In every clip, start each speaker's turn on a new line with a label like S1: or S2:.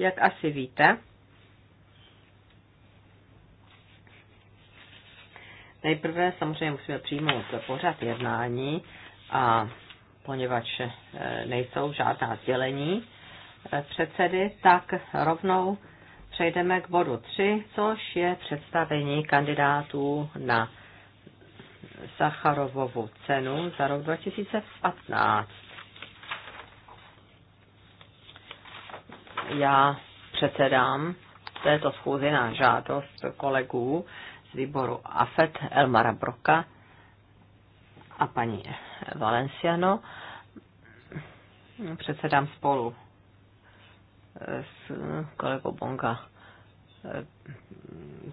S1: Jak asi víte, nejprve samozřejmě musíme přijmout pořad jednání a poněvadž eh, nejsou žádná sdělení eh, předsedy, tak rovnou přejdeme k bodu 3, což je představení kandidátů na Sacharovovu cenu za rok 2015. já předsedám této schůzi na žádost kolegů z výboru AFET Elmara Broka a paní Valenciano. Předsedám spolu s kolegou Bonga eh,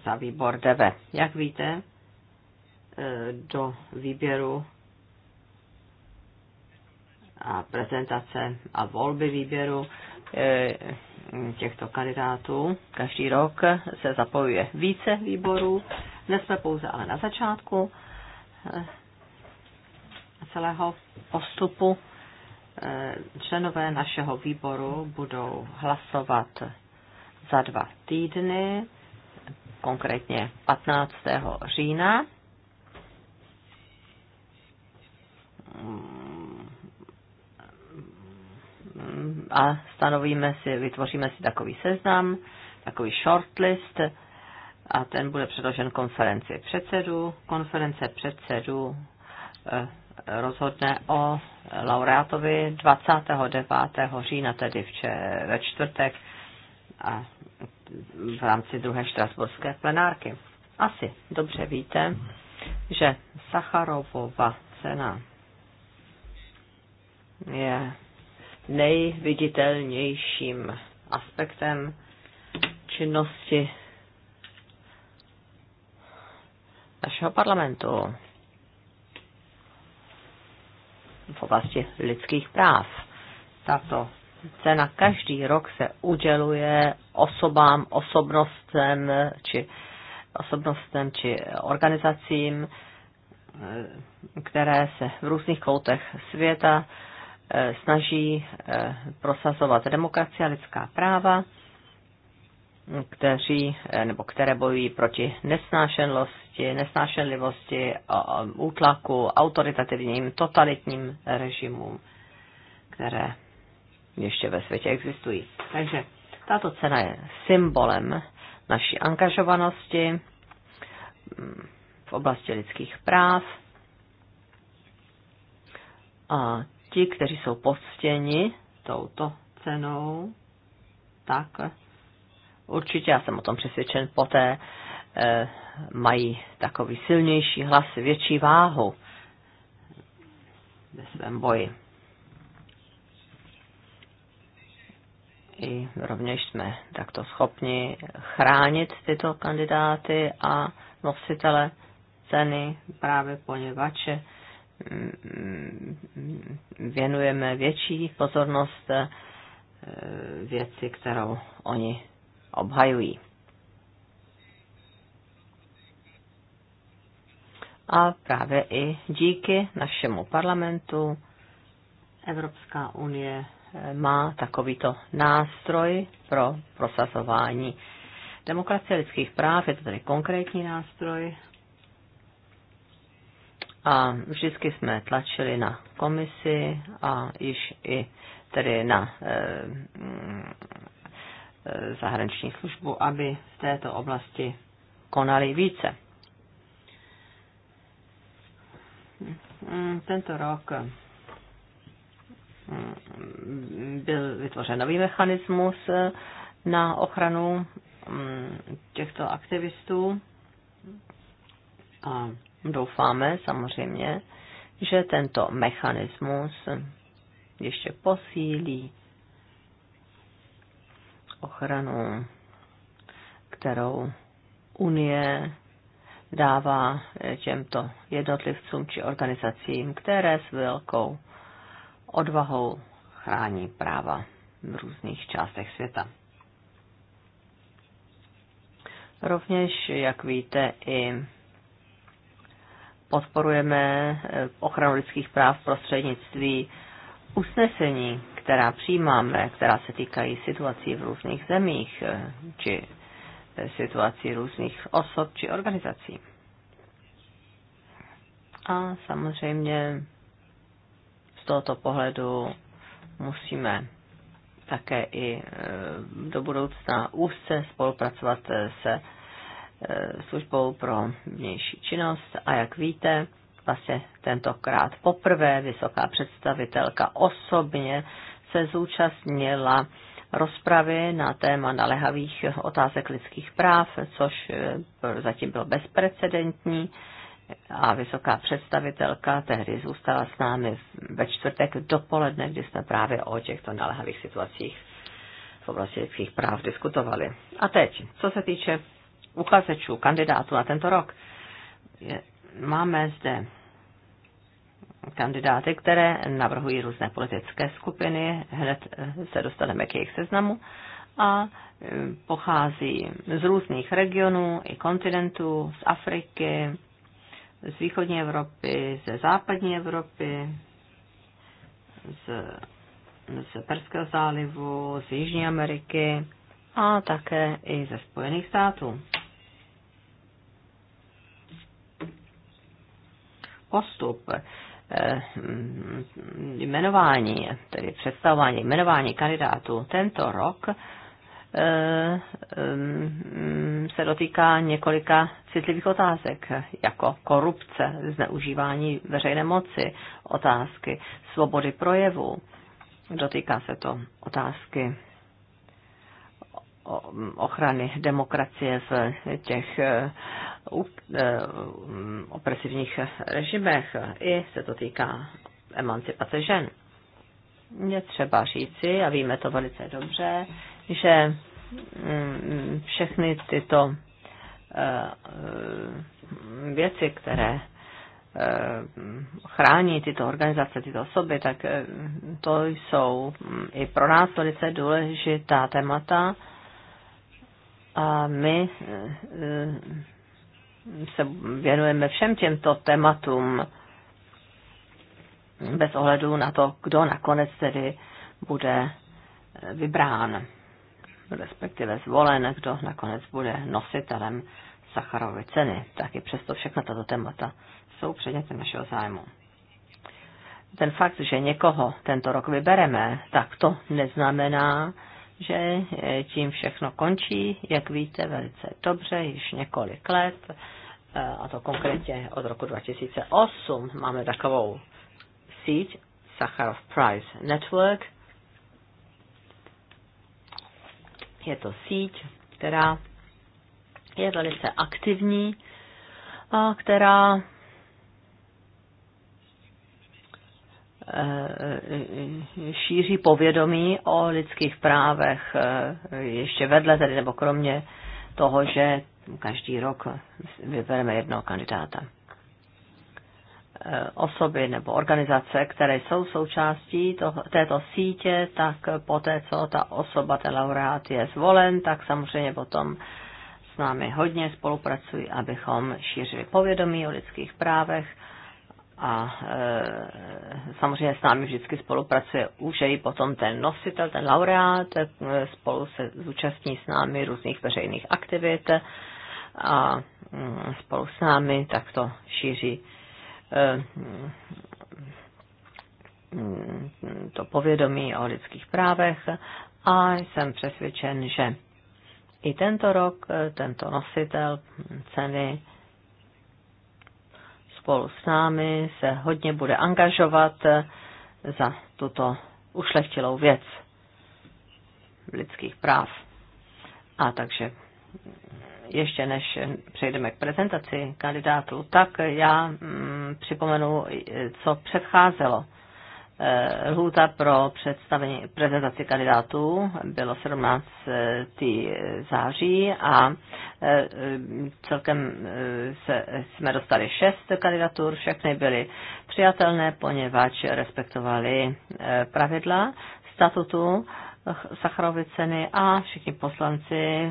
S1: za výbor DEVE. Jak víte, eh, do výběru a prezentace a volby výběru eh, těchto kandidátů. Každý rok se zapojuje více výborů. Dnes jsme pouze ale na začátku eh, celého postupu. Eh, členové našeho výboru budou hlasovat za dva týdny, konkrétně 15. října a stanovíme si, vytvoříme si takový seznam, takový shortlist a ten bude předložen konferenci předsedů. Konference předsedů eh, rozhodne o laureátovi 29. října, tedy vče, ve čtvrtek a v rámci druhé štrasburské plenárky. Asi dobře víte, že Sacharovova cena je nejviditelnějším aspektem činnosti našeho parlamentu v oblasti lidských práv. Tato cena každý rok se uděluje osobám, osobnostem či osobnostem či organizacím, které se v různých koutech světa Eh, snaží eh, prosazovat demokracie a lidská práva, kteří, eh, nebo které bojují proti nesnášenlosti, nesnášenlivosti, útlaku, autoritativním, totalitním režimům, které ještě ve světě existují. Takže tato cena je symbolem naší angažovanosti mm, v oblasti lidských práv a ti, kteří jsou postěni touto cenou, tak určitě, já jsem o tom přesvědčen, poté eh, mají takový silnější hlas, větší váhu ve svém boji. I rovněž jsme takto schopni chránit tyto kandidáty a nositele ceny právě poněvadž věnujeme větší pozornost eh, věci, kterou oni obhajují. A právě i díky našemu parlamentu Evropská unie eh, má takovýto nástroj pro prosazování demokracie lidských práv. Je to tedy konkrétní nástroj a vždycky jsme tlačili na komisi a již i tedy na e, e, zahraniční službu, aby v této oblasti konali více. Mm, tento rok mm, byl vytvořen nový mechanismus eh, na ochranu těchto aktivistů a doufáme samozřejmě, že tento mechanismus ještě posílí ochranu, kterou Unie dává těmto jednotlivcům či organizacím, které s velkou odvahou chrání práva v různých částech světa. Rovněž, jak víte, i podporujeme eh, ochranu lidských práv prostřednictví usnesení, která přijímáme, která se týkají situací v různých zemích, eh, či eh, situací různých osob či organizací. A samozřejmě z tohoto pohledu musíme také i do budoucna úzce spolupracovat se E, službou pro vnější činnost a jak víte, vlastně tentokrát poprvé vysoká představitelka osobně se zúčastnila rozpravy na téma nalehavých otázek lidských práv, což e, zatím bylo bezprecedentní a vysoká představitelka tehdy zůstala s námi ve čtvrtek dopoledne, kdy jsme právě o těchto nalehavých situacích v oblasti lidských práv diskutovali. A teď, co se týče uchazečů, kandidátů na tento rok. Máme zde kandidáty, které navrhují různé politické skupiny, hned eh, se dostaneme k jejich seznamu a eh, pochází z různých regionů i kontinentů, z Afriky, z východní Evropy, ze západní Evropy, z, z Perského zálivu, z Jižní Ameriky a také i ze Spojených států. postup eh, jmenování, tedy představování jmenování kandidátů tento rok eh, mm, se dotýká několika citlivých otázek, jako korupce, zneužívání veřejné moci, otázky svobody projevu. Dotýká se to otázky ochrany demokracie v těch eh, Eh, mm, opresivních režimech. I se to týká emancipace žen. Je třeba říci, a víme to velice dobře, že mm, všechny tyto eh, věci, které eh, chrání tyto organizace, tyto osoby, tak to jsou mm, i pro nás velice důležitá témata. A my se věnujeme všem těmto tématům bez ohledu na to, kdo nakonec tedy bude eh, vybrán, respektive zvolen, kdo nakonec bude nositelem Sacharovy ceny. Tak i přesto všechna tato témata jsou předmětem našeho zájmu. Ten fakt, že někoho tento rok vybereme, tak to neznamená, že eh, tím všechno končí, jak víte velice dobře, již několik let, eh, a to konkrétně od roku 2008 máme takovou síť Sakharov Prize Network. Je to síť, která je velice aktivní a která Eh, šíří povědomí o lidských právech eh, ještě vedle tedy, nebo kromě toho, že každý rok vybereme jednoho kandidáta. Eh, osoby nebo organizace, které jsou součástí toho, této sítě, tak poté, co ta osoba, ten laureát je zvolen, tak samozřejmě potom s námi hodně spolupracují, abychom šířili povědomí o lidských právech a e, samozřejmě s námi vždycky spolupracuje už i potom ten nositel, ten laureát, e, spolu se zúčastní s námi různých veřejných aktivit a mm, spolu s námi takto šíří e, mm, to povědomí o lidských právech a jsem přesvědčen, že i tento rok tento nositel ceny spolu s námi se hodně bude angažovat eh, za tuto ušlechtilou věc lidských práv. A takže eh, ještě než přejdeme k prezentaci kandidátů, tak já mm, připomenu, eh, co předcházelo Lhůta pro představení, prezentaci kandidátů bylo 17. září a e, celkem e, se, jsme dostali šest kandidatur, všechny byly přijatelné, poněvadž respektovali e, pravidla statutu Sacharovy ceny a všichni poslanci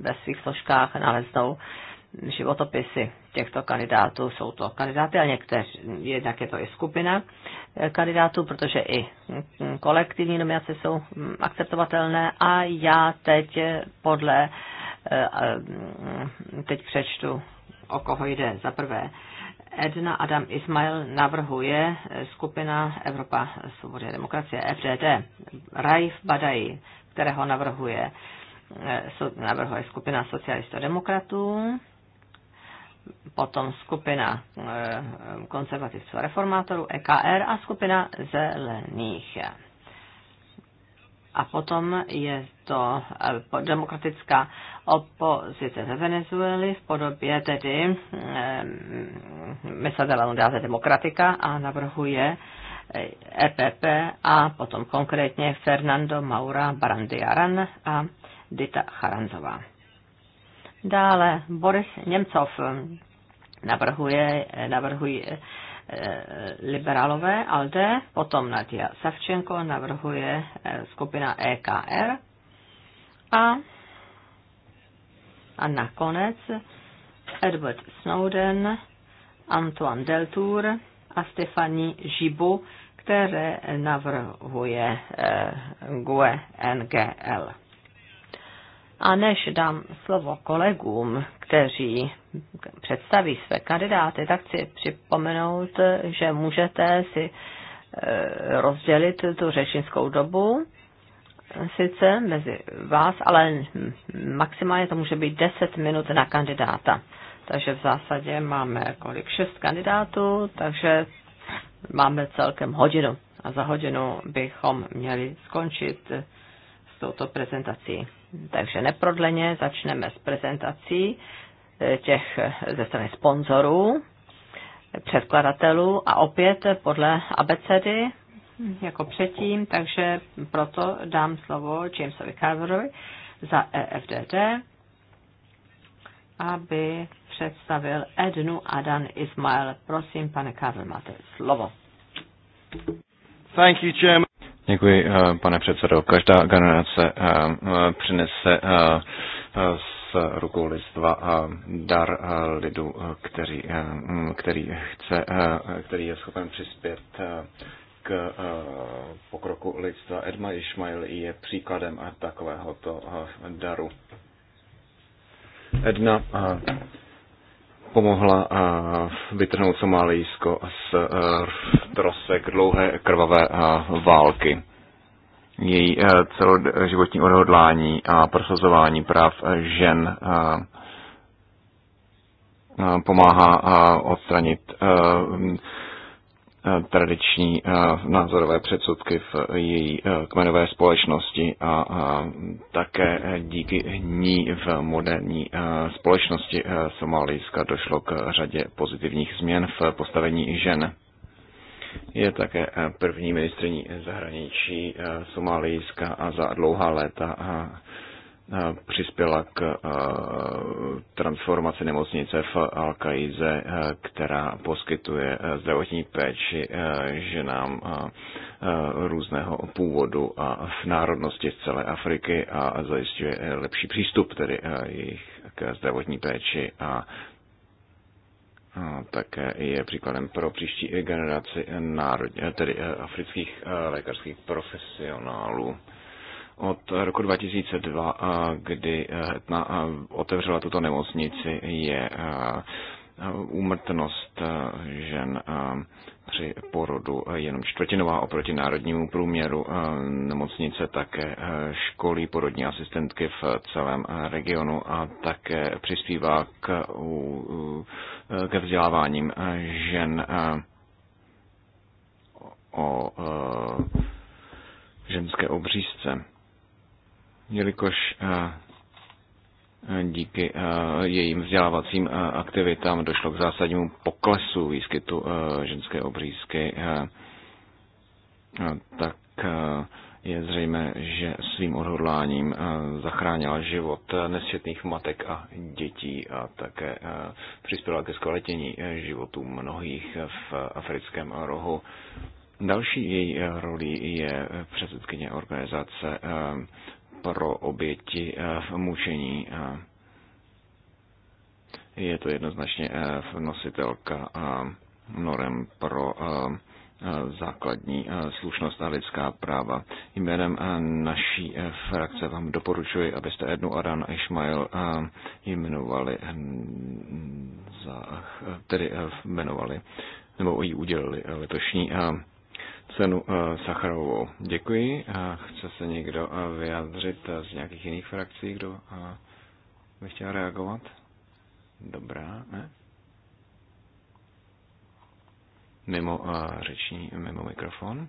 S1: ve svých složkách naleznou životopisy těchto kandidátů. Jsou to kandidáty a někteří, jednak je to i skupina eh, kandidátů, protože i hm, kolektivní nominace jsou hm, akceptovatelné a já teď eh, podle, eh, hm, teď přečtu, o koho jde za prvé. Edna Adam Ismail navrhuje skupina Evropa svobody a demokracie, FDD, Raif Badaj, kterého navrhuje, navrhuje skupina socialistů demokratů, potom skupina eh, konzervativců a reformátorů EKR a skupina zelených. A potom je to eh, demokratická opozice ve Venezueli v podobě tedy eh, Mesa de la Demokratika a navrhuje EPP e a potom konkrétně Fernando Maura Barandiaran a Dita Charanzová. Dále Boris Němcov navrhuje, navrhují eh, eh, liberálové ALDE, potom Nadia Savčenko navrhuje eh, skupina EKR a, a nakonec Edward Snowden, Antoine Deltour a Stefanie Žibu, které navrhuje GUE NGL. A než dám slovo kolegům, kteří představí své kandidáty, tak chci připomenout, že můžete si e, rozdělit tu řečnickou dobu sice mezi vás, ale maximálně to může být 10 minut na kandidáta. Takže v zásadě máme kolik? 6 kandidátů, takže máme celkem hodinu. A za hodinu bychom měli skončit s touto prezentací. Takže neprodleně začneme s prezentací eh, těch eh, ze strany sponzorů, předkladatelů a opět podle abecedy hm, jako předtím, takže proto dám slovo Jamesovi Carverovi za EFDD, aby představil Ednu Adan Ismail. Prosím, pane Carver, máte slovo.
S2: Thank you, Chairman. Děkuji, eh, pane předsedo. Každá generace eh, eh, přinese s rukou lidstva dar lidu, který, který, chce, který je schopen přispět k pokroku lidstva. Edma Ishmael je příkladem takovéhoto daru. Edna pomohla eh, vytrhnout Somálijsko z eh, trosek dlouhé krvavé eh, války. Její celoživotní odhodlání a prosazování práv žen pomáhá odstranit Eh, tradiční eh, názorové předsudky v její eh, kmenové společnosti a také díky ní v moderní společnosti Somálijska došlo k řadě pozitivních změn v postavení žen. Je také první ministrní zahraničí Somálijska a za dlouhá léta Eh, přispěla k eh, transformaci nemocnice v al eh, která poskytuje zdravotní péči ženám různého původu a v národnosti z celé Afriky a zajišťuje lepší přístup tedy jejich k zdravotní péči a také je příkladem pro příští generaci národ, tedy afrických lékařských profesionálů od roku 2002, kdy Hetna eh, eh, otevřela tuto nemocnici, je eh, úmrtnost žen při porodu jenom čtvrtinová oproti národnímu průměru. Nemocnice také školí porodní asistentky v celém regionu a také přispívá k, ke vzděláváním žen o ženské obřízce jelikož eh, eh, díky eh, jejím vzdělávacím aktivitám došlo k zásadnímu poklesu výskytu ženské obřízky, tak je zřejmé, že svým odhodláním zachránila život nesčetných matek a dětí a také přispěla ke zkvalitění životů mnohých v africkém rohu. Další její roli je předsedkyně organizace pro oběti eh, v mučení. Eh, je to jednoznačně eh, nositelka norem pro základní slušnost a lidská práva. Jménem naší frakce vám doporučuji, abyste Ednu Aran a Ismail jmenovali, za, tedy jmenovali, nebo jí udělili letošní cenu eh, Sacharovou. Děkuji. A chce se někdo eh, vyjádřit eh, z nějakých jiných frakcí, kdo by chtěl reagovat? Dobrá, ne? Mimo řeční, mimo mikrofon.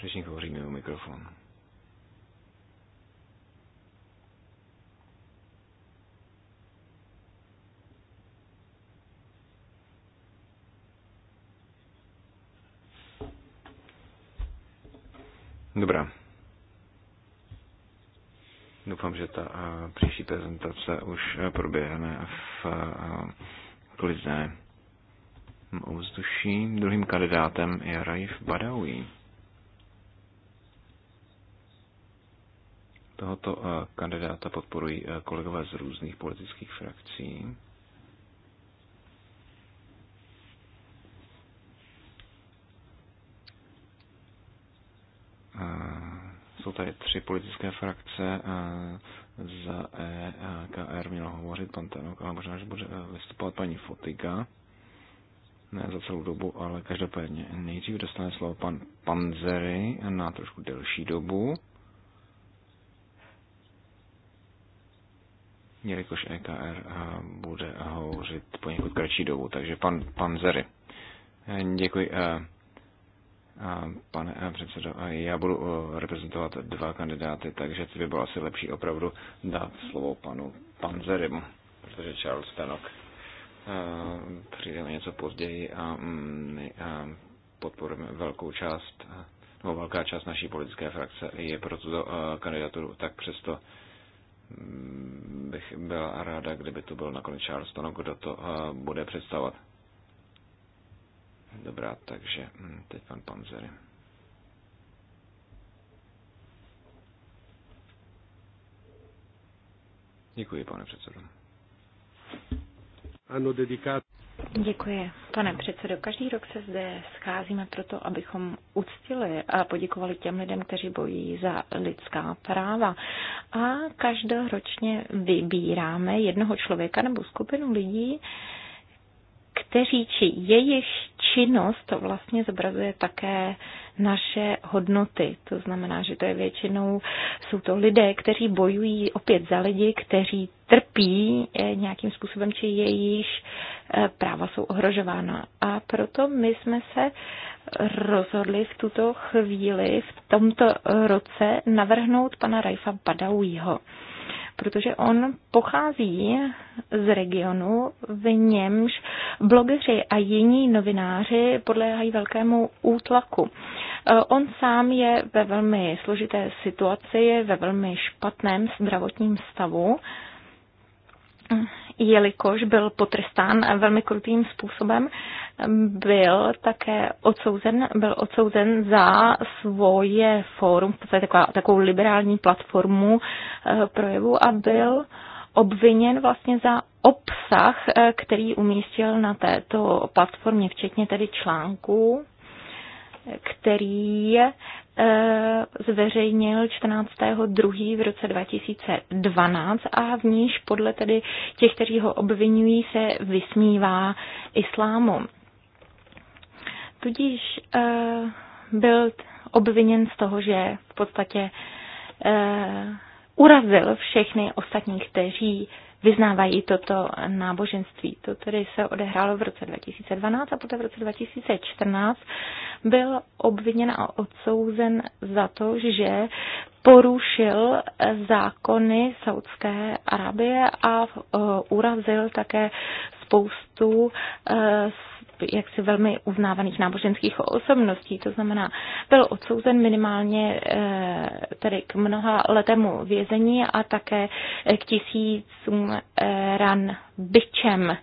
S2: Řečník hovoří mimo mikrofon. Dobrá. Doufám, že ta eh, příští prezentace už eh, proběhne v eh, klidné ovzduší. Druhým kandidátem je Raif Badawi. Tohoto kandidáta podporují kolegové z různých politických frakcí. Jsou tady tři politické frakce. Eh, za EKR měl hovořit pan Tenok, ale možná, že bude eh, vystupovat paní Fotiga. Ne za celou dobu, ale každopádně nejdřív dostane slovo pan Panzery na trošku delší dobu. jelikož EKR eh, bude hovořit poněkud kratší dobu, takže pan Panzery. Děkuji. Pane eh, předsedo, eh, já budu eh, reprezentovat dva kandidáty, takže by bylo asi lepší opravdu dát slovo panu Panzerimu, protože Charles Tenok přijde něco později a mm, my podporujeme velkou část, nebo velká část naší politické frakce je pro tuto kandidaturu, tak přesto mm, bych byla ráda, kdyby to byl nakonec Charles Tenok, kdo to bude představovat. Dobrá, takže hm, teď pan Panzer. Děkuji, pane předsedo. Ano, dedikát.
S3: Děkuji, pane předsedo. Každý rok se zde scházíme proto, abychom uctili a poděkovali těm lidem, kteří bojí za lidská práva. A každoročně vybíráme jednoho člověka nebo skupinu lidí, kteří či jejich činnost vlastně zobrazuje také naše hodnoty. To znamená, že to je většinou, jsou to lidé, kteří bojují opět za lidi, kteří trpí eh, nějakým způsobem, či jejich eh, práva jsou ohrožována. A proto my jsme se rozhodli v tuto chvíli, v tomto roce, navrhnout pana Rajfa Badaujho protože on pochází z regionu, v němž blogeři a jiní novináři podléhají velkému útlaku. E, on sám je ve velmi složité situaci, ve velmi špatném zdravotním stavu, jelikož byl potrestán velmi krutým způsobem byl také odsouzen, byl odsouzen za svoje fórum, v podstatě taková, takovou liberální platformu eh, projevu a byl obviněn vlastně za obsah, eh, který umístil na této platformě, včetně tedy článků, který eh, zveřejnil 14.2. v roce 2012 a v níž podle tedy těch, kteří ho obvinují, se vysmívá islámu. Tudíž eh, byl obviněn z toho, že v podstatě eh, urazil všechny ostatní, kteří vyznávají toto náboženství. To tedy se odehrálo v roce 2012 a poté v roce 2014 byl obviněn a odsouzen za to, že porušil eh, zákony Saudské Arabie a urazil také spoustu jaksi velmi uznávaných náboženských osobností, to znamená, byl odsouzen minimálně eh, tedy k mnoha letému vězení a také k tisícům eh, ran byčem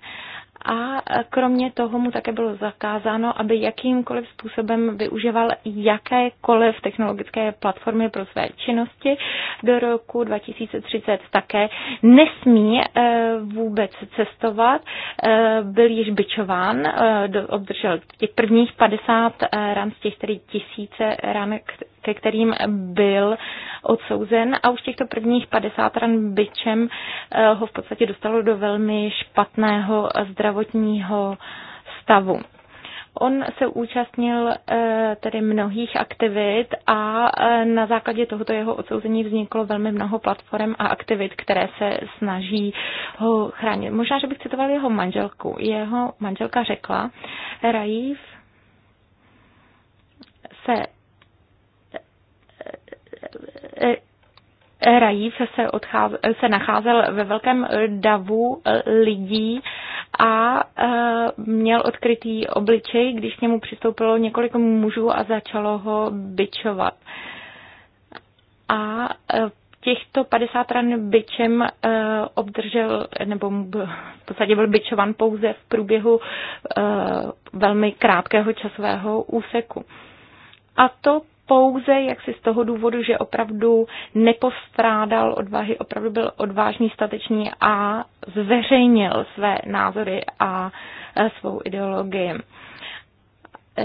S3: a kromě toho mu také bylo zakázáno, aby jakýmkoliv způsobem využíval jakékoliv technologické platformy pro své činnosti. Do roku 2030 také nesmí eh, vůbec cestovat. Eh, byl již byčován, eh, obdržel těch prvních 50 rám z těch tedy tisíce rámek ke kterým byl odsouzen a už těchto prvních 50 ran byčem eh, ho v podstatě dostalo do velmi špatného zdravotního stavu. On se účastnil eh, tedy mnohých aktivit a eh, na základě tohoto jeho odsouzení vzniklo velmi mnoho platform a aktivit, které se snaží ho chránit. Možná, že bych citoval jeho manželku. Jeho manželka řekla, Raif se E, Rajiv se, se nacházel ve velkém davu e, lidí a e, měl odkrytý obličej, když k němu přistoupilo několik mužů a začalo ho byčovat. A těchto 50 ran byčem obdržel, nebo v podstatě byl byčovan pouze v průběhu velmi krátkého časového úseku. A to pouze jaksi z toho důvodu, že opravdu nepostrádal odvahy, opravdu byl odvážný, statečný a zveřejnil své názory a e, svou ideologii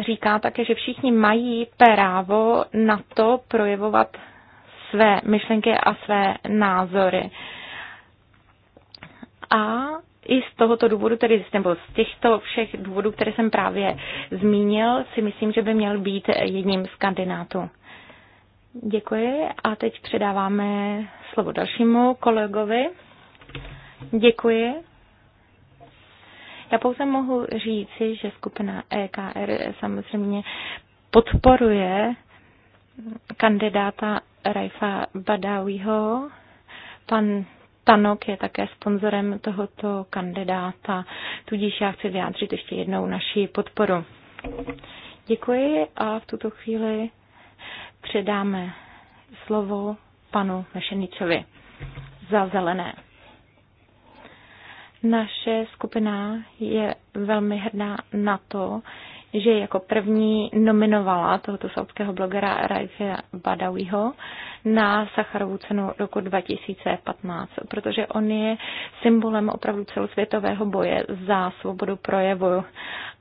S3: říká také, že všichni mají právo na to projevovat své myšlenky a své názory. A i z tohoto důvodu, tedy nebo z těchto všech důvodů, které jsem právě zmínil, si myslím, že by měl být jedním z kandidátů. Děkuji a teď předáváme slovo dalšímu kolegovi. Děkuji. Já pouze mohu říci, že skupina EKR samozřejmě podporuje kandidáta Raifa Badawiho. Pan Tanok je také sponzorem tohoto kandidáta, tudíž já chci vyjádřit ještě jednou naši podporu. Děkuji a v tuto chvíli předáme slovo panu Mešeničovi za zelené. Naše skupina je velmi hrdá na to, že jako první nominovala tohoto saudského blogera Raise Badawiho na Sacharovu cenu roku 2015, protože on je symbolem opravdu celosvětového boje za svobodu projevu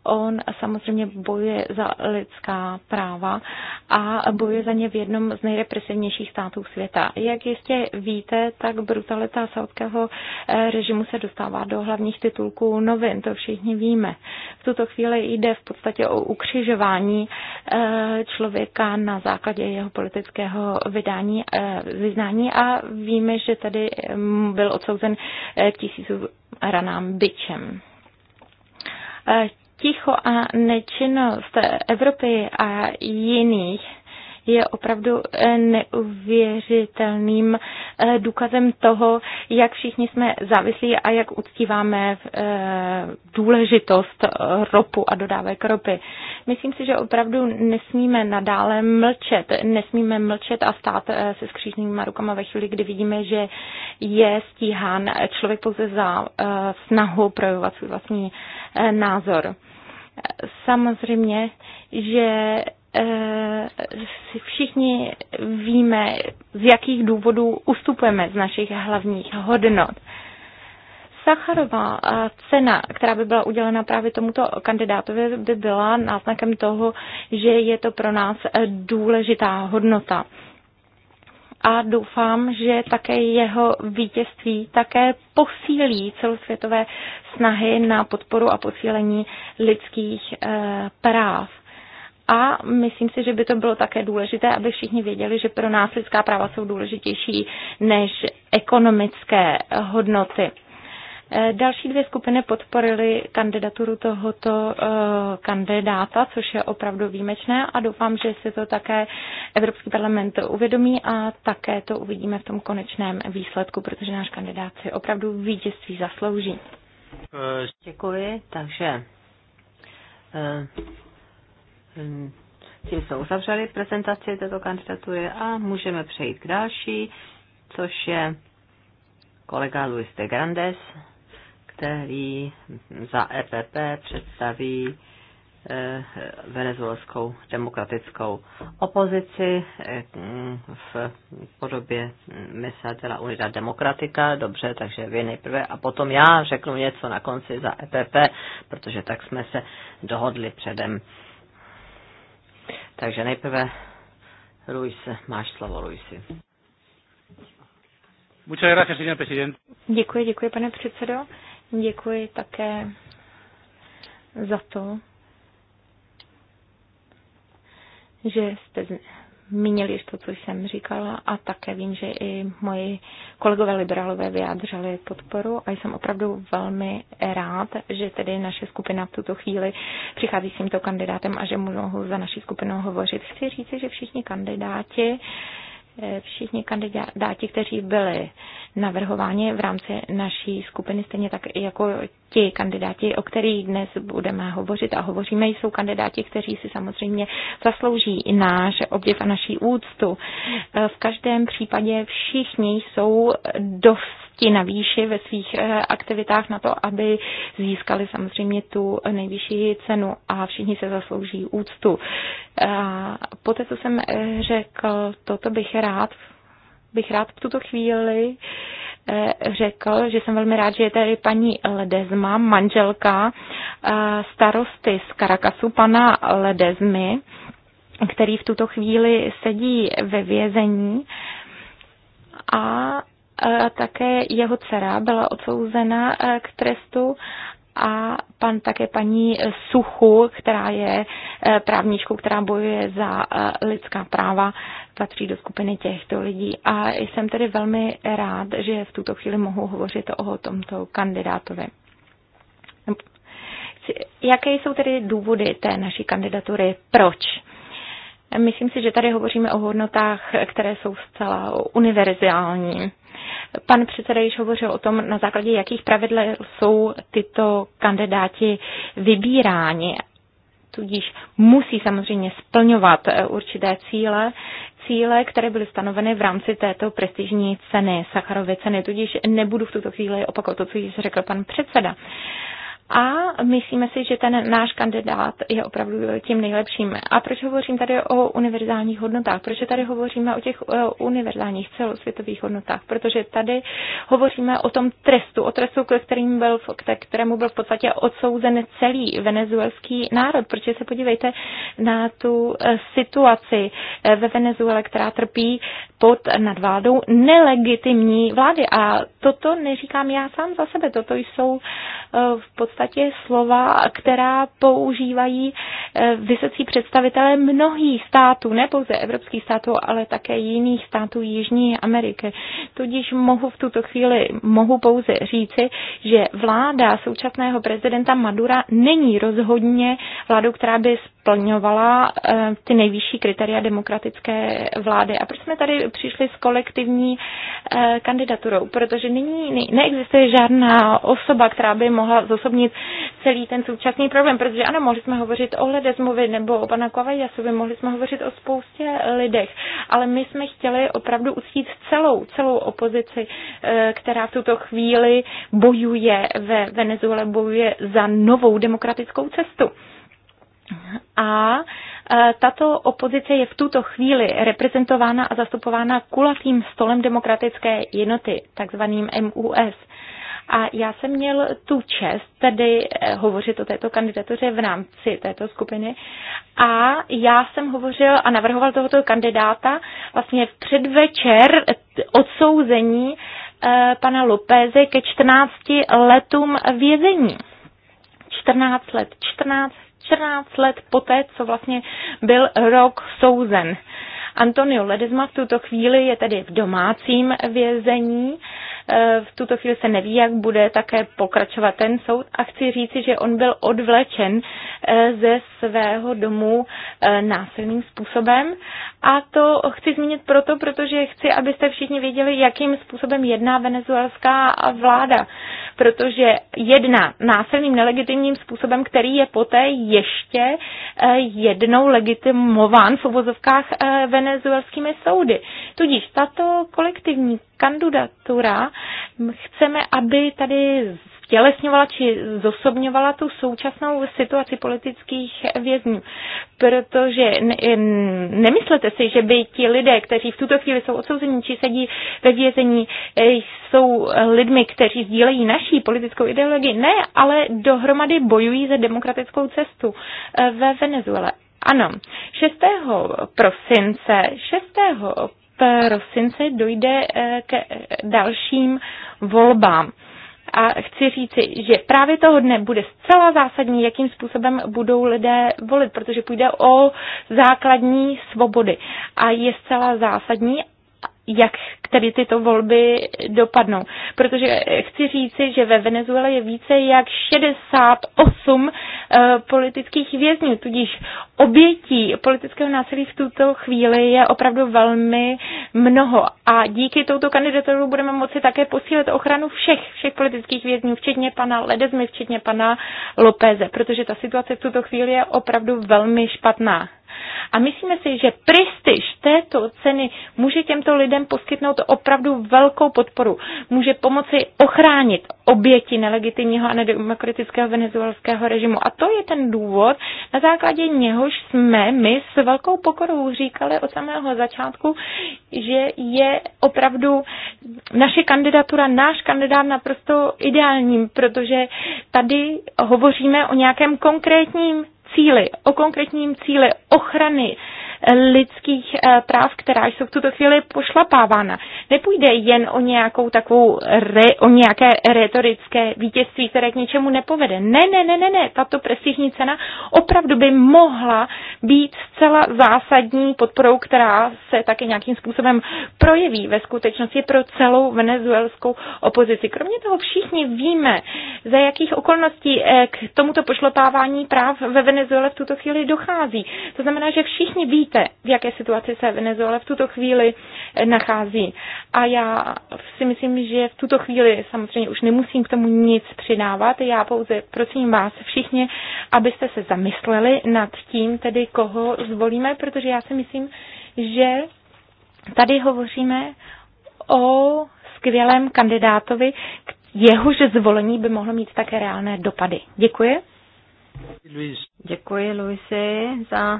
S3: On samozřejmě bojuje za lidská práva a bojuje za ně v jednom z nejrepresivnějších států světa. Jak jistě víte, tak brutalita saudského eh, režimu se dostává do hlavních titulků novin, to všichni víme. V tuto chvíli jde v podstatě o ukřižování eh, člověka na základě jeho politického vydání, eh, vyznání a víme, že tady mm, byl odsouzen k tisíců ranám byčem ticho a nečinnost Evropy a jiných je opravdu eh, neuvěřitelným eh, důkazem toho, jak všichni jsme závislí a jak uctíváme eh, důležitost ropu a dodávek ropy. Myslím si, že opravdu nesmíme nadále mlčet, nesmíme mlčet a stát se skříženýma rukama ve chvíli, kdy vidíme, že je stíhán člověk pouze za snahu projevovat svůj vlastní názor samozřejmě, že eh, si všichni víme, z jakých důvodů ustupujeme z našich hlavních hodnot. Sacharová eh, cena, která by byla udělena právě tomuto kandidátovi, by byla náznakem toho, že je to pro nás eh, důležitá hodnota a doufám, že také jeho vítězství také posílí celosvětové snahy na podporu a posílení lidských eh, práv. A myslím si, že by to bylo také důležité, aby všichni věděli, že pro nás lidská práva jsou důležitější než ekonomické hodnoty. Eh, další dvě skupiny podporily kandidaturu tohoto eh, kandidáta, což je opravdu výjimečné a doufám, že si to také Evropský parlament uvědomí a také to uvidíme v tom konečném výsledku, protože náš kandidát si opravdu vítězství zaslouží.
S1: Eh, děkuji, takže hm, tím jsme uzavřeli prezentaci této kandidatury a můžeme přejít k další, což je kolega Luis de Grandes který za EPP představí eh, venezuelskou demokratickou opozici eh, v podobě Mesa de la Unidad Demokratika. Dobře, takže vy nejprve a potom já řeknu něco na konci za EPP, protože tak jsme se dohodli předem. Takže nejprve Luis, máš slovo, Luisi.
S3: Děkuji, děkuji, pane předsedo. Děkuji také za to, že jste zmínili to, co jsem říkala a také vím, že i moji kolegové liberálové vyjádřili podporu a jsem opravdu velmi rád, že tedy naše skupina v tuto chvíli přichází s tímto kandidátem a že mohu za naší skupinu hovořit. Chci říci, že všichni kandidáti Eh, všichni kandidáti, kteří byli navrhováni v rámci naší skupiny, stejně tak jako ti kandidáti, o kterých dnes budeme hovořit a hovoříme, jsou kandidáti, kteří si samozřejmě zaslouží i náš obdiv a naší úctu. Eh, v každém případě všichni jsou dost ti navýši ve svých eh, aktivitách na to, aby získali samozřejmě tu nejvyšší cenu a všichni se zaslouží úctu. Poté, co jsem eh, řekl, toto bych rád bych rád v tuto chvíli eh, řekl, že jsem velmi rád, že je tady paní Ledezma, manželka starosty z Karakasu, pana Ledezmy, který v tuto chvíli sedí ve vězení. A také jeho dcera byla odsouzena e, k trestu a pan také paní Suchu, která je e, právničkou, která bojuje za e, lidská práva, patří do skupiny těchto lidí. A jsem tedy velmi rád, že v tuto chvíli mohu hovořit o tomto kandidátovi. Jaké jsou tedy důvody té naší kandidatury? Proč? Myslím si, že tady hovoříme o hodnotách, které jsou zcela univerzální. Pan předseda již hovořil o tom, na základě jakých pravidel jsou tyto kandidáti vybíráni. Tudíž musí samozřejmě splňovat eh, určité cíle, cíle, které byly stanoveny v rámci této prestižní ceny, Sacharovy ceny. Tudíž nebudu v tuto chvíli opakovat to, co již řekl pan předseda a myslíme si, že ten náš kandidát je opravdu tím nejlepším. A proč hovořím tady o univerzálních hodnotách? Proč tady hovoříme o těch eh, univerzálních celosvětových hodnotách? Protože tady hovoříme o tom trestu, o trestu, kterým byl, kterému byl v podstatě odsouzen celý venezuelský národ. Proč se podívejte na tu eh, situaci eh, ve Venezuele, která trpí pod nadvládou nelegitimní vlády. A toto neříkám já sám za sebe, toto jsou v podstatě podstatě slova, která používají eh, vysocí představitelé mnohých států, ne pouze evropských států, ale také jiných států Jižní Ameriky. Tudíž mohu v tuto chvíli mohu pouze říci, že vláda současného prezidenta Madura není rozhodně vládou, která by splňovala eh, ty nejvyšší kritéria demokratické vlády. A proč jsme tady přišli s kolektivní eh, kandidaturou? Protože nyní neexistuje žádná osoba, která by mohla zosobnit celý ten současný problém, protože ano, mohli jsme hovořit o Ledezmovi nebo o pana Kovajasovi, mohli jsme hovořit o spoustě lidech, ale my jsme chtěli opravdu uctít celou, celou opozici, eh, která v tuto chvíli bojuje ve Venezuele, bojuje za novou demokratickou cestu. A eh, tato opozice je v tuto chvíli reprezentována a zastupována kulatým stolem demokratické jednoty, takzvaným MUS. A já jsem měl tu čest tedy eh, hovořit o této kandidatuře v rámci této skupiny a já jsem hovořil a navrhoval tohoto kandidáta vlastně v předvečer odsouzení eh, pana Lopéze ke 14 letům vězení. 14 let, 14, 14 let poté, co vlastně byl rok souzen. Antonio Ledesma v tuto chvíli je tedy v domácím vězení Eh, v tuto chvíli se neví, jak bude také pokračovat ten soud a chci říci, že on byl odvlečen eh, ze svého domu eh, násilným způsobem. A to chci zmínit proto, protože chci, abyste všichni věděli, jakým způsobem jedná venezuelská vláda protože jedna násilným nelegitimním způsobem, který je poté ještě eh, jednou legitimován v uvozovkách eh, venezuelskými soudy. Tudíž tato kolektivní kandidatura chceme, aby tady stělesňovala či zosobňovala tu současnou situaci politických vězňů. Protože nemyslete si, že by ti lidé, kteří v tuto chvíli jsou odsouzeni či sedí ve vězení, eh, jsou lidmi, kteří sdílejí naší politickou ideologii. Ne, ale dohromady bojují za demokratickou cestu eh, ve Venezuele. Ano, 6. prosince, 6. prosince dojde eh, k dalším volbám. A chci říci, že právě toho dne bude zcela zásadní, jakým způsobem budou lidé volit, protože půjde o základní svobody. A je zcela zásadní, jak tedy tyto volby dopadnou. Protože chci říci, že ve Venezuele je více jak 68 eh, politických vězňů, tudíž obětí politického násilí v tuto chvíli je opravdu velmi mnoho. A díky touto kandidaturu budeme moci také posílit ochranu všech, všech politických vězňů, včetně pana Ledezmy, včetně pana Lopéze, protože ta situace v tuto chvíli je opravdu velmi špatná. A myslíme si, že prestiž této ceny může těmto lidem poskytnout opravdu velkou podporu. Může pomoci ochránit oběti nelegitimního a nedemokratického venezuelského režimu. A to je ten důvod, na základě něhož jsme my s velkou pokorou říkali od samého začátku, že je opravdu naše kandidatura, náš kandidát naprosto ideálním, protože tady hovoříme o nějakém konkrétním cíli, o konkrétním cíli ochrany lidských eh, práv, která jsou v tuto chvíli pošlapávána. Nepůjde jen o nějakou takovou, re, o nějaké retorické vítězství, které k ničemu nepovede. Ne, ne, ne, ne, ne, tato prestižní cena opravdu by mohla být zcela zásadní podporou, která se také nějakým způsobem projeví ve skutečnosti pro celou venezuelskou opozici. Kromě toho všichni víme, za jakých okolností eh, k tomuto pošlapávání práv ve Venezuele v tuto chvíli dochází. To znamená, že všichni ví, víte, v jaké situaci se Venezuela v tuto chvíli nachází. A já si myslím, že v tuto chvíli samozřejmě už nemusím k tomu nic přidávat. Já pouze prosím vás všichni, abyste se zamysleli nad tím, tedy koho zvolíme, protože já si myslím, že tady hovoříme o skvělém kandidátovi, jehož zvolení by mohlo mít také reálné dopady. Děkuji. Děkuji, Luisi, za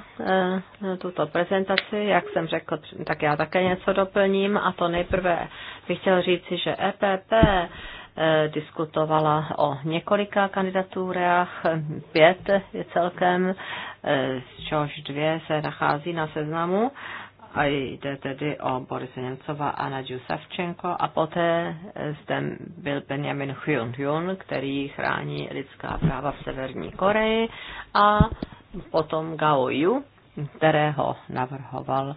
S1: uh, tuto prezentaci. Jak jsem řekl, tak já také něco doplním. A to nejprve bych chtěl říci, že EPP uh, eh, diskutovala o několika kandidaturách, pět je celkem, uh, z čehož dvě se nachází na seznamu a jde tedy o Borise Němcova a Nadiu Savčenko a poté zde byl Benjamin Hyun Hyun, který chrání lidská práva v Severní Koreji a potom Gao Yu, kterého navrhoval,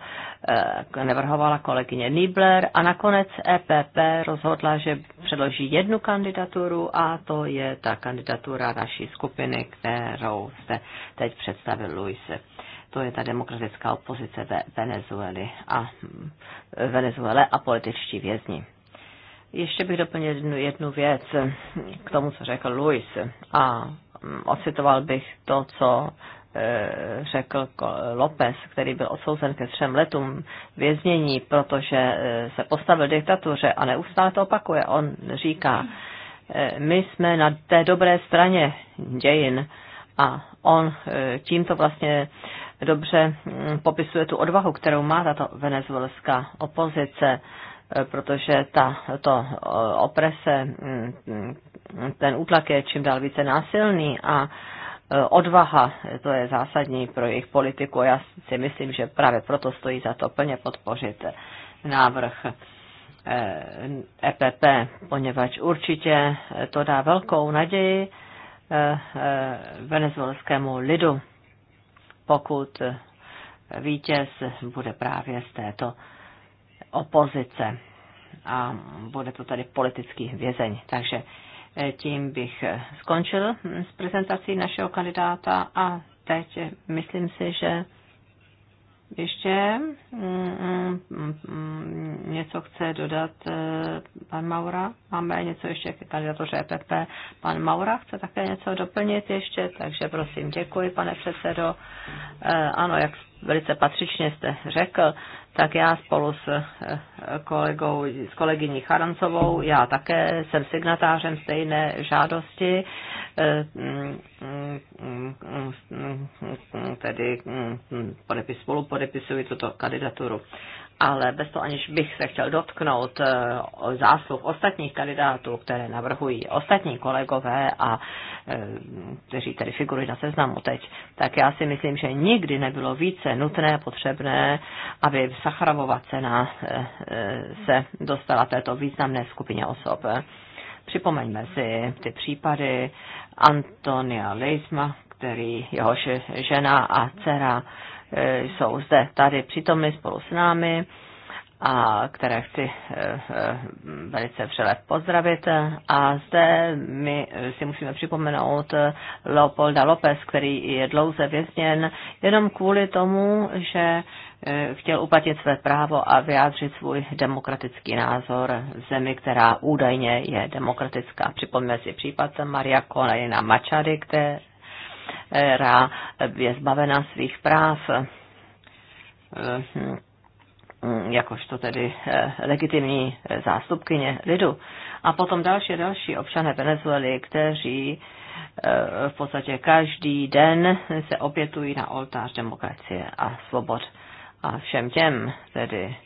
S1: eh, navrhovala kolegyně Niebler a nakonec EPP rozhodla, že předloží jednu kandidaturu a to je ta kandidatura naší skupiny, kterou jste teď představil Luise to je ta demokratická opozice ve Venezueli a, mm, Venezuele a političtí vězni. Ještě bych doplnil jednu, jednu věc k tomu, co řekl Luis a mm, ocitoval bych to, co e, řekl López, který byl odsouzen ke třem letům věznění, protože e, se postavil diktatuře a neustále to opakuje. On říká, e, my jsme na té dobré straně dějin a on tímto vlastně dobře mm, popisuje tu odvahu, kterou má tato venezuelská opozice, e, protože ta to oprese, mm, ten útlak je čím dál více násilný a e, odvaha, to je zásadní pro jejich politiku. Já si myslím, že právě proto stojí za to plně podpořit návrh EPP, e poněvadž určitě to dá velkou naději venezuelskému lidu pokud vítěz bude právě z této opozice a bude to tady politický vězeň. Takže eh, tím bych eh, skončil s prezentací našeho kandidáta a teď eh, myslím si, že ještě mm, mm, mm, něco chce dodat eh, pan Maura? Máme něco ještě k kandidatuře EPP. Pan Maura chce také něco doplnit ještě, takže prosím, děkuji, pane předsedo. Eh, ano, jak velice patřičně jste řekl, tak já spolu s kolegou, s kolegyní Charancovou, já také jsem signatářem stejné žádosti, tedy podepis, spolu podepisuji tuto kandidaturu ale bez toho aniž bych se chtěl dotknout eh, zásluh ostatních kandidátů, které navrhují ostatní kolegové a eh, kteří tedy figurují na seznamu teď, tak já si myslím, že nikdy nebylo více nutné, potřebné, aby Sacharovova cena eh, se dostala této významné skupině osob. Připomeňme si ty případy Antonia Leisma, který jehož žena a dcera E, jsou zde tady přítomny spolu s námi a které chci e, e, velice vřele pozdravit. A zde my si musíme připomenout Leopolda López, který je dlouze vězněn jenom kvůli tomu, že chtěl uplatit své právo a vyjádřit svůj demokratický názor zemi, která údajně je demokratická. Připomněme si případ Maria Kolejna Mačary, které která je zbavena svých práv eh, hm, jakožto tedy eh, legitimní eh, zástupkyně lidu. A potom další další občané Venezuely, kteří v podstatě každý den se opětují na oltář demokracie a svobod. A všem těm tedy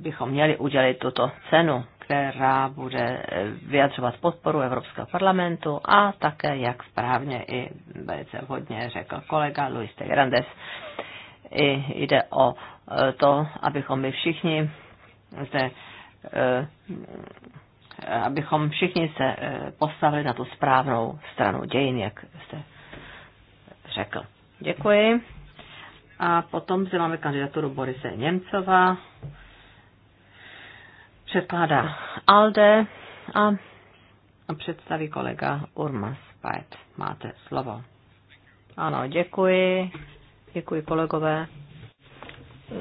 S1: bychom měli udělit tuto cenu, která bude eh, vyjadřovat podporu Evropského parlamentu a také, jak správně i velice hodně řekl kolega Luis de Grandes, i jde o eh, to, abychom my všichni zde eh, abychom všichni se postavili na tu správnou stranu dějin, jak jste řekl. Děkuji. A potom zde máme kandidaturu Borise Němcova předkládá ALDE a představí kolega Urmas Pajet. Máte slovo. Ano, děkuji. Děkuji kolegové.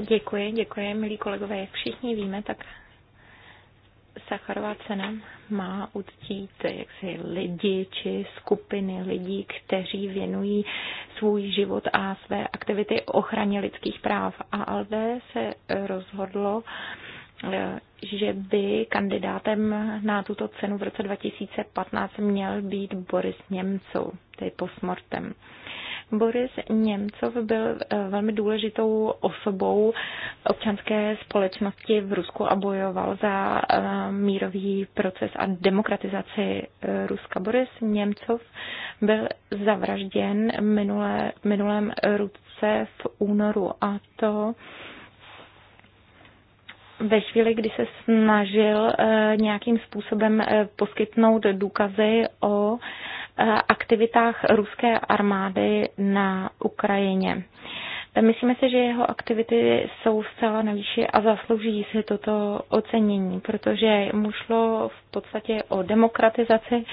S3: Děkuji, děkuji, milí kolegové. Jak všichni víme, tak Sacharová cena má uctít jaksi lidi či skupiny lidí, kteří věnují svůj život a své aktivity ochraně lidských práv. A ALDE se rozhodlo Eh, že by kandidátem na tuto cenu v roce 2015 měl být Boris Němcov, tedy posmortem. Boris Němcov byl eh, velmi důležitou osobou občanské společnosti v Rusku a bojoval za eh, mírový proces a demokratizaci Ruska. Boris Němcov byl zavražděn minulé, minulém ruce v únoru a to ve chvíli, kdy se snažil eh, nějakým způsobem eh, poskytnout důkazy o eh, aktivitách ruské armády na Ukrajině. Myslíme si, že jeho aktivity jsou zcela na výši a zaslouží si toto ocenění, protože mu šlo v podstatě o demokratizaci,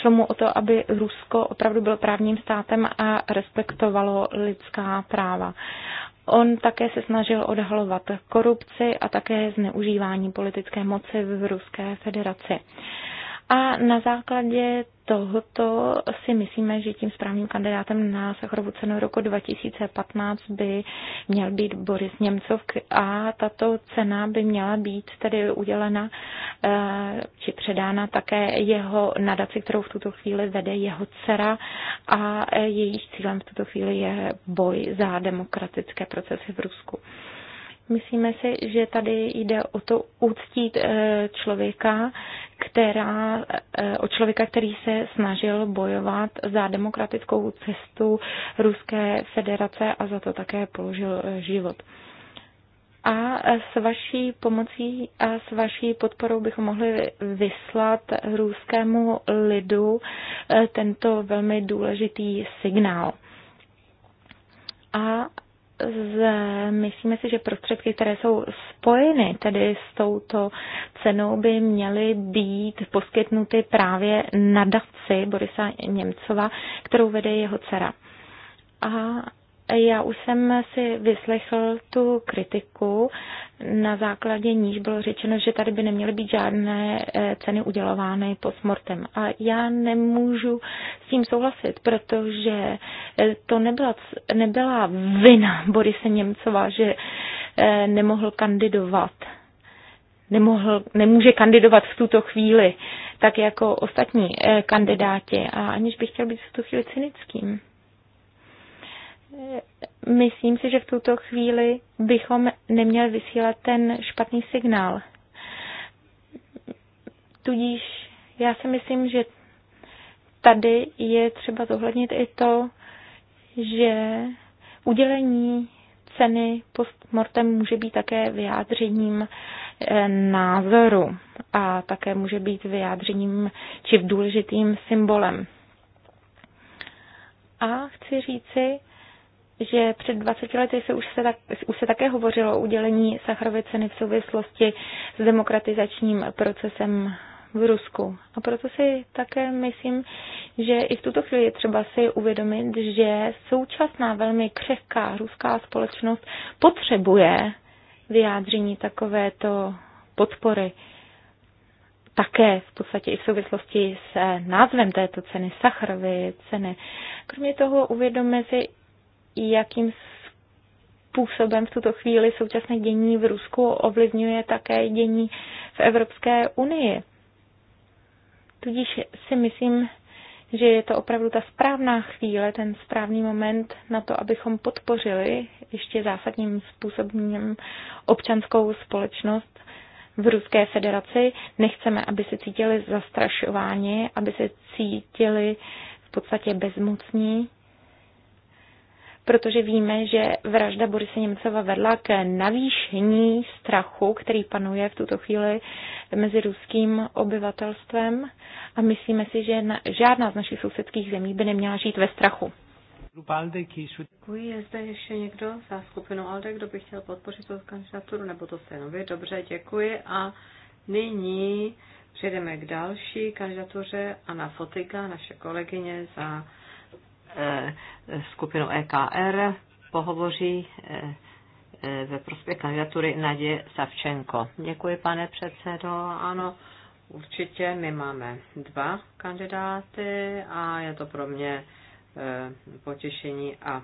S3: šlo mu o to, aby Rusko opravdu bylo právním státem a respektovalo lidská práva. On také se snažil odhalovat korupci a také zneužívání politické moci v Ruské federaci. A na základě tohoto si myslíme, že tím správným kandidátem na Sachorovu cenu roku 2015 by měl být Boris Němcov a tato cena by měla být tedy udělena eh, či předána také jeho nadaci, kterou v tuto chvíli vede jeho dcera a eh, jejich cílem v tuto chvíli je boj za demokratické procesy v Rusku. Myslíme si, že tady jde o to uctít eh, člověka, která, eh, o člověka, který se snažil bojovat za demokratickou cestu Ruské federace a za to také položil eh, život. A s vaší pomocí a s vaší podporou bychom mohli vyslat ruskému lidu tento velmi důležitý signál. A z, myslíme si, že prostředky, které jsou spojeny tedy s touto cenou, by měly být poskytnuty právě nadaci Borisa Němcova, kterou vede jeho dcera. A já už jsem si vyslechl tu kritiku, na základě níž bylo řečeno, že tady by neměly být žádné eh, ceny udělovány postmortem. A já nemůžu s tím souhlasit, protože eh, to nebyla, nebyla vina Borise Němcova, že eh, nemohl kandidovat nemohl, nemůže kandidovat v tuto chvíli, tak jako ostatní kandidáti, a aniž bych chtěl být v tu chvíli cynickým myslím si, že v tuto chvíli bychom neměli vysílat ten špatný signál. Tudíž já si myslím, že tady je třeba zohlednit i to, že udělení ceny postmortem může být také vyjádřením eh, názoru a také může být vyjádřením či důležitým symbolem. A chci říci, že před 20 lety se už se, tak, už se také hovořilo o udělení Sacharovy ceny v souvislosti s demokratizačním procesem v Rusku. A proto si také myslím, že i v tuto chvíli je třeba si uvědomit, že současná velmi křehká ruská společnost potřebuje vyjádření takovéto podpory. Také v podstatě i v souvislosti s názvem této ceny, Sacharovy ceny. Kromě toho uvědomme si jakým způsobem v tuto chvíli současné dění v Rusku ovlivňuje také dění v Evropské unii. Tudíž si myslím, že je to opravdu ta správná chvíle, ten správný moment na to, abychom podpořili ještě zásadním způsobem občanskou společnost v Ruské federaci. Nechceme, aby se cítili zastrašováni, aby se cítili v podstatě bezmocní protože víme, že vražda Borise Němcova vedla k navýšení strachu, který panuje v tuto chvíli mezi ruským obyvatelstvem a myslíme si, že na, žádná z našich sousedských zemí by neměla žít ve strachu.
S4: Děkuji. Je zde
S1: ještě někdo za skupinu ALDE, kdo by chtěl podpořit tu kandidaturu, nebo to jste nově. Dobře, děkuji. A nyní přejdeme k další kandidatuře Anna Fotika, naše kolegyně za Eh, skupinu EKR pohovoří eh, eh, ve prospěch kandidatury Nadě Savčenko. Děkuji, pane předsedo. Ano, určitě my máme dva kandidáty a je to pro mě potěšení a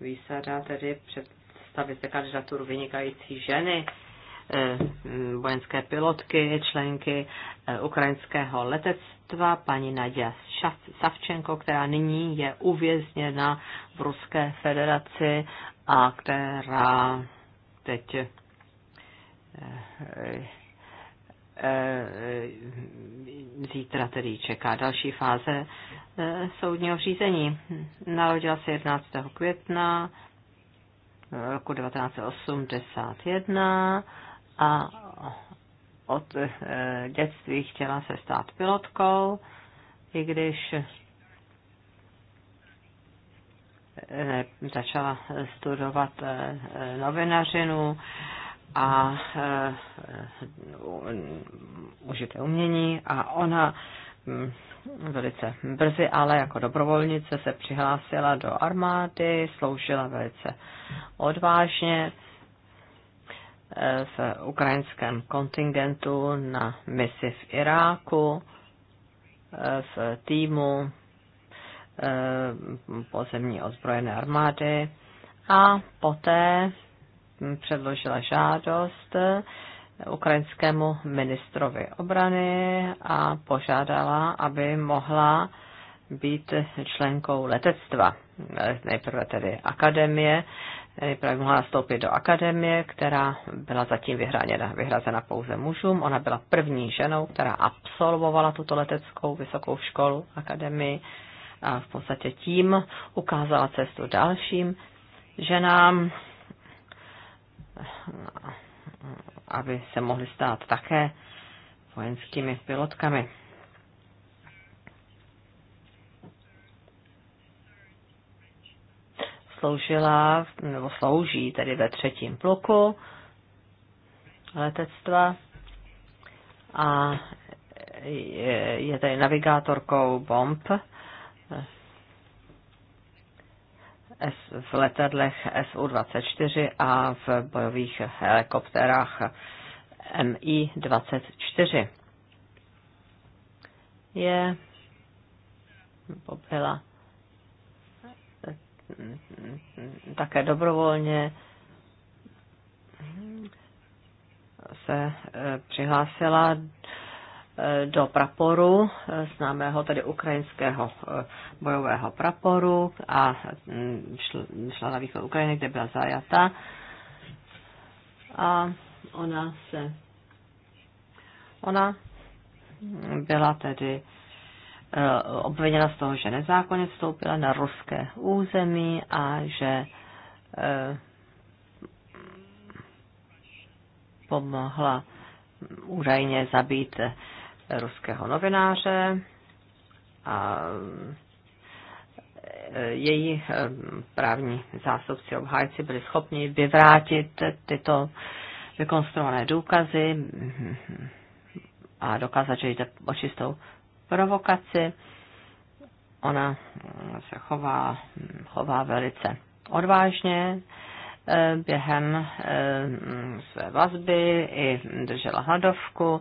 S1: výsada tedy představit se kandidaturu vynikající ženy, vojenské pilotky, členky Eh, ukrajinského letectva, paní Nadia Savčenko, která nyní je uvězněna v Ruské federaci a která teď eh, eh, zítra tedy čeká další fáze soudního řízení. Narodila se 11. května roku 1981 a od eh, dětství chtěla se stát pilotkou, i když eh, začala studovat eh, novinařinu a užité umění a ona hm, velice brzy, ale jako dobrovolnice se přihlásila do armády, sloužila velice odvážně v ukrajinském kontingentu na misi v Iráku, eh, v týmu eh, pozemní ozbrojené armády a poté předložila žádost ukrajinskému ministrovi obrany a požádala, aby mohla být členkou letectva, eh, nejprve tedy akademie právě mohla nastoupit do akademie, která byla zatím vyhraněna, vyhrazena pouze mužům. Ona byla první ženou, která absolvovala tuto leteckou vysokou školu, akademii a v podstatě tím ukázala cestu dalším ženám, aby se mohly stát také vojenskými pilotkami. sloužila, nebo slouží tedy ve třetím bloku letectva a je, tady navigátorkou bomb v letadlech SU-24 a v bojových helikopterách MI-24. Je, byla také dobrovolně se eh, přihlásila eh, do praporu, eh, známého tedy ukrajinského bojového praporu a mm, šla na východ Ukrajiny, kde byla zajata. A ona se, ona byla tedy Eh, obviněna z toho, že nezákonně vstoupila na ruské území a že eh, pomohla údajně zabít eh, ruského novináře a její právní zástupci obhájci byli schopni vyvrátit tyto vykonstruované důkazy a dokázat, že jde o čistou provokaci. Ona se chová, chová velice odvážně eh, během eh, své vazby i držela hladovku,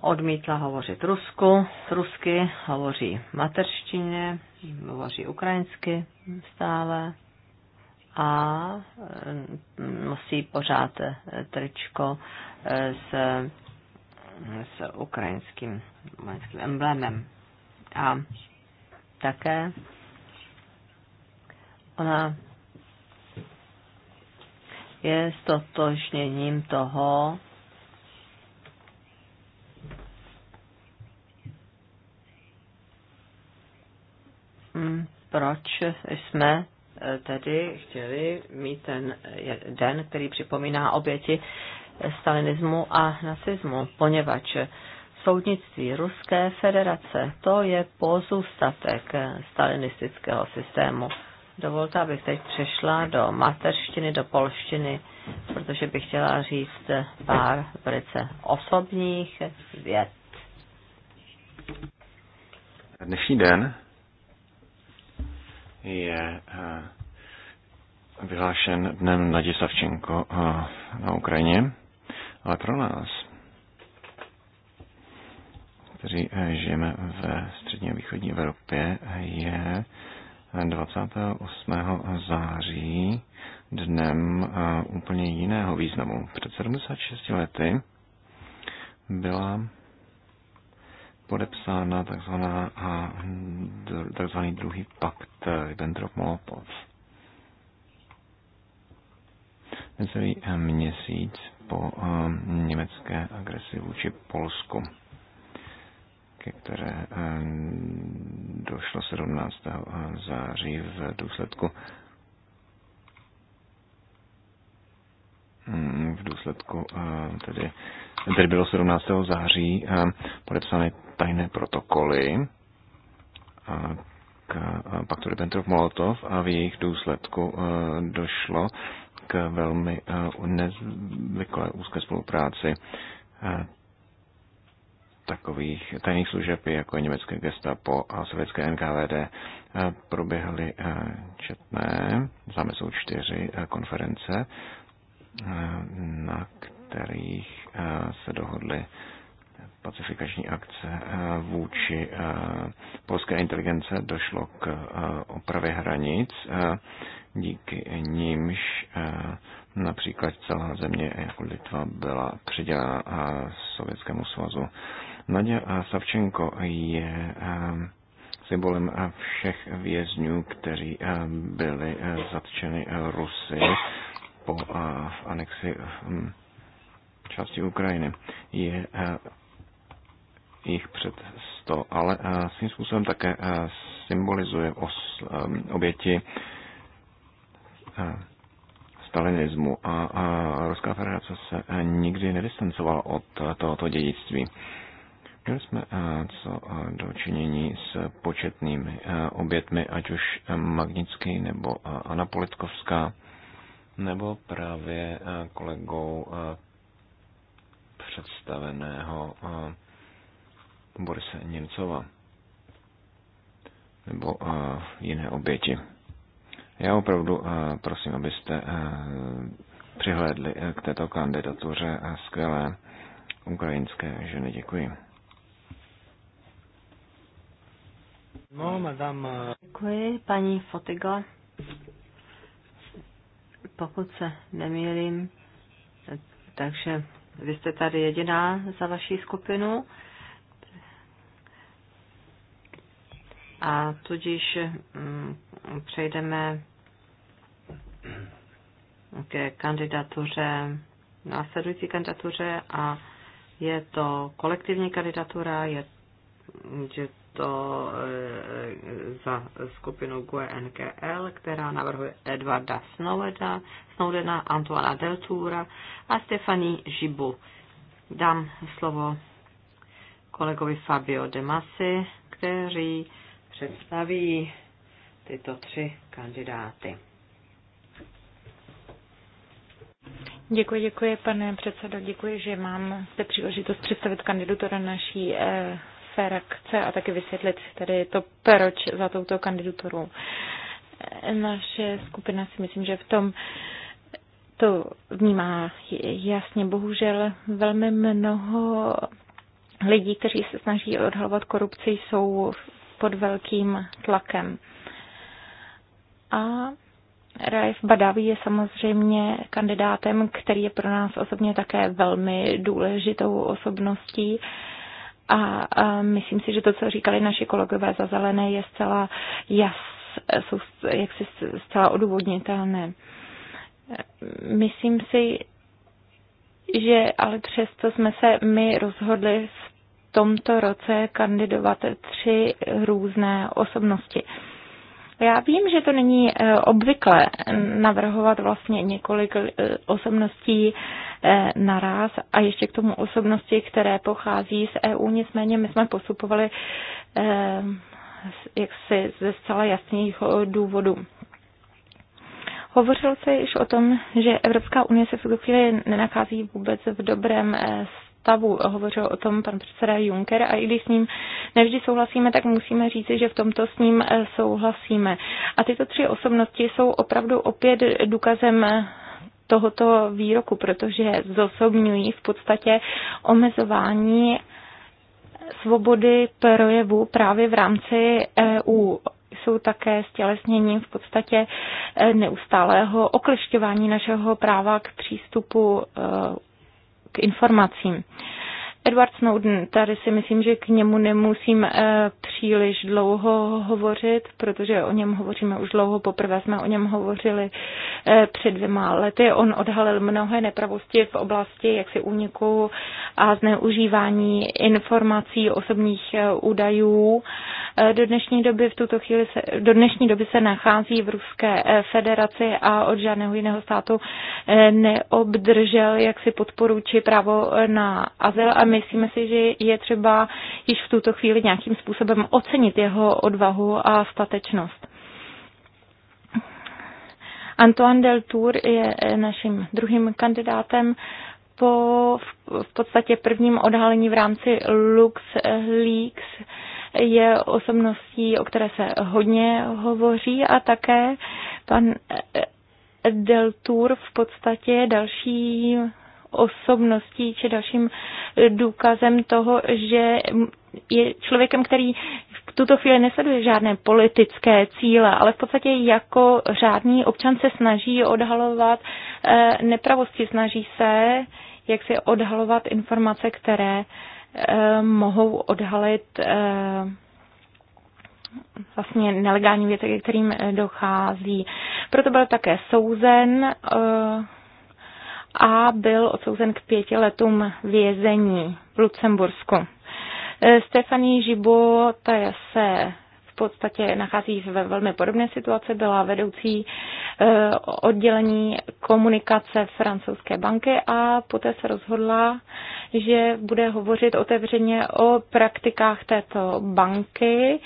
S1: odmítla hovořit rusku, rusky, hovoří materštině, hovoří ukrajinsky stále a eh, nosí pořád tričko s s ukrajinským vojenským emblemem. A také ona je stotožněním toho, mm, proč jsme eh, tedy chtěli mít ten den, který připomíná oběti stalinismu a nacismu, poněvadž soudnictví Ruské federace to je pozůstatek stalinistického systému. Dovolte, abych teď přešla do mateřštiny, do polštiny, protože bych chtěla říct pár velice osobních
S2: věd. Dnešní den je eh, vyhlášen dnem Nadě Savčenko eh, na Ukrajině. Ale pro nás, kteří eh, žijeme ve střední a východní Evropě, je 28. Eh, září dnem eh, úplně jiného významu. Před 76 lety byla podepsána takzvaný druhý pakt Ribbentrop-Molotov. celý měsíc po eh, německé agresi vůči Polsku, ke které eh, došlo 17. Eh, září v důsledku mm, v důsledku tedy, tedy bylo 17. září podepsány tajné protokoly k paktu Ribbentrop-Molotov a v jejich důsledku došlo k velmi eh, nezvyklé úzké spolupráci eh, takových tajných služeb, jako německé gestapo a sovětské NKVD, eh, proběhly četné, známe jsou čtyři konference, na kterých se dohodly pacifikační akce vůči polské inteligence, došlo k opravě hranic, díky nímž eh, například celá země eh, jako Litva byla přidělena eh, Sovětskému svazu. Nadě Savčenko je symbolem všech vězňů, kteří byli zatčeni Rusy po anexi hm, části Ukrajiny. Je jich před 100, ale svým způsobem také symbolizuje oběti Eh, stalinismu a, a Ruská federace se eh, nikdy nedistancovala od eh, tohoto dědictví. Měli jsme co dočinění s početnými obětmi, ať už Magnický nebo Anna Politkovská, nebo právě kolegou představeného Borise Němcova, nebo jiné oběti. Já opravdu eh, prosím, abyste eh, přihlédli eh, k této kandidatuře skvělé ukrajinské ženy. Děkuji.
S1: No, madame. Děkuji, paní Fotiga. Pokud se nemýlím, takže vy jste tady jediná za vaší skupinu. a tudíž mm, přejdeme ke kandidatuře, následující kandidatuře a je to kolektivní kandidatura, je, je to e, za skupinu GUE-NKL, která navrhuje Edvarda Snowdena, Snowdena Antoana Deltura a Stefanie Žibu. Dám slovo kolegovi Fabio De Masi, který představí tyto tři kandidáty.
S3: Děkuji, děkuji, pane předsedo. Děkuji, že mám zde příležitost představit kandidatura naší eh, frakce a taky vysvětlit tady to, proč za touto kandidaturou. Eh, naše skupina si myslím, že v tom to vnímá jasně. Bohužel velmi mnoho lidí, kteří se snaží odhalovat korupci, jsou pod velkým tlakem. A Raif Badawi je samozřejmě kandidátem, který je pro nás osobně také velmi důležitou osobností. A, a myslím si, že to, co říkali naši kolegové za zelené, je zcela jas, jsou jaksi zcela odůvodnitelné. Myslím si, že ale přesto jsme se my rozhodli tomto roce kandidovat tři různé osobnosti. Já vím, že to není eh, obvyklé navrhovat vlastně několik eh, osobností eh, naraz a ještě k tomu osobnosti, které pochází z EU, nicméně my jsme postupovali jaksi ze zcela jasných důvodů. Hovořilo se již o tom, že Evropská unie se v tuto chvíli nenachází vůbec v dobrém stavu. Hovořil o tom pan předseda Juncker a i když s ním nevždy souhlasíme, tak musíme říci, že v tomto s ním eh, souhlasíme. A tyto tři osobnosti jsou opravdu opět důkazem eh, tohoto výroku, protože zosobňují v podstatě omezování svobody projevu právě v rámci EU jsou také stělesněním v podstatě eh, neustálého oklešťování našeho práva k přístupu k informacím. Edward Snowden, tady si myslím, že k němu nemusím eh, příliš dlouho hovořit, protože o něm hovoříme už dlouho. Poprvé jsme o něm hovořili eh, před dvěma lety. On odhalil mnohé nepravosti v oblasti jaksi úniku a zneužívání informací, osobních eh, údajů. Do dnešní doby v tuto chvíli se, do dnešní doby se nachází v Ruské federaci a od žádného jiného státu neobdržel jaksi podporu či právo na azyl a my myslíme si, že je třeba již v tuto chvíli nějakým způsobem ocenit jeho odvahu a statečnost. Antoine Del Tour je eh, naším druhým kandidátem po v, podstatě prvním odhalení v rámci LuxLeaks je osobností, o které se hodně hovoří a také pan eh, Del Tour v podstatě je osobností či dalším důkazem toho, že je člověkem, který v tuto chvíli nesleduje žádné politické cíle, ale v podstatě jako řádný občan se snaží odhalovat eh, nepravosti, snaží se jak si odhalovat informace, které eh, mohou odhalit eh, vlastně nelegální věci, kterým dochází. Proto byl také souzen a byl odsouzen k pěti letům vězení v Lucembursku. E, Stefaní Žibo, ta se v podstatě nachází ve velmi podobné situaci, byla vedoucí e, oddělení komunikace francouzské banky a poté se rozhodla, že bude hovořit otevřeně o praktikách této banky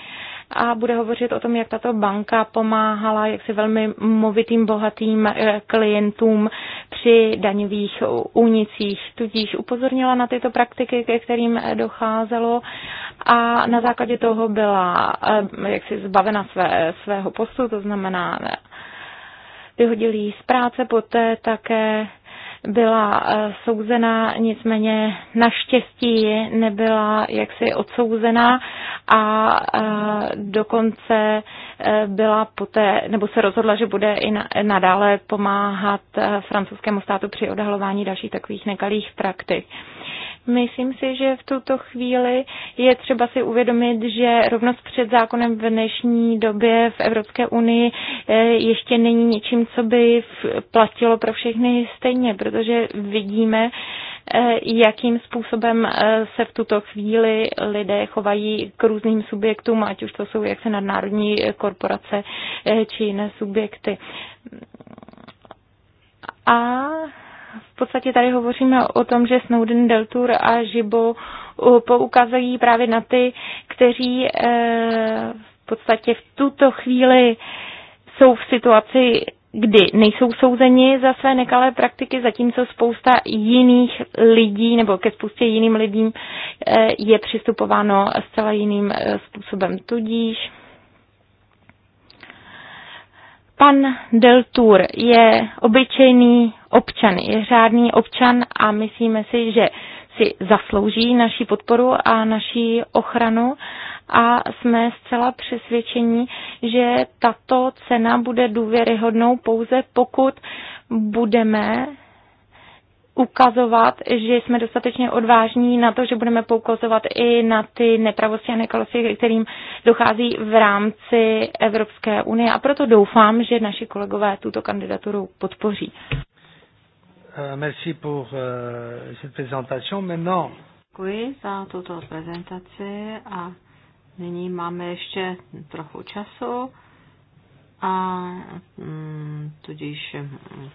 S3: a bude hovořit o tom, jak tato banka pomáhala jak si velmi movitým, bohatým eh, klientům při daňových únicích. Tudíž upozornila na tyto praktiky, ke kterým eh, docházelo a na základě toho byla eh, jak si zbavena své, svého postu, to znamená vyhodili jí z práce, poté také byla eh, souzená, nicméně naštěstí nebyla jaksi odsouzená a eh, dokonce eh, byla poté, nebo se rozhodla, že bude i nadále pomáhat francouzskému státu při odhalování dalších takových nekalých praktik. Myslím si, že v tuto chvíli je třeba si uvědomit, že rovnost před zákonem v dnešní době v Evropské unii eh, ještě není něčím, co by platilo pro všechny stejně, protože vidíme, eh, jakým způsobem eh, se v tuto chvíli lidé chovají k různým subjektům, ať už to jsou jak se nadnárodní korporace či jiné subjekty. A v podstatě tady hovoříme o tom, že Snowden, Deltour a Žibo uh, poukazují právě na ty, kteří eh, v podstatě v tuto chvíli jsou v situaci, kdy nejsou souzeni za své nekalé praktiky, zatímco spousta jiných lidí nebo ke spoustě jiným lidím eh, je přistupováno zcela jiným eh, způsobem. Tudíž Pan Deltour je obyčejný občan, je řádný občan a myslíme si, že si zaslouží naši podporu a naši ochranu a jsme zcela přesvědčení, že tato cena bude důvěryhodnou pouze pokud budeme ukazovat, že jsme dostatečně odvážní na to, že budeme poukazovat i na ty nepravosti a nekalosti, kterým dochází v rámci Evropské unie. A proto doufám, že naši kolegové tuto kandidaturu podpoří.
S4: Euh, merci pour euh, cette présentation. Maintenant...
S1: Děkuji za tuto prezentaci a nyní máme ještě trochu času a mm, tudíž mm,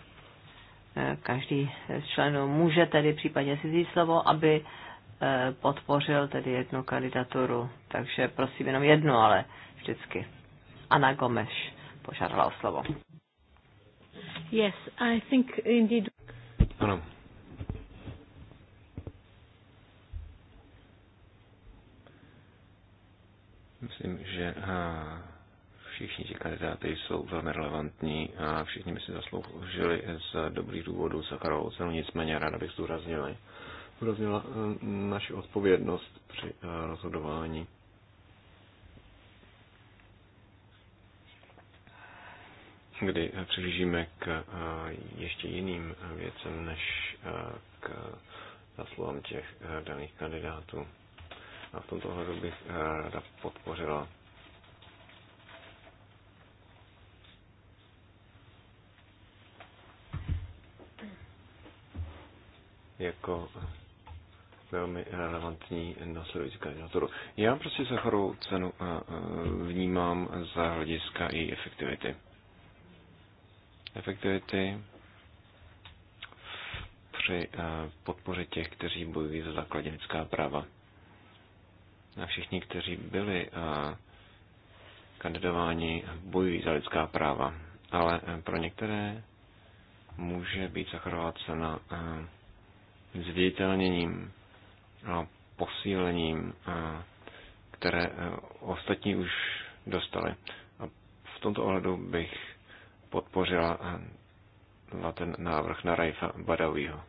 S1: Každý z členů může tedy případně si říct slovo, aby eh, podpořil tedy jednu kandidaturu. Takže prosím jenom jednu, ale vždycky. Ana Gomes požádala o slovo.
S3: Yes, I think indeed.
S2: Ano. Myslím, že eh, Všichni ti kandidáty jsou velmi relevantní a všichni by si zasloužili z dobrých důvodů Sacharovou cenu, nicméně ráda bych zdůraznila, zdůraznila eh, naši odpovědnost při eh, rozhodování. kdy eh, přihlížíme k ještě jiným věcem než k zaslovám těch daných kandidátů. A v tomto hledu bych ráda podpořila jako velmi relevantní následující kandidaturu. Já prostě Sacharovou cenu eh, eh, vnímám za hlediska její efektivity. Efektivity při eh, podpoře těch, kteří bojují za základní lidská práva. A všichni, kteří byli kandidováni, bojují za lidská práva. Ale pro některé může být Sacharová cena zvětelněním a posílením, které e, ostatní už dostali. A v tomto ohledu bych podpořila e, na ten návrh na Raifa Badawiho.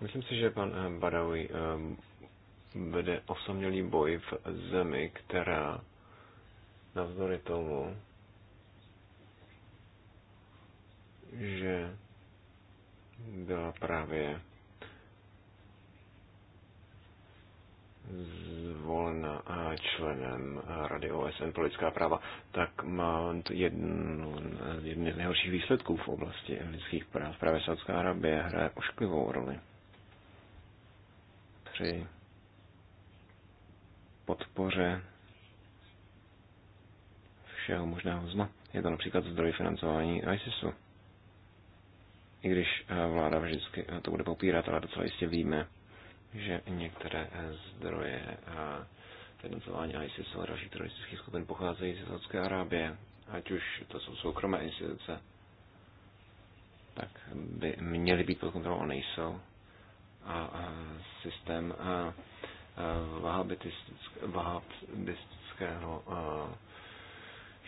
S2: Myslím si, že pan e, Badawi vede osamělý boj v zemi, která navzdory tomu, že byla právě zvolena členem Rady OSN pro lidská práva, tak má jednu, jeden z nejhorších výsledků v oblasti lidských práv. Právě Saudská Arabie hraje ošklivou roli při podpoře všeho možného zla. Je to například zdroj financování ISISu i když eh, vláda vždycky eh, to bude popírat, ale docela jistě víme, že některé eh, zdroje financování ISIS a dalších teroristických skupin pocházejí ze Saudské Arábie, ať už to jsou soukromé instituce, tak by měly být pod kontrolou a nejsou. A, systém a, vahabitistického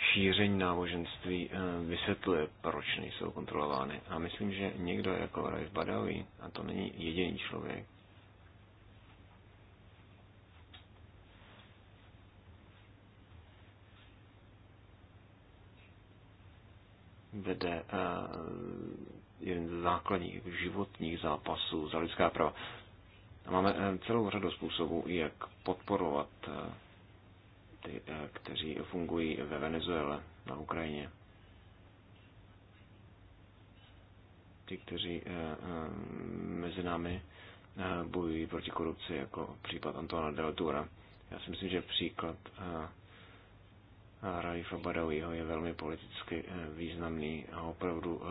S2: šíření náboženství eh, vysvětluje, proč nejsou kontrolovány. A myslím, že někdo jako Raif Badawi, a to není jediný člověk, vede eh, jeden ze základních životních zápasů za lidská práva. A máme eh, celou řadu způsobů, jak podporovat ty, eh, kteří fungují ve Venezuele, na Ukrajině. Ti, kteří eh, eh, mezi námi bojují proti korupci, jako případ Antona Deltura. Já si myslím, že příklad Raifa Badawiho je velmi politicky významný a opravdu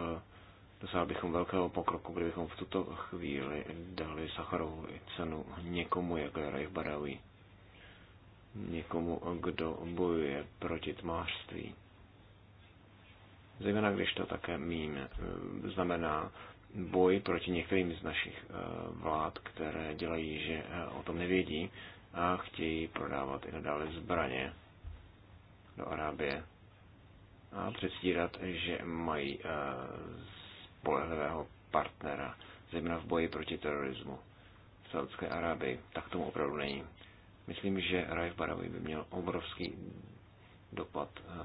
S2: dosáhli bychom velkého pokroku, kdybychom v tuto chvíli dali Sacharovu cenu někomu, jako je Raif Badawi někomu, kdo bojuje proti tmářství. Zejména když to také mín eh, znamená boj proti některým z našich eh, vlád, které dělají, že eh, o tom nevědí a chtějí prodávat i nadále zbraně do Arábie a předstírat, že mají spolehlivého partnera, zejména v boji proti terorismu v Saudské Arábii. Tak tomu opravdu není. Myslím, že Raif Barawi by měl obrovský dopad, eh,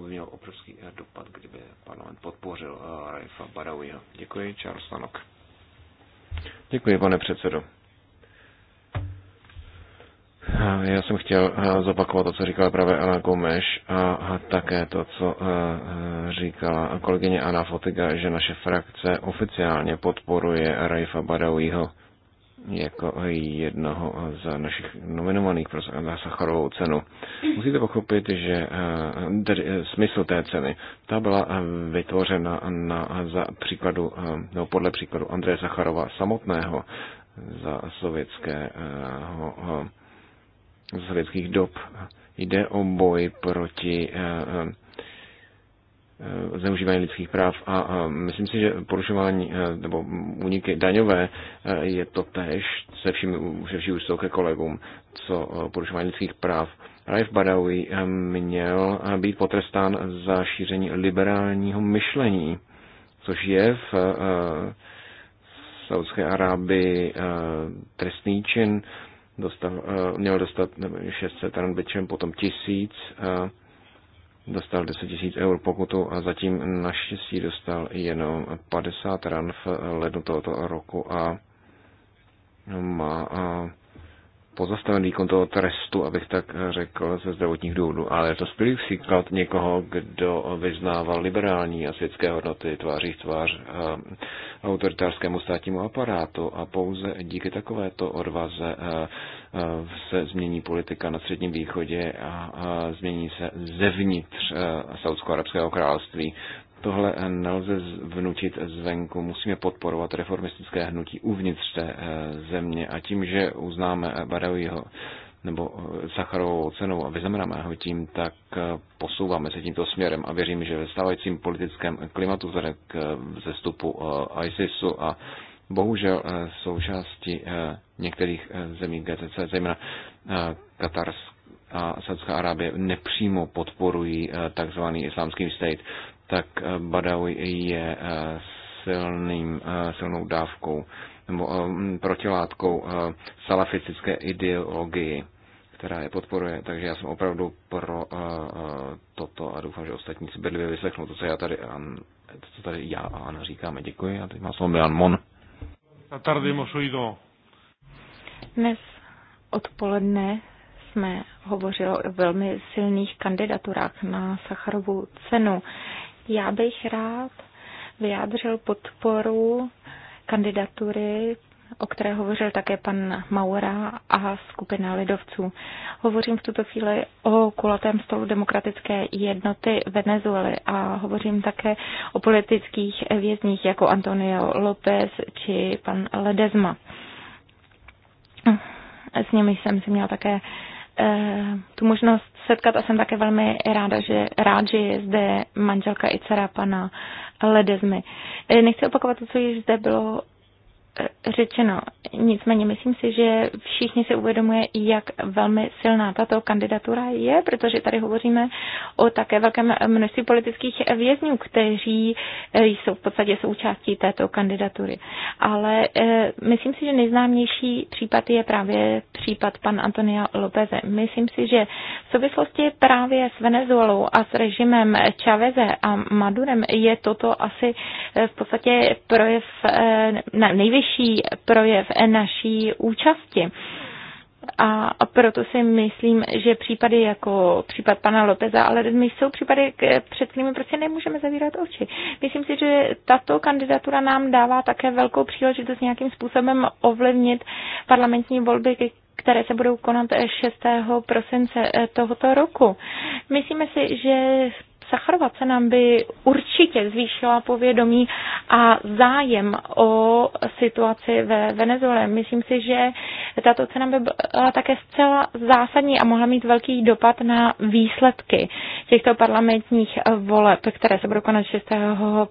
S2: by měl obrovský eh, dopad, kdyby parlament podpořil eh, Rajfa Barawiho. Děkuji, Charles Tanok. Děkuji, pane předsedo. Já jsem chtěl zopakovat to, co říkala právě Ana Gomeš a také to, co říkala kolegyně Ana Fotiga, že naše frakce oficiálně podporuje Raifa Badawiho jako jednoho z našich nominovaných pro Sacharovou cenu. Musíte pochopit, že eh, tedy, eh, smysl té ceny, ta byla eh, vytvořena na, za příkladu, nebo podle příkladu Andreje Sacharova samotného za sovětského, sovětských dob. Jde o boj proti Eh, zneužívání lidských práv a myslím si, že porušování eh, nebo úniky daňové eh, je to tež se vším, se vším už ke kolegům, co porušování lidských práv. Raif Badawi měl být potrestán za šíření liberálního myšlení, což je v Saudské Arábii trestný čin, dostal, měl dostat 600 ran potom tisíc dostal 10 tisíc eur pokutu a zatím naštěstí dostal jenom 50 ran v lednu tohoto roku a má a pozastaven výkon toho trestu, abych tak řekl, ze zdravotních důvodů. Ale je to skvělý příklad někoho, kdo vyznával liberální a světské hodnoty tváří v tvář eh, autoritářskému státnímu aparátu a pouze díky takovéto odvaze eh, eh, se změní politika na Středním východě a změní se zevnitř Saudsko-Arabského království. Tohle eh, nelze vnutit zvenku. Musíme podporovat reformistické hnutí uvnitř té eh, země a tím, že uznáme eh, Badawiho nebo Sacharovou cenou a vyznamenáme ho tím, tak posouváme se tímto směrem a věřím, že ve stávajícím politickém klimatu vzhledem k zestupu ISISu a bohužel součástí některých zemí GCC, zejména Katarsk a Saudská Arábie nepřímo podporují takzvaný islámský state tak eh, Badawi je eh, silným, eh, silnou dávkou nebo protilátkou salafistické ideologii, která je podporuje. Takže já jsem opravdu pro toto a doufám, že ostatní si bedlivě vyslechnou to, co já tady, co tady já a Anna říkáme. Děkuji a teď má slovo Milan Mon.
S3: Dnes odpoledne jsme hovořili o velmi silných kandidaturách na Sacharovu cenu. Já bych rád vyjádřil podporu kandidatury o které hovořil také pan Maura a skupina lidovců. Hovořím v tuto chvíli o kulatém stolu demokratické jednoty Venezuely a hovořím také o politických vězních jako Antonio López či pan Ledezma. S nimi jsem si měl také Eh, tu možnost setkat a jsem také velmi ráda, že, rád, že je zde manželka i dcera pana Ledezmy. Eh, nechci opakovat to, co již zde bylo řečeno. Nicméně myslím si, že všichni se uvědomuje, jak velmi silná tato kandidatura je, protože tady hovoříme o také velkém množství politických vězňů, kteří eh, jsou v podstatě součástí této kandidatury. Ale eh, myslím si, že nejznámější případ je právě případ pan Antonia Lopeze. Myslím si, že v souvislosti právě s Venezuelou a s režimem Čaveze a Madurem je toto asi eh, v podstatě projev nejvyšší další projev naší účasti. A proto si myslím, že případy jako případ pana Lopeza, ale my jsou případy, před kterými prostě nemůžeme zavírat oči. Myslím si, že tato kandidatura nám dává také velkou příležitost nějakým způsobem ovlivnit parlamentní volby, které se budou konat 6. prosince eh, tohoto roku. Myslíme si, že se nám by určitě zvýšila povědomí a zájem o situaci ve Venezuele. Myslím si, že tato cena by byla také zcela zásadní a mohla mít velký dopad na výsledky těchto parlamentních voleb, které se budou konat 6.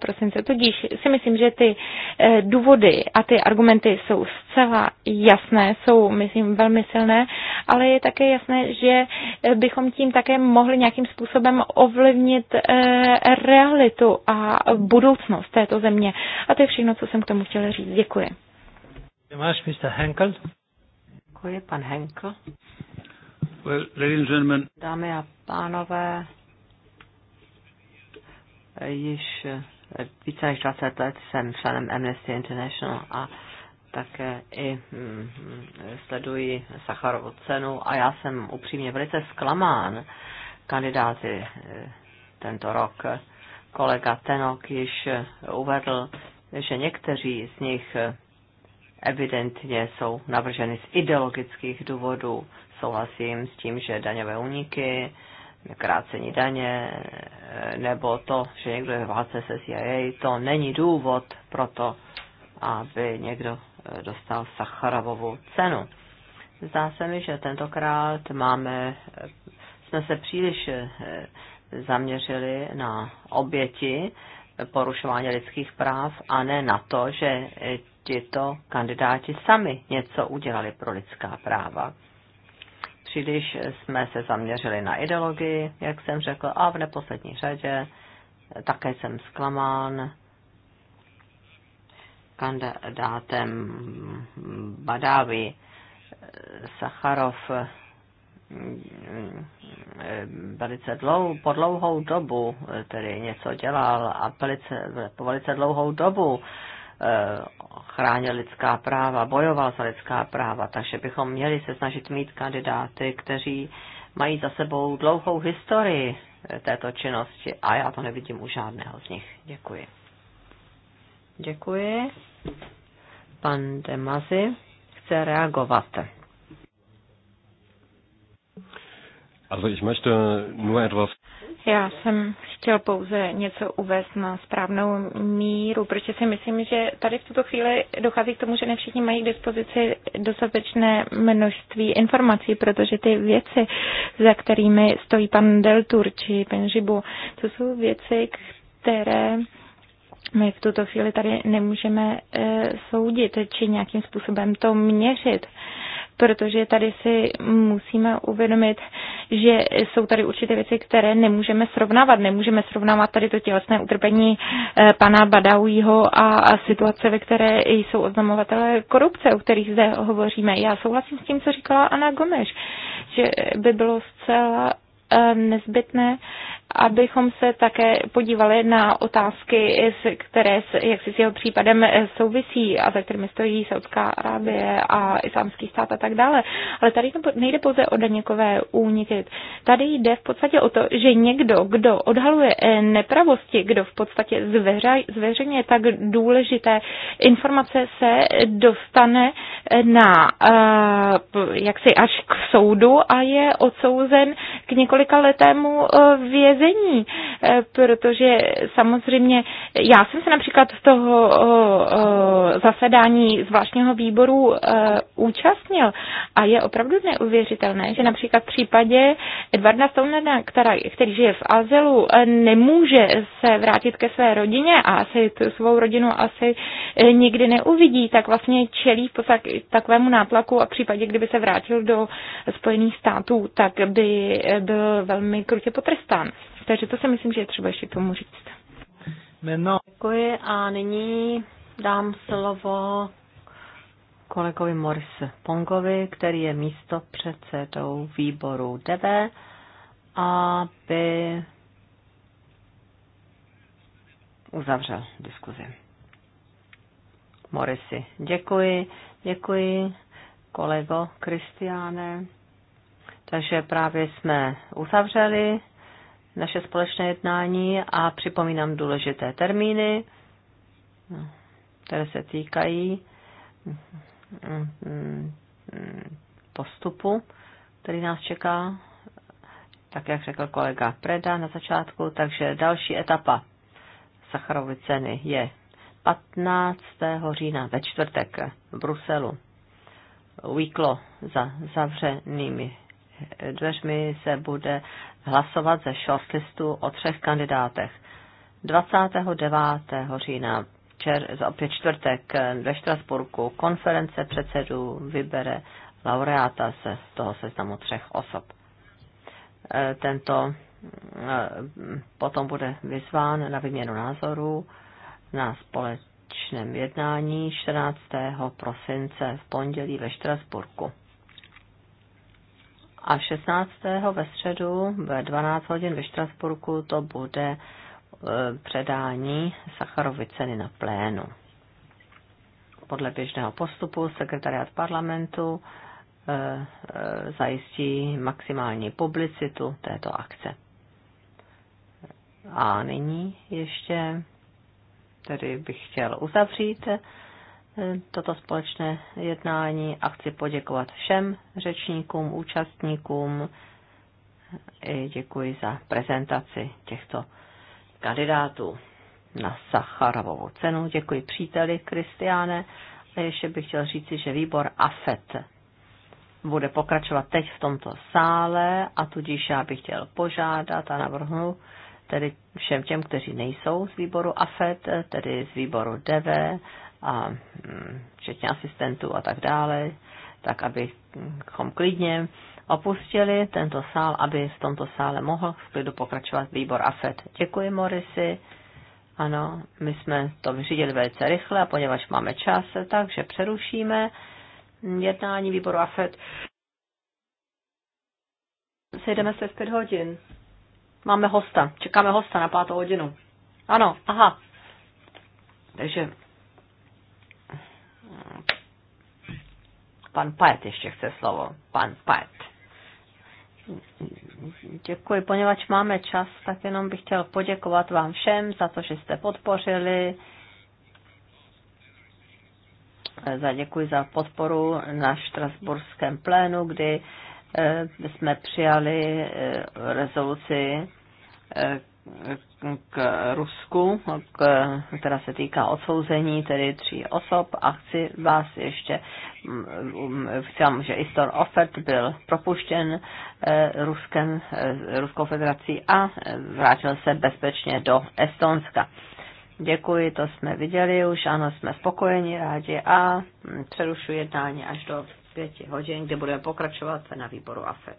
S3: prosince. Tudíž si myslím, že ty eh, důvody a ty argumenty jsou zcela jasné, jsou, myslím, velmi silné, ale je také jasné, že eh, bychom tím také mohli nějakým způsobem ovlivnit E, realitu a budoucnost této země. A to je všechno, co jsem k tomu chtěla říct. Děkuji.
S5: Máš,
S4: Mr. Henkel?
S1: Děkuji, pan Henkel.
S4: Well, ladies and gentlemen.
S1: Dámy a pánové, již více než 20 let jsem členem Amnesty International a také i mm, sleduji Sacharovu cenu a já jsem upřímně velice zklamán kandidáty eh, tento rok. Kolega Tenok již uvedl, že někteří z nich evidentně jsou navrženy z ideologických důvodů. Souhlasím s tím, že daňové úniky, krácení daně, nebo to, že někdo je v se CIA, to není důvod pro to, aby někdo eh, dostal sacharovou cenu. Zdá se mi, že tentokrát máme, eh, jsme se příliš eh, zaměřili na oběti porušování lidských práv a ne na to, že tyto kandidáti sami něco udělali pro lidská práva. Příliš jsme se zaměřili na ideologii, jak jsem řekl, a v neposlední řadě také jsem zklamán kandidátem Badávy Sacharov velice dlou, po dlouhou dobu tedy něco dělal a velice, po velice dlouhou dobu eh, chránil lidská práva, bojoval za lidská práva, takže bychom měli se snažit mít kandidáty, kteří mají za sebou dlouhou historii eh, této činnosti a já to nevidím u žádného z nich. Děkuji. Děkuji. Pan Demazi chce reagovat.
S5: Also ich möchte nur etwas
S3: já jsem chtěl pouze něco uvést na správnou míru, protože si myslím, že tady v tuto chvíli dochází k tomu, že ne všichni mají k dispozici dostatečné množství informací, protože ty věci, za kterými stojí pan Deltur či pan Žibu, to jsou věci, které my v tuto chvíli tady nemůžeme eh, soudit či nějakým způsobem to měřit. E, protože tady si musíme uvědomit, že jsou tady určité věci, které nemůžeme srovnávat. Nemůžeme srovnávat tady to tělesné utrpení eh, pana Badaujího a situace, ve které jsou oznamovatelé korupce, o kterých zde hovoříme. Já souhlasím s tím, co říkala Ana Gomeš, že by bylo zcela eh, nezbytné abychom se také podívali na otázky, které s, jak si s jeho případem eh, souvisí a za kterými stojí Saudská Arábie a islámský stát a tak dále. Ale tady nejde pouze o daněkové úniky. Tady jde v podstatě o to, že někdo, kdo odhaluje eh, nepravosti, kdo v podstatě zveřejňuje tak důležité informace, se dostane eh, na jaksi až k soudu a je odsouzen k několika letému vězení není, eh, protože samozřejmě já jsem se například z toho eh, eh, zasedání zvláštního výboru účastnil a je opravdu neuvěřitelné, že například v případě Edvarda Stounena, který žije v Azelu, nemůže se vrátit ke své rodině a asi tu svou rodinu asi nikdy neuvidí, tak vlastně čelí v podstatě takovému nátlaku a v případě, kdyby se vrátil do Spojených států, tak by byl velmi krutě potrestán. Takže to si myslím, že je třeba ještě k tomu říct. No.
S1: Děkuji a nyní dám slovo kolegovi Moris Pongovi, který je místo předsedou výboru DV, aby uzavřel diskuzi. Morisi, děkuji, děkuji, kolego Kristiáne. Takže právě jsme uzavřeli naše společné jednání a připomínám důležité termíny, které se týkají postupu, který nás čeká, tak jak řekl kolega Preda na začátku. Takže další etapa Sacharovy ceny je 15. října ve čtvrtek v Bruselu. Weeklo za zavřenými dveřmi se bude hlasovat ze shortlistu o třech kandidátech. 29. října, čer, opět čtvrtek ve Štrasburku, konference předsedů vybere laureáta se toho seznamu třech osob. E, tento e, potom bude vyzván na vyměnu názorů na společném jednání 14. prosince v pondělí ve Štrasburku. A 16. ve středu ve 12 hodin ve Štrasburku to bude e, předání Sacharovy ceny na plénu. Podle běžného postupu sekretariat parlamentu e, e, zajistí maximální publicitu této akce. A nyní ještě tedy bych chtěl uzavřít toto společné jednání a chci poděkovat všem řečníkům, účastníkům. I děkuji za prezentaci těchto kandidátů na Sacharovou cenu. Děkuji příteli Kristiáne a ještě bych chtěl říci, že výbor AFET bude pokračovat teď v tomto sále a tudíž já bych chtěl požádat a navrhnu tedy všem těm, kteří nejsou z výboru AFET, tedy z výboru DV, a mm, včetně asistentů a tak dále, tak abychom klidně opustili tento sál, aby v tomto sále mohl v klidu pokračovat výbor AFET. Děkuji, Morisi. Ano, my jsme to vyřídili velice rychle a poněvadž máme čas, takže přerušíme jednání výboru AFET. Sejdeme se v pět hodin. Máme hosta. Čekáme hosta na pátou hodinu. Ano, aha. Takže Pan Pat ještě chce slovo. Pan Pat. Děkuji, poněvadž máme čas, tak jenom bych chtěl poděkovat vám všem za to, že jste podpořili. Za děkuji za podporu na Štrasburském plénu, kdy eh, jsme přijali eh, rezoluci eh, k Rusku, k, která se týká odsouzení tedy tří osob a chci vás ještě, mm, mm, chci vám, že Istor Offert byl propuštěn eh, Ruskem, eh, Ruskou federací a eh, vrátil se bezpečně do Estonska. Děkuji, to jsme viděli už, ano, jsme spokojeni, rádi a mm, přerušuji jednání až do pěti hodin, kde budeme pokračovat na výboru AFET.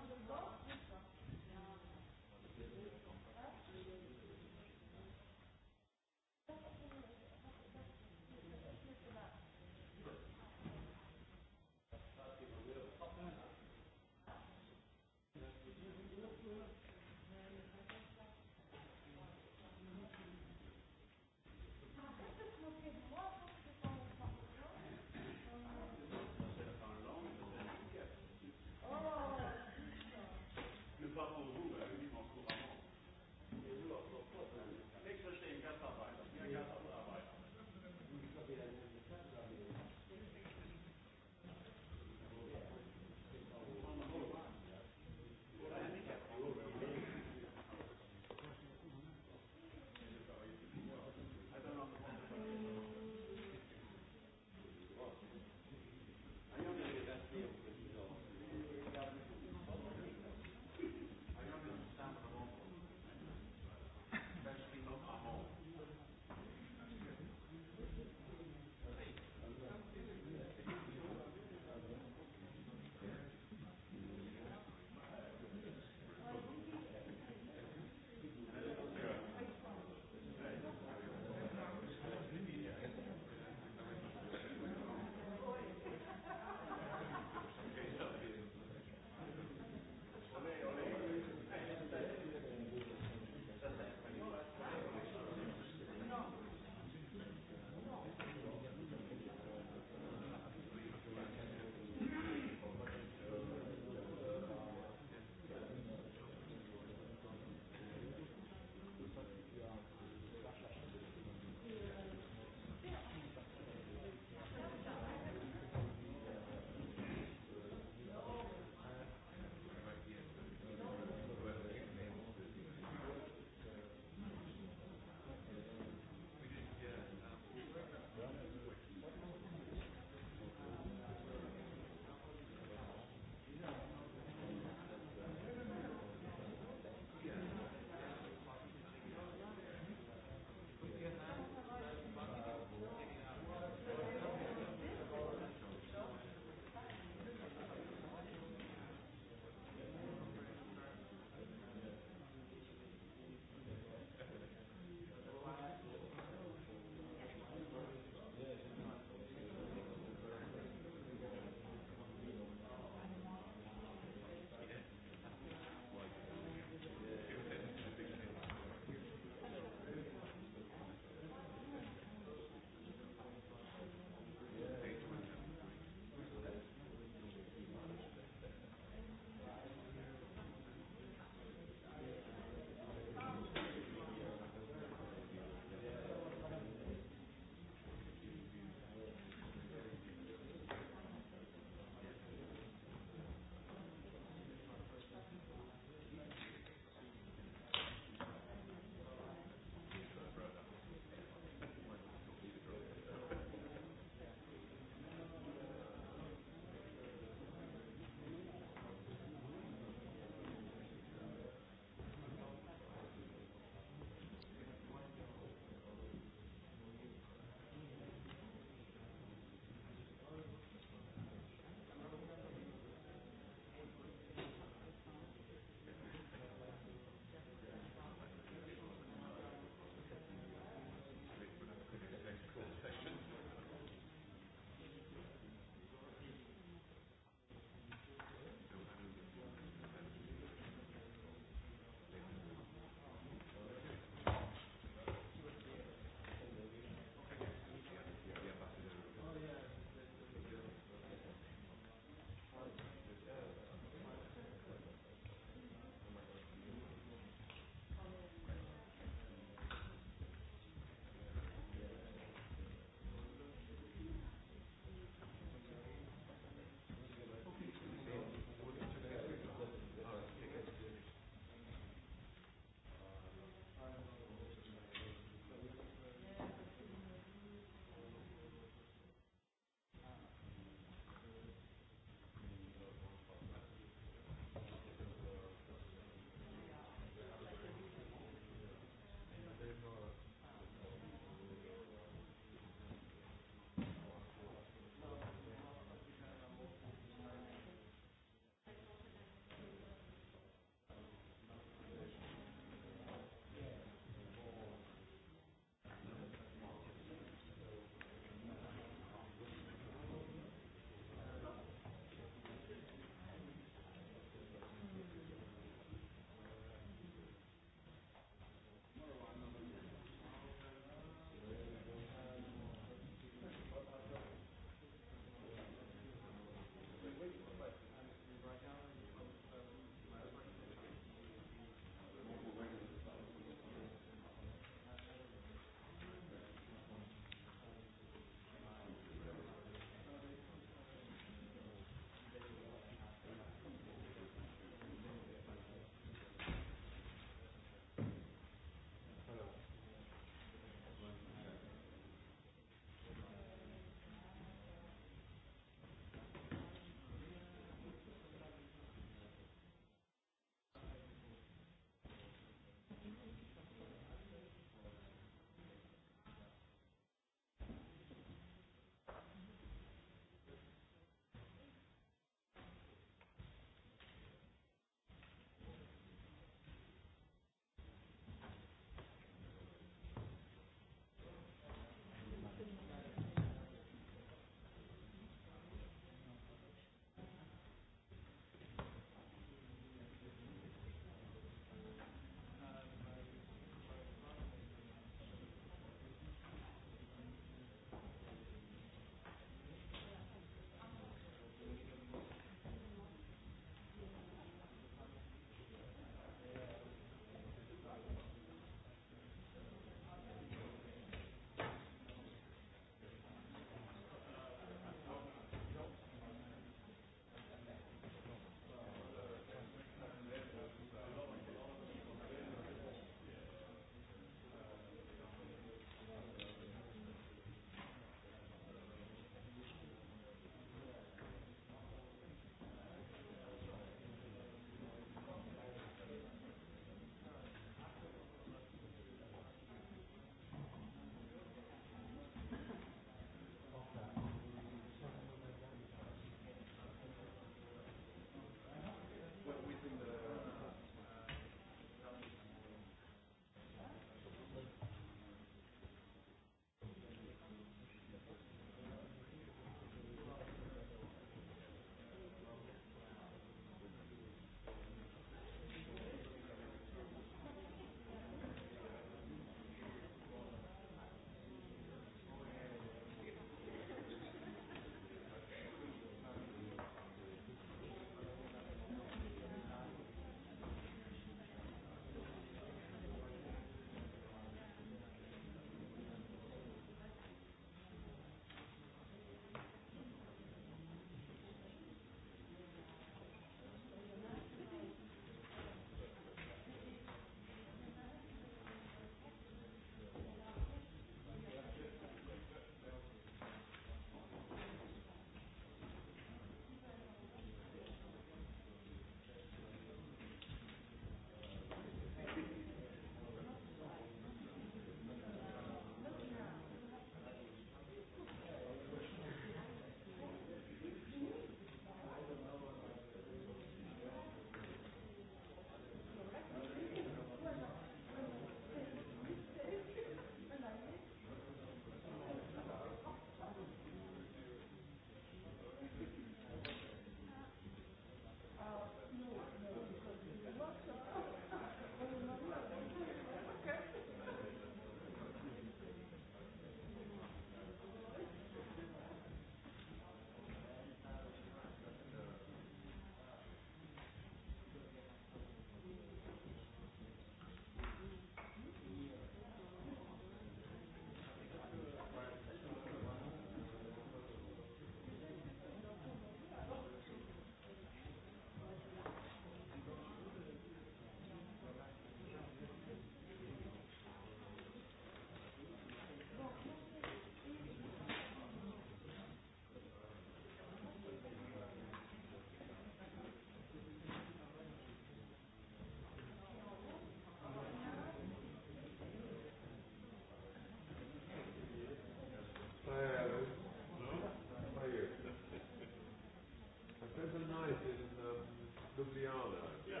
S4: Ljubljana.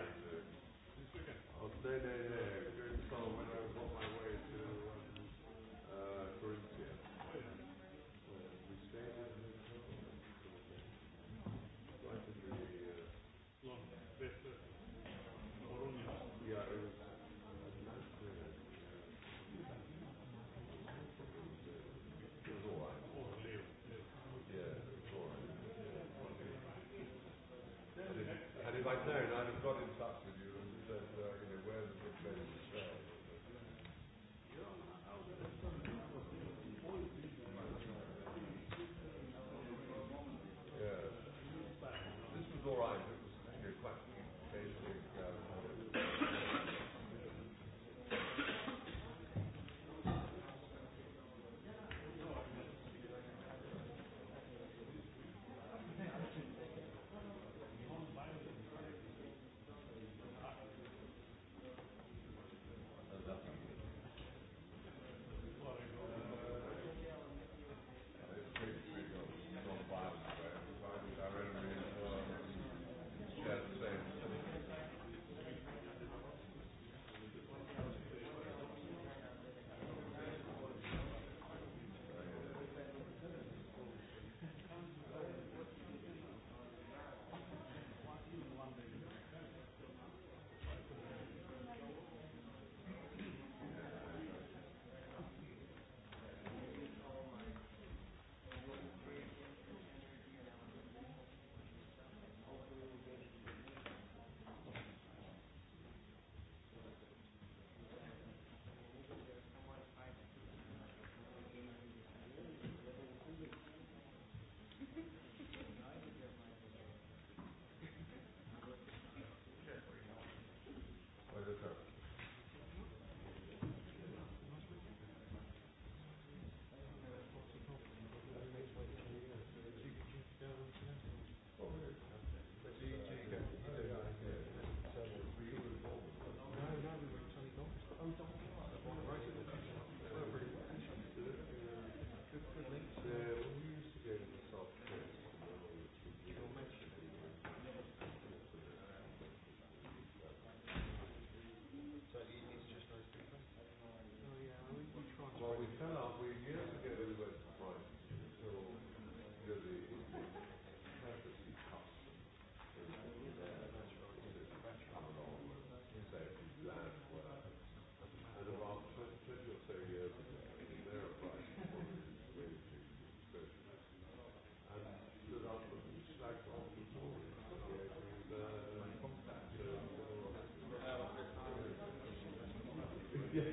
S4: Ne, ne, ne. no, no, I've got it.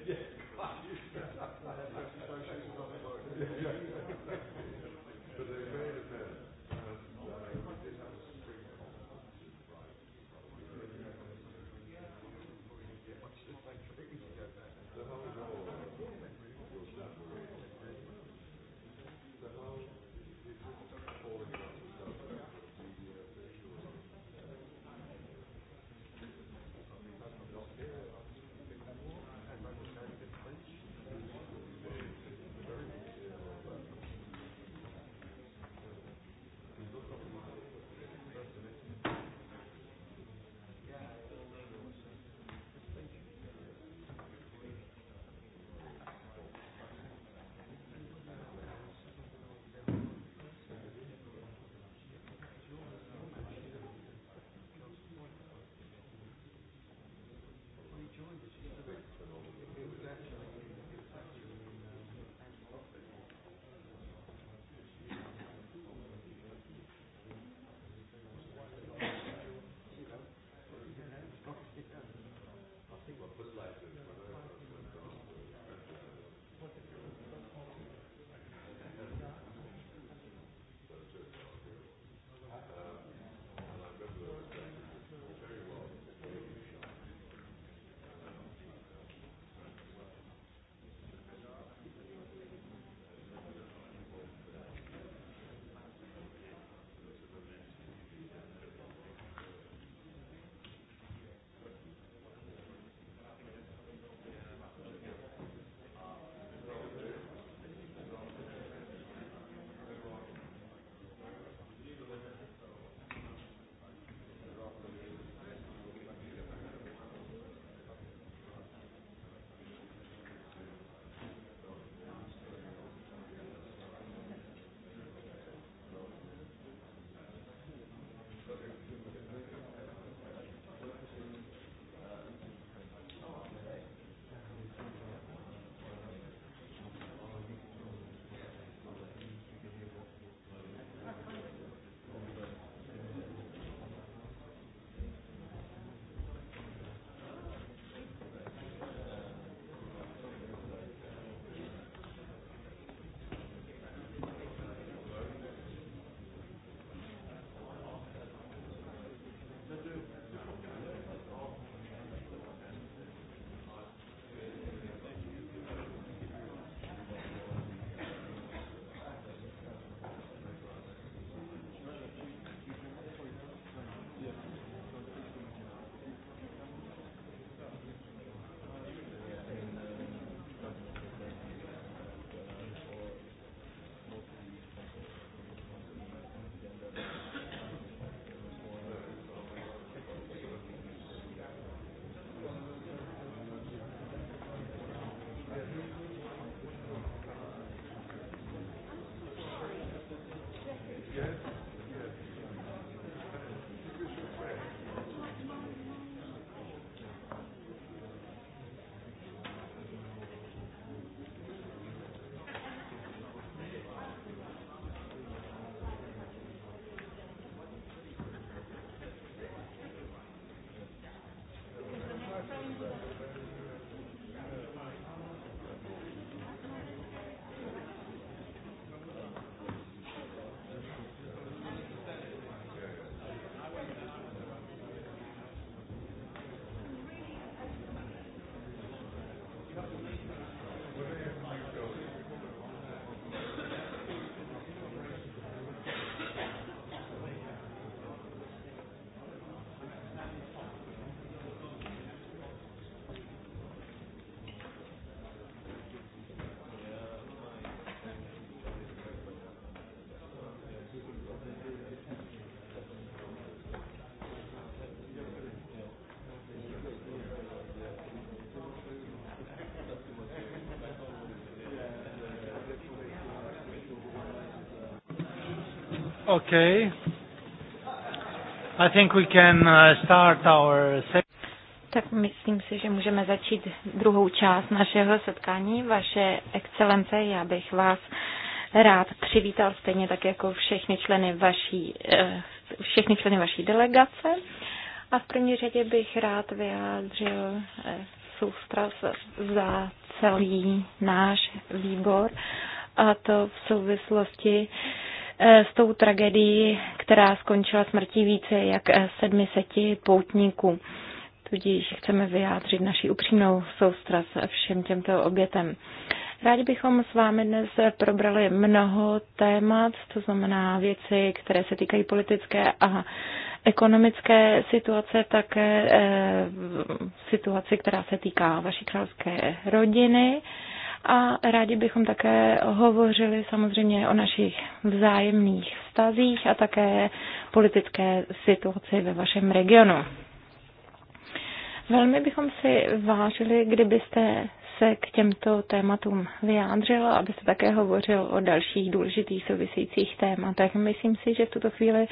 S4: Yeah. Okay. I think
S5: we can uh, start our
S3: tak myslím si, že můžeme začít druhou část našeho setkání. Vaše excelence, já bych vás rád přivítal stejně tak jako všechny členy vaší, eh, všechny členy vaší delegace. A v první řadě bych rád vyjádřil eh, soustrast za celý náš výbor a to v souvislosti E, s tou tragédií, která skončila smrtí více jak e, sedmiseti poutníků. Tudíž chceme vyjádřit naši upřímnou soustras všem těmto obětem. Rádi bychom s vámi dnes probrali mnoho témat, to znamená věci, které se týkají politické a ekonomické situace, také e, situaci, která se týká vaší královské rodiny. A rádi bychom také hovořili samozřejmě o našich vzájemných vztazích a také politické situaci ve vašem regionu. Velmi bychom si vážili, kdybyste se k těmto tématům vyjádřil, abyste také hovořil o dalších důležitých souvisejících tématech. Myslím si, že v tuto chvíli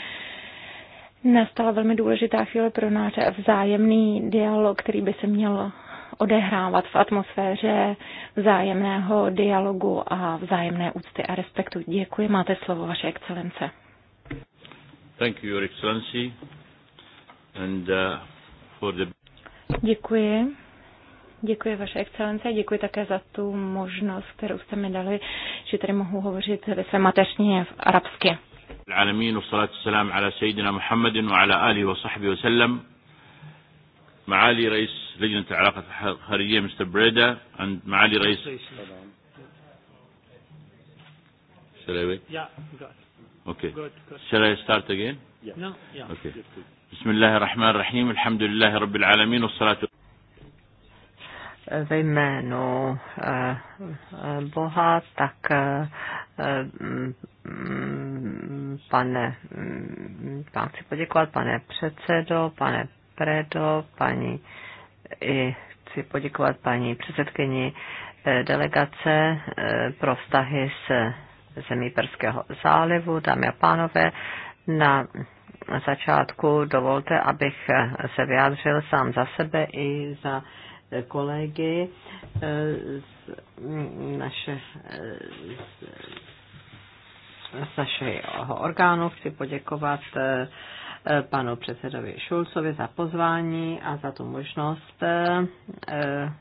S3: nastala velmi důležitá chvíle pro náš vzájemný dialog, který by se měl odehrávat v atmosféře vzájemného dialogu a vzájemné úcty a respektu. Děkuji, máte slovo, vaše excelence.
S2: Thank you, Your Excellency. And, uh, for the...
S3: Děkuji. Děkuji, Vaše excelence, děkuji také za tu možnost, kterou jste mi dali, že tady mohu hovořit ve své mateřštině v arabsky.
S2: العالمين والصلاة والسلام على سيدنا محمد وعلى آله وصحبه وسلم معالي رئيس لجنة العلاقات الخارجية مستر بريدا عند معالي رئيس Shall I wait?
S4: Yeah, got Okay. Good, good. Shall I start again? Yeah. No, yeah. Okay.
S2: بسم الله الرحمن الرحيم الحمد لله رب العالمين والصلاة
S1: ve jménu eh, eh, Boha, tak eh, mm, pane, mm, mm, vám chci poděkovat, pane předsedo, pane Predo, paní i chci poděkovat paní předsedkyni eh, delegace eh, pro vztahy s zemí Perského zálivu, dámy a pánové. Na začátku dovolte, abych eh, se vyjádřil sám za sebe i za kolegy z mm, naše z našeho orgánu. Chci poděkovat E, panu předsedovi Šulcovi za pozvání a za tu možnost e, e,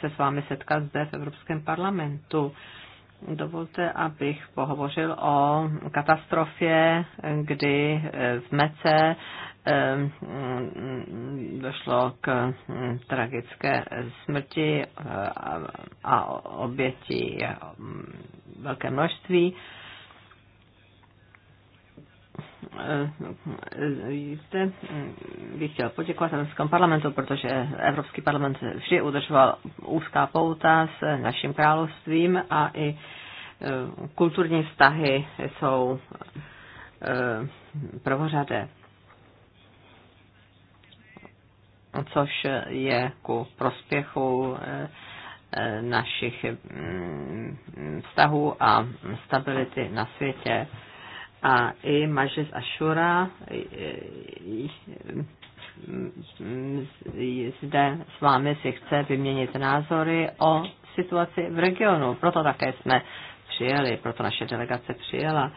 S1: se s vámi setkat zde v Evropském parlamentu. Dovolte, abych pohovořil o katastrofě, kdy v Mece došlo k tragické smrti a oběti velké množství jste bych chtěl poděkovat Evropskému parlamentu, protože Evropský parlament vždy udržoval úzká pouta s naším královstvím a i e, kulturní vztahy jsou e, prvořadé, což je ku prospěchu e, našich mm, vztahů a stability na světě. A i Mažes Ashura zde s vámi si chce vyměnit názory o situaci v regionu. Proto také jsme přijeli, proto naše delegace přijela.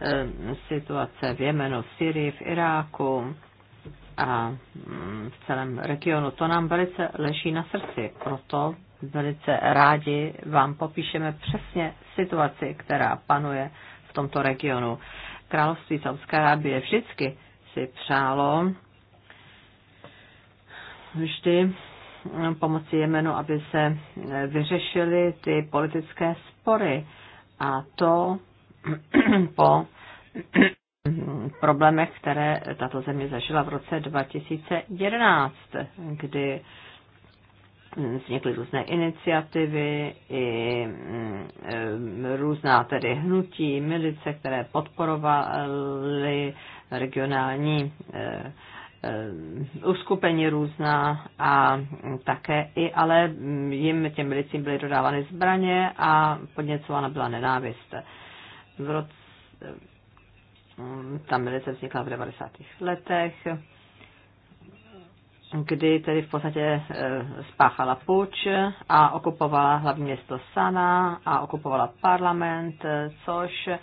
S1: E, situace v Jemenu, v Syrii, v Iráku a mm, v celém regionu. To nám velice leží na srdci, proto velice rádi vám popíšeme přesně situaci, která panuje tomto regionu. Království Saudské Arábie vždycky si přálo vždy pomocí Jemenu, aby se vyřešily ty politické spory. A to po problémech, které tato země zažila v roce 2011, kdy vznikly různé iniciativy i mm, e, různá tedy hnutí, milice, které podporovaly regionální e, e, uskupení různá a také i, ale mm, jim těm milicím byly dodávány zbraně a podněcována byla nenávist. V roce, mm, ta milice vznikla v 90. letech kdy tedy v podstatě e, spáchala puč a okupovala hlavní město Sana a okupovala parlament, e, což e,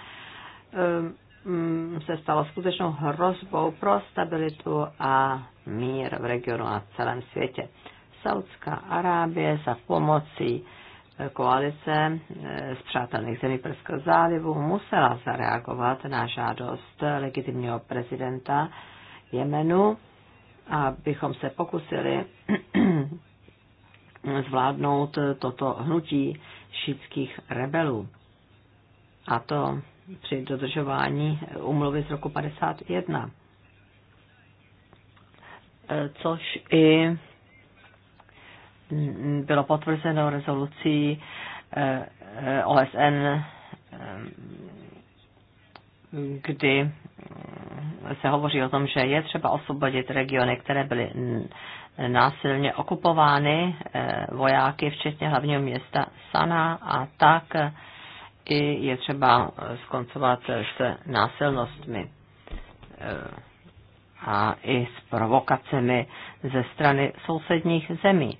S1: mm, se stalo skutečnou hrozbou pro stabilitu a mír v regionu a v celém světě. Saudská Arábie za pomocí koalice z přátelných zemí Prského zálivu musela zareagovat na žádost legitimního prezidenta Jemenu abychom se pokusili zvládnout toto hnutí šítských rebelů. A to při dodržování umluvy z roku 51. Což i bylo potvrzeno rezolucí eh, eh, OSN, eh, kdy se hovoří o tom, že je třeba osvobodit regiony, které byly násilně okupovány eh, vojáky, včetně hlavního města Sana a tak eh, i je třeba eh, skoncovat s násilnostmi a i s provokacemi ze strany sousedních zemí.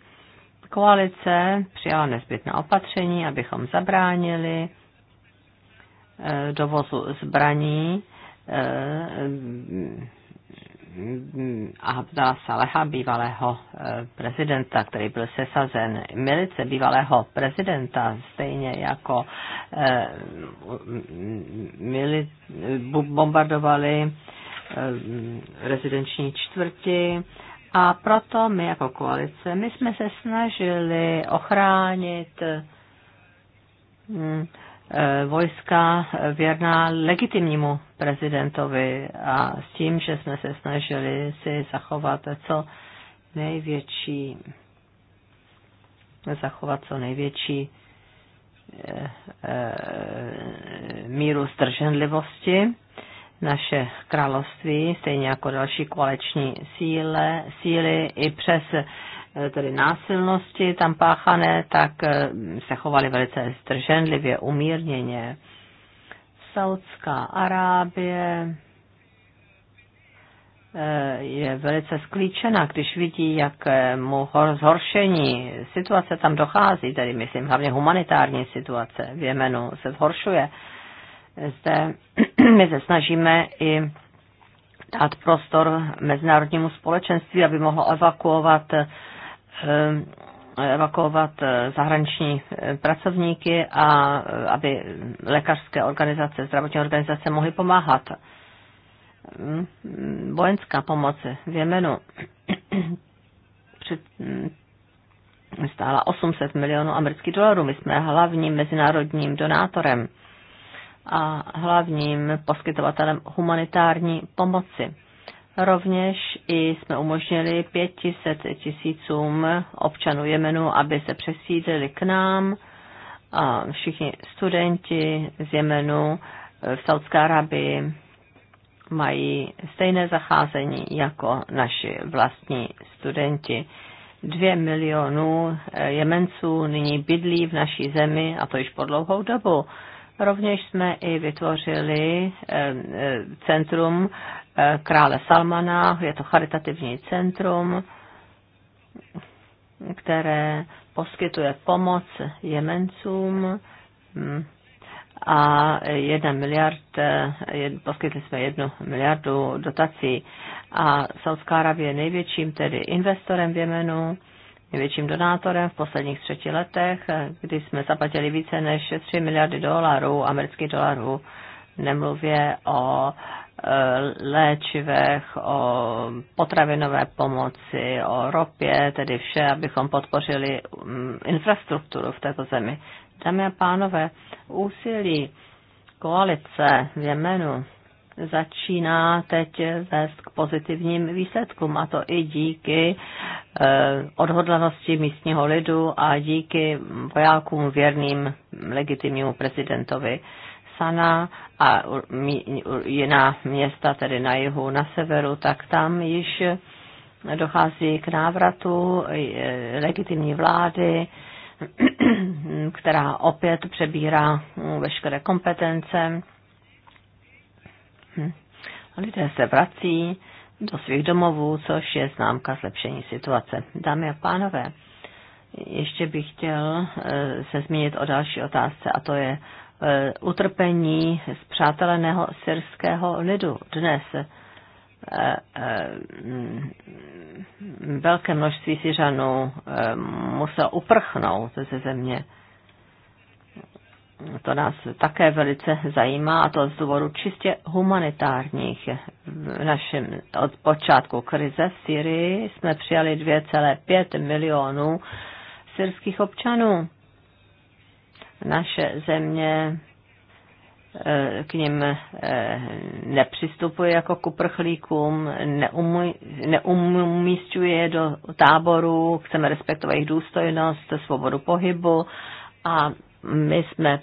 S1: Koalice přijala nezbytná opatření, abychom zabránili dovozu zbraní Eh, Abda Saleha, bývalého eh, prezidenta, který byl sesazen. Milice bývalého prezidenta, stejně jako eh, bombardovali rezidenční čtvrti. A proto my jako koalice, my jsme se snažili ochránit hm, Eh, vojska věrná legitimnímu prezidentovi a s tím, že jsme se snažili si zachovat co největší zachovat co největší eh, eh, míru zdrženlivosti. Naše království, stejně jako další koaleční síle, síly, i přes Eh, tedy násilnosti tam páchané, tak eh, se chovali velice zdrženlivě, umírněně. Saudská Arábie eh, je velice sklíčena, když vidí, jak mu zhoršení situace tam dochází, tedy myslím hlavně humanitární situace v Jemenu se zhoršuje. Zde my se snažíme i dát prostor mezinárodnímu společenství, aby mohlo evakuovat Eh, evakuovat eh, zahraniční eh, pracovníky a aby lékařské organizace, zdravotní organizace mohly pomáhat. Mm, mm, vojenská pomoc v Jemenu mm, stála 800 milionů amerických dolarů. My jsme hlavním mezinárodním donátorem a hlavním poskytovatelem humanitární pomoci. Rovněž i jsme umožnili 500 tisícům občanů Jemenu, aby se přesídlili k nám. A všichni studenti z Jemenu eh, v Saudské Arabii mají stejné zacházení jako naši vlastní studenti. Dvě milionů eh, Jemenců nyní bydlí v naší zemi a to již po dlouhou dobu. Rovněž jsme i vytvořili eh, centrum Eh, krále Salmana, je to charitativní centrum, které poskytuje pomoc Jemencům hm, a jedna miliard, eh, poskytli jsme jednu miliardu dotací a Saudská Arabie je největším tedy investorem v Jemenu, největším donátorem v posledních třetí letech, eh, kdy jsme zaplatili více než 3 miliardy dolarů, amerických dolarů, nemluvě o léčivech, o potravinové pomoci, o ropě, tedy vše, abychom podpořili mm, infrastrukturu v této zemi. Dámy a pánové, úsilí koalice v Jemenu začíná teď vést k pozitivním výsledkům, a to i díky eh, odhodlanosti místního lidu a díky vojákům věrným legitimnímu prezidentovi. Sana a jiná města, tedy na jihu, na severu, tak tam již dochází k návratu eh, legitimní vlády, která opět přebírá hm, veškeré kompetence. Hm. Lidé se vrací do svých domovů, což je známka zlepšení situace. Dámy a pánové, ještě bych chtěl eh, se zmínit o další otázce, a to je Eh, utrpení zpřáteleného syrského lidu dnes. Eh, eh, velké množství Syřanů musel uprchnout ze země. To nás také velice zajímá a to z důvodu čistě humanitárních. V našem, od počátku krize v Syrii jsme přijali 2,5 milionů syrských občanů naše země eh, k ním eh, nepřistupuje jako k uprchlíkům, neumístuje je do táboru, chceme respektovat jejich důstojnost, svobodu pohybu a my jsme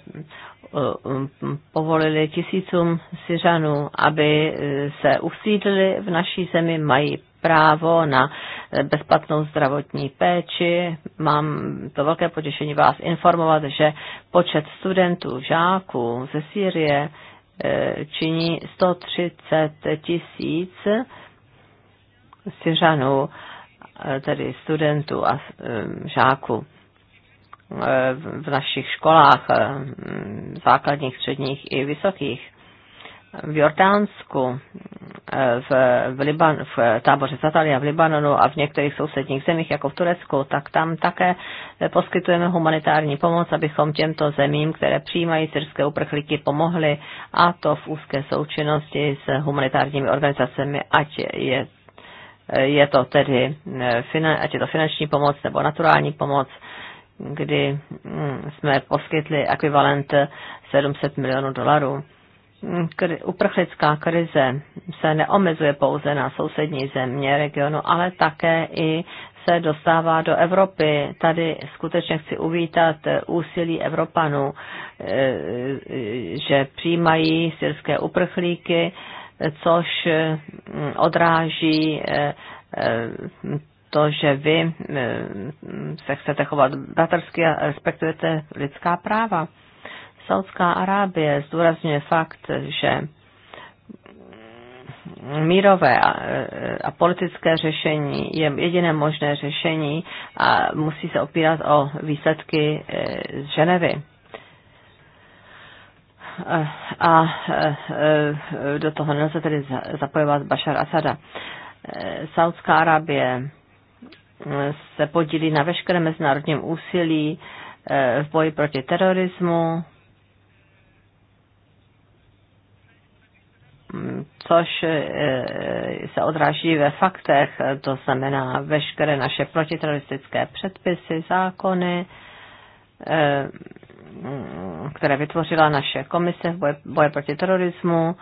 S1: Eh, um, povolili tisícům Syřanů, aby eh, se usídlili v naší zemi, mají právo na eh, bezplatnou zdravotní péči. Mám to velké potěšení vás informovat, že počet studentů, žáků ze Sýrie činí 130 tisíc Syřanů, tedy studentů a žáků. Eh, v našich školách, eh, základních, středních i vysokých. V Jordánsku, eh, v, v, Liban, v táboře Zatalia v Libanonu a v některých sousedních zemích, jako v Turecku, tak tam také poskytujeme humanitární pomoc, abychom těmto zemím, které přijímají syrské uprchlíky, pomohli a to v úzké součinnosti s humanitárními organizacemi, ať je je to tedy ať je to finanční pomoc nebo naturální pomoc, kdy mm, jsme poskytli ekvivalent 700 milionů dolarů. Uprchlická krize se neomezuje pouze na sousední země regionu, ale také i se dostává do Evropy. Tady skutečně chci uvítat úsilí Evropanů, eh, že přijímají syrské uprchlíky, což mm, odráží eh, eh, to, že vy eh, se chcete chovat bratrsky a respektujete lidská práva. Saudská Arábie zdůrazňuje fakt, že mírové a, eh, a politické řešení je jediné možné řešení a musí se opírat o výsledky eh, z Ženevy. A do toho nelze tedy zapojovat Bashar Asada. Saudská Arábie se podílí na veškerém mezinárodním úsilí eh, v boji proti terorismu, což eh, se odráží ve faktech, to znamená veškeré naše protiteroristické předpisy, zákony, eh, které vytvořila naše komise v boji proti terorismu,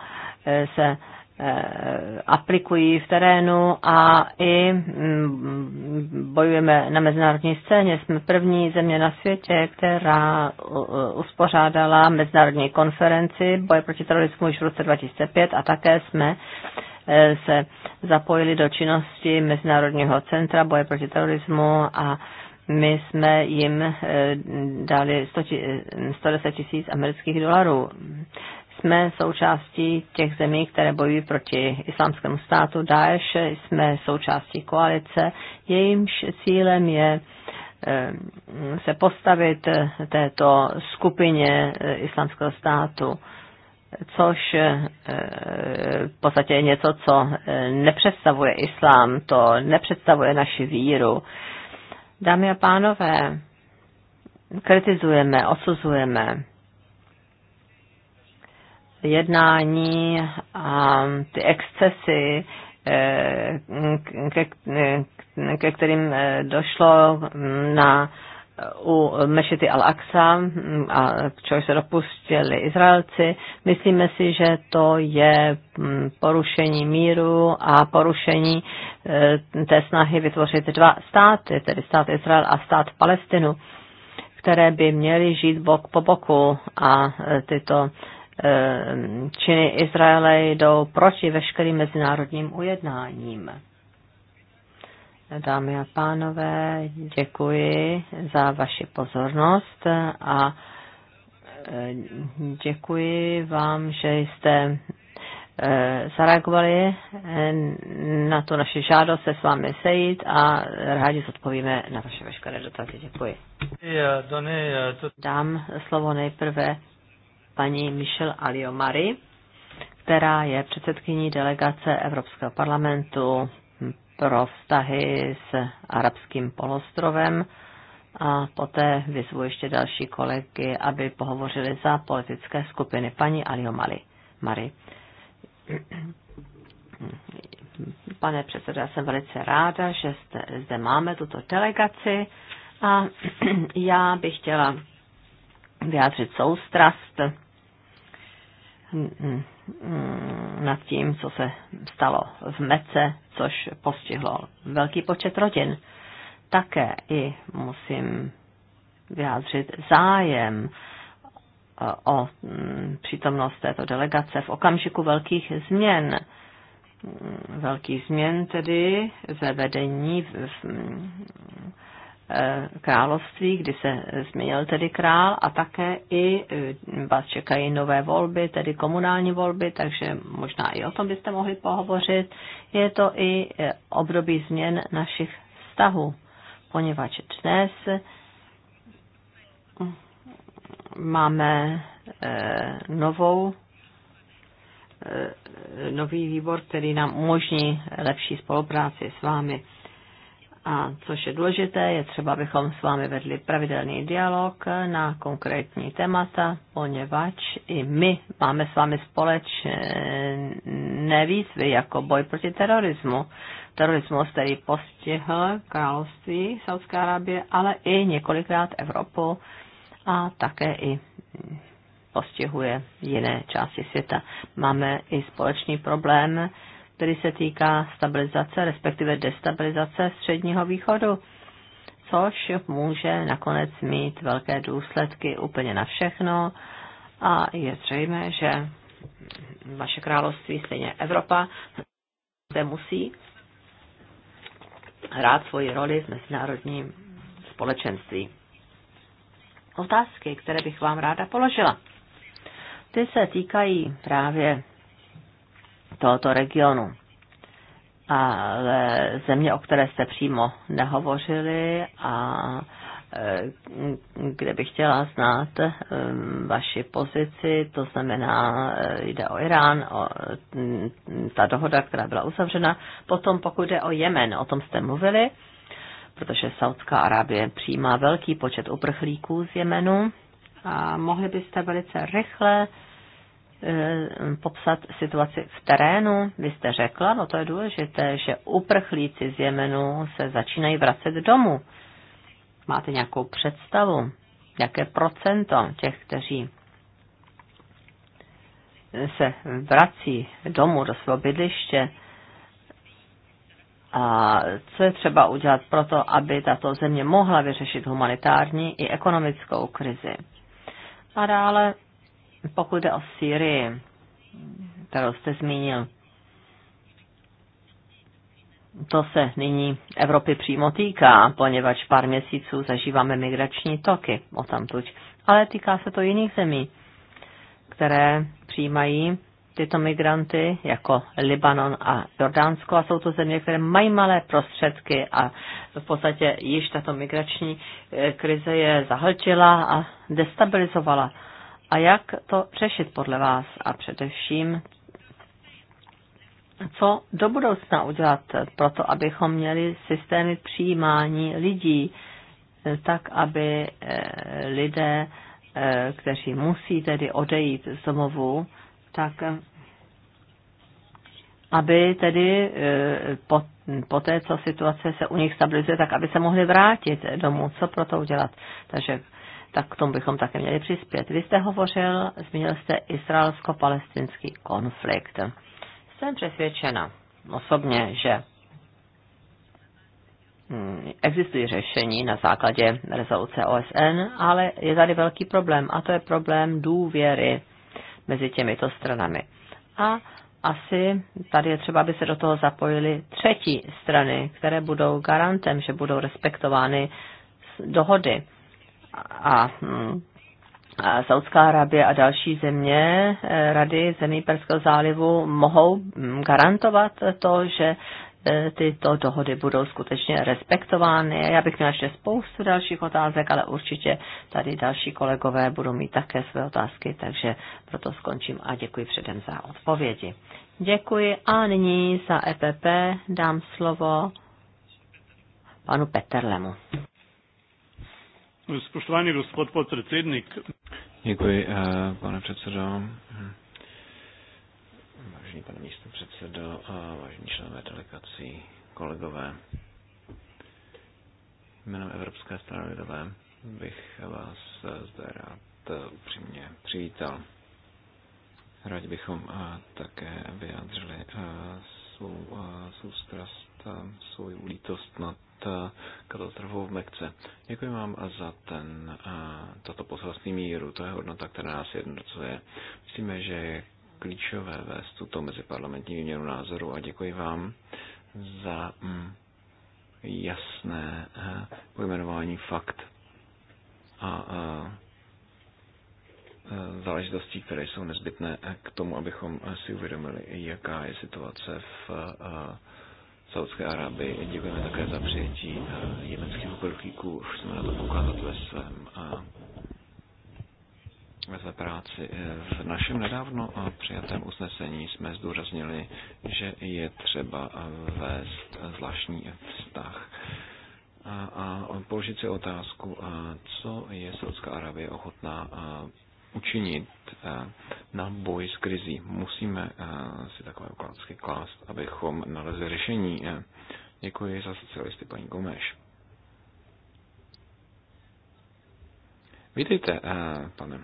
S1: se Eh, aplikují v terénu a i mm, bojujeme na mezinárodní scéně. Jsme první země na světě, která eh, uspořádala mezinárodní konferenci boje proti terorismu už v roce 2005 a také jsme eh, se zapojili do činnosti Mezinárodního centra boje proti terorismu a my jsme jim dali 110 tisíc amerických dolarů jsme součástí těch zemí, které bojují proti islámskému státu Daesh, jsme součástí koalice, jejímž cílem je eh, se postavit této skupině eh, islámského státu, což eh, v podstatě je něco, co nepředstavuje islám, to nepředstavuje naši víru. Dámy a pánové, kritizujeme, osuzujeme jednání a ty excesy, eh, ke, eh, ke kterým eh, došlo mm, na u Mešity al-Aqsa, mm, a čeho se dopustili Izraelci. Myslíme si, že to je mm, porušení míru a porušení té snahy vytvořit dva státy, tedy stát Izrael a stát Palestinu, které by měly žít bok po boku a tyto Eh, činy Izraele jdou proti veškerým mezinárodním ujednáním. Dámy a pánové, děkuji za vaši pozornost a eh, děkuji vám, že jste eh, zareagovali na tu naši žádost se s vámi sejít a rádi zodpovíme na vaše veškeré dotazy. Děkuji. Dám slovo nejprve paní Michelle Aliomari, která je předsedkyní delegace Evropského parlamentu pro vztahy s arabským polostrovem a poté vyzvu ještě další kolegy, aby pohovořili za politické skupiny. Paní Aliomari. Mari. Pane předsedo, já jsem velice ráda, že jste, zde máme tuto delegaci a já bych chtěla vyjádřit soustrast nad tím, co se stalo v Mece, což postihlo velký počet rodin. Také i musím vyjádřit zájem eh, o mm, přítomnost této delegace v okamžiku velkých změn. Mm, velkých změn tedy ve vedení v, v, Eh, království, kdy se změnil tedy král a také i eh, vás čekají nové volby, tedy komunální volby, takže možná i o tom byste mohli pohovořit. Je to i eh, období změn našich vztahů, poněvadž dnes máme novou nový výbor, který nám umožní lepší spolupráci s vámi. A což je důležité, je třeba, abychom s vámi vedli pravidelný dialog na konkrétní témata, poněvadž i my máme s vámi společné výzvy, jako boj proti terorismu. Terorismus, který postihl království Saudské Arábie, ale i několikrát Evropu a také i postihuje jiné části světa. Máme i společný problém, který se týká stabilizace, respektive destabilizace středního východu, což může nakonec mít velké důsledky úplně na všechno a je zřejmé, že vaše království, stejně Evropa, se musí hrát svoji roli v mezinárodním společenství. Otázky, které bych vám ráda položila, ty se týkají právě tohoto regionu. A e, země, o které jste přímo nehovořili a e, kde bych chtěla znát e, vaši pozici, to znamená, jde o Irán, o ta dohoda, která byla uzavřena. Potom, pokud jde o Jemen, o tom jste mluvili, protože Saudská Arábie přijímá velký počet uprchlíků z Jemenu. A mohli byste velice rychle Eh, popsat situaci v terénu. Vy jste řekla, no to je důležité, že uprchlíci z Jemenu se začínají vracet domů. Máte nějakou představu, jaké procento těch, kteří se vrací domů do svého bydliště, a co je třeba udělat pro to, aby tato země mohla vyřešit humanitární i ekonomickou krizi. A dále pokud jde o Syrii, kterou jste zmínil, to se nyní Evropy přímo týká, poněvadž pár měsíců zažíváme migrační toky o tamtuť. Ale týká se to jiných zemí, které přijímají tyto migranty, jako Libanon a Jordánsko, a jsou to země, které mají malé prostředky a v podstatě již tato migrační eh, krize je zahlčila a destabilizovala a jak to řešit podle vás a především, co do budoucna udělat pro to, abychom měli systémy přijímání lidí, eh, tak aby eh, lidé, eh, kteří musí tedy odejít z domovu, tak aby tedy po, po té, co situace se u nich stabilizuje, tak aby se mohli vrátit domů. Co pro to udělat? Takže tak k tomu bychom také měli přispět. Vy jste hovořil, zmínil jste izraelsko-palestinský konflikt. Jsem přesvědčena osobně, že hm, existují řešení na základě rezoluce OSN, ale je tady velký problém a to je problém důvěry mezi těmito stranami. A asi tady je třeba, aby se do toho zapojili třetí strany, které budou garantem, že budou respektovány dohody. Mm, a Saudská Arábie a další země, eh, rady zemí Perského zálivu, mohou mm, garantovat to, že eh, tyto dohody budou skutečně respektovány. Já bych měla ještě spoustu dalších otázek, ale určitě tady další kolegové budou mít také své otázky, takže proto skončím a děkuji předem za odpovědi. Děkuji a nyní za EPP dám slovo panu Peterlemu. Spoštovani
S5: gospod
S2: podpredsednik. Děkuji, eh, pane předsedo. Vážený pane místo předsedo, eh, vážení členové delegací, kolegové. Jménem Evropské strany lidové bych vás eh, zde rád upřímně přivítal. Rád bychom také vyjádřili svou soustrast, svou lítost nad Eh, katastrofu v Mekce. Děkuji vám za ten, eh, tato poselství míru, to je hodnota, která nás jednocuje. Myslíme, že je klíčové vést tuto meziparlamentní výměnu názoru a děkuji vám za mm, jasné eh, pojmenování fakt a záležitostí, které jsou nezbytné k tomu, abychom si uvědomili, jaká je situace v Saudské Arábie. Děkujeme také za přijetí eh, jemenských uprchlíků. Už jsme na to ukázat ve svém a eh, své práci. Eh, v našem nedávno přijatém usnesení jsme zdůraznili, že je třeba vést zvláštní vztah a, a položit si otázku, co je Saudská Arabie ochotná učinit eh, na boj s krizí. Musíme eh, si takové otázky klást, abychom nalezli řešení. Eh, děkuji za socialisty paní Gomeš. Vítejte, pane.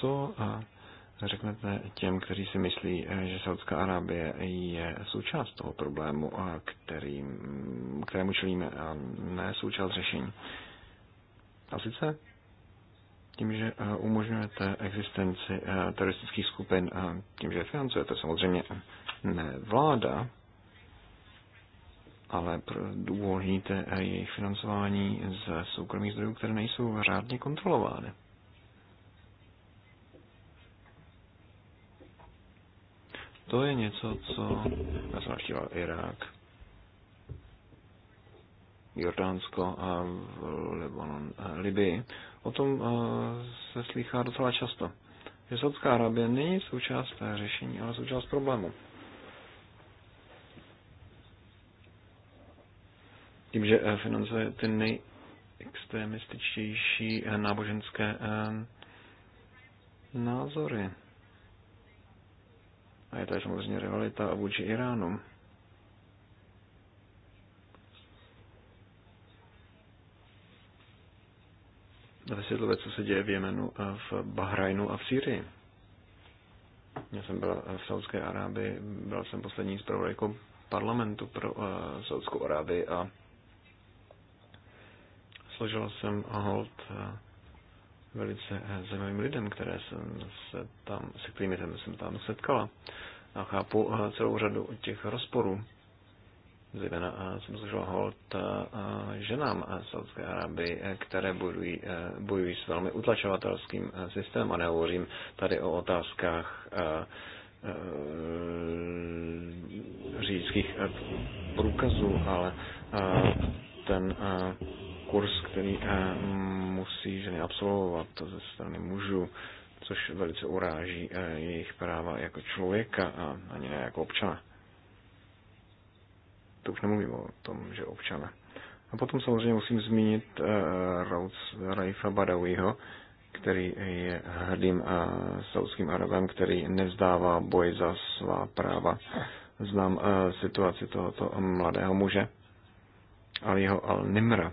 S2: Co řeknete těm, kteří si myslí, že Saudská Arábie je součást toho problému, kterým, kterému čelíme, a ne součást řešení? A sice tím, že eh, umožňujete existenci eh, teroristických skupin, eh, tím, že financujete samozřejmě ne vláda, ale uvolníte jejich financování z soukromých zdrojů, které nejsou řádně kontrolovány. To je něco, co... Já jsem navštívil Irák Jordánsko, Libanon, Libii, o tom eh, se slýchá docela často. Že Saudská Arábie není součást řešení, ale součást problému. Tím, že eh, financuje ty nejextremističtější eh, náboženské názory. A je tady samozřejmě rivalita vůči Iránu. vysvětlovat, co se děje v Jemenu, eh, v Bahrajnu a v Sýrii. Já jsem byl v Saudské Arábii, byl jsem poslední zpravodajkou parlamentu pro uh, eh, Saudskou Arábii a složil jsem hold uh, velice zajímavým lidem, které jsem se tam, se kterými jsem, jsem tam setkala. A chápu uh, celou řadu těch rozporů Zejména eh, jsem slyšel hold eh, eh, ženám Saudské Arábii, které bojují, bojují s velmi utlačovatelským systémem. A nehovořím tady o otázkách řidičských průkazů, ale ten kurz, který musí ženy absolvovat ze strany mužů, což velice uráží jejich práva jako člověka a ani ne jako občana to už nemluvím o tom, že občané. A potom samozřejmě musím zmínit uh, eh, Rauds Raifa Badawiho, který je hrdým uh, eh, saudským Arabem, který nevzdává boj za svá práva. Znám uh, situaci tohoto mladého muže, ale jeho Al-Nimra, uh,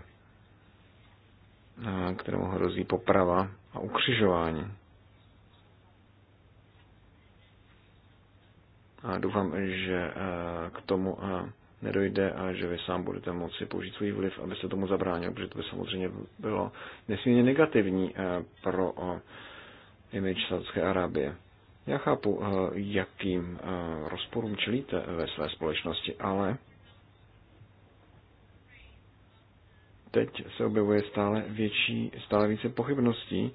S2: kterému hrozí poprava a ukřižování. A doufám, že k tomu nedojde a že vy sám budete moci použít svůj vliv, abyste tomu zabránil, protože to by samozřejmě bylo nesmírně negativní eh, pro eh, image Saudské Arábie. Já chápu, eh, jakým rozporům čelíte ve své společnosti, ale teď se objevuje stále větší, stále více pochybností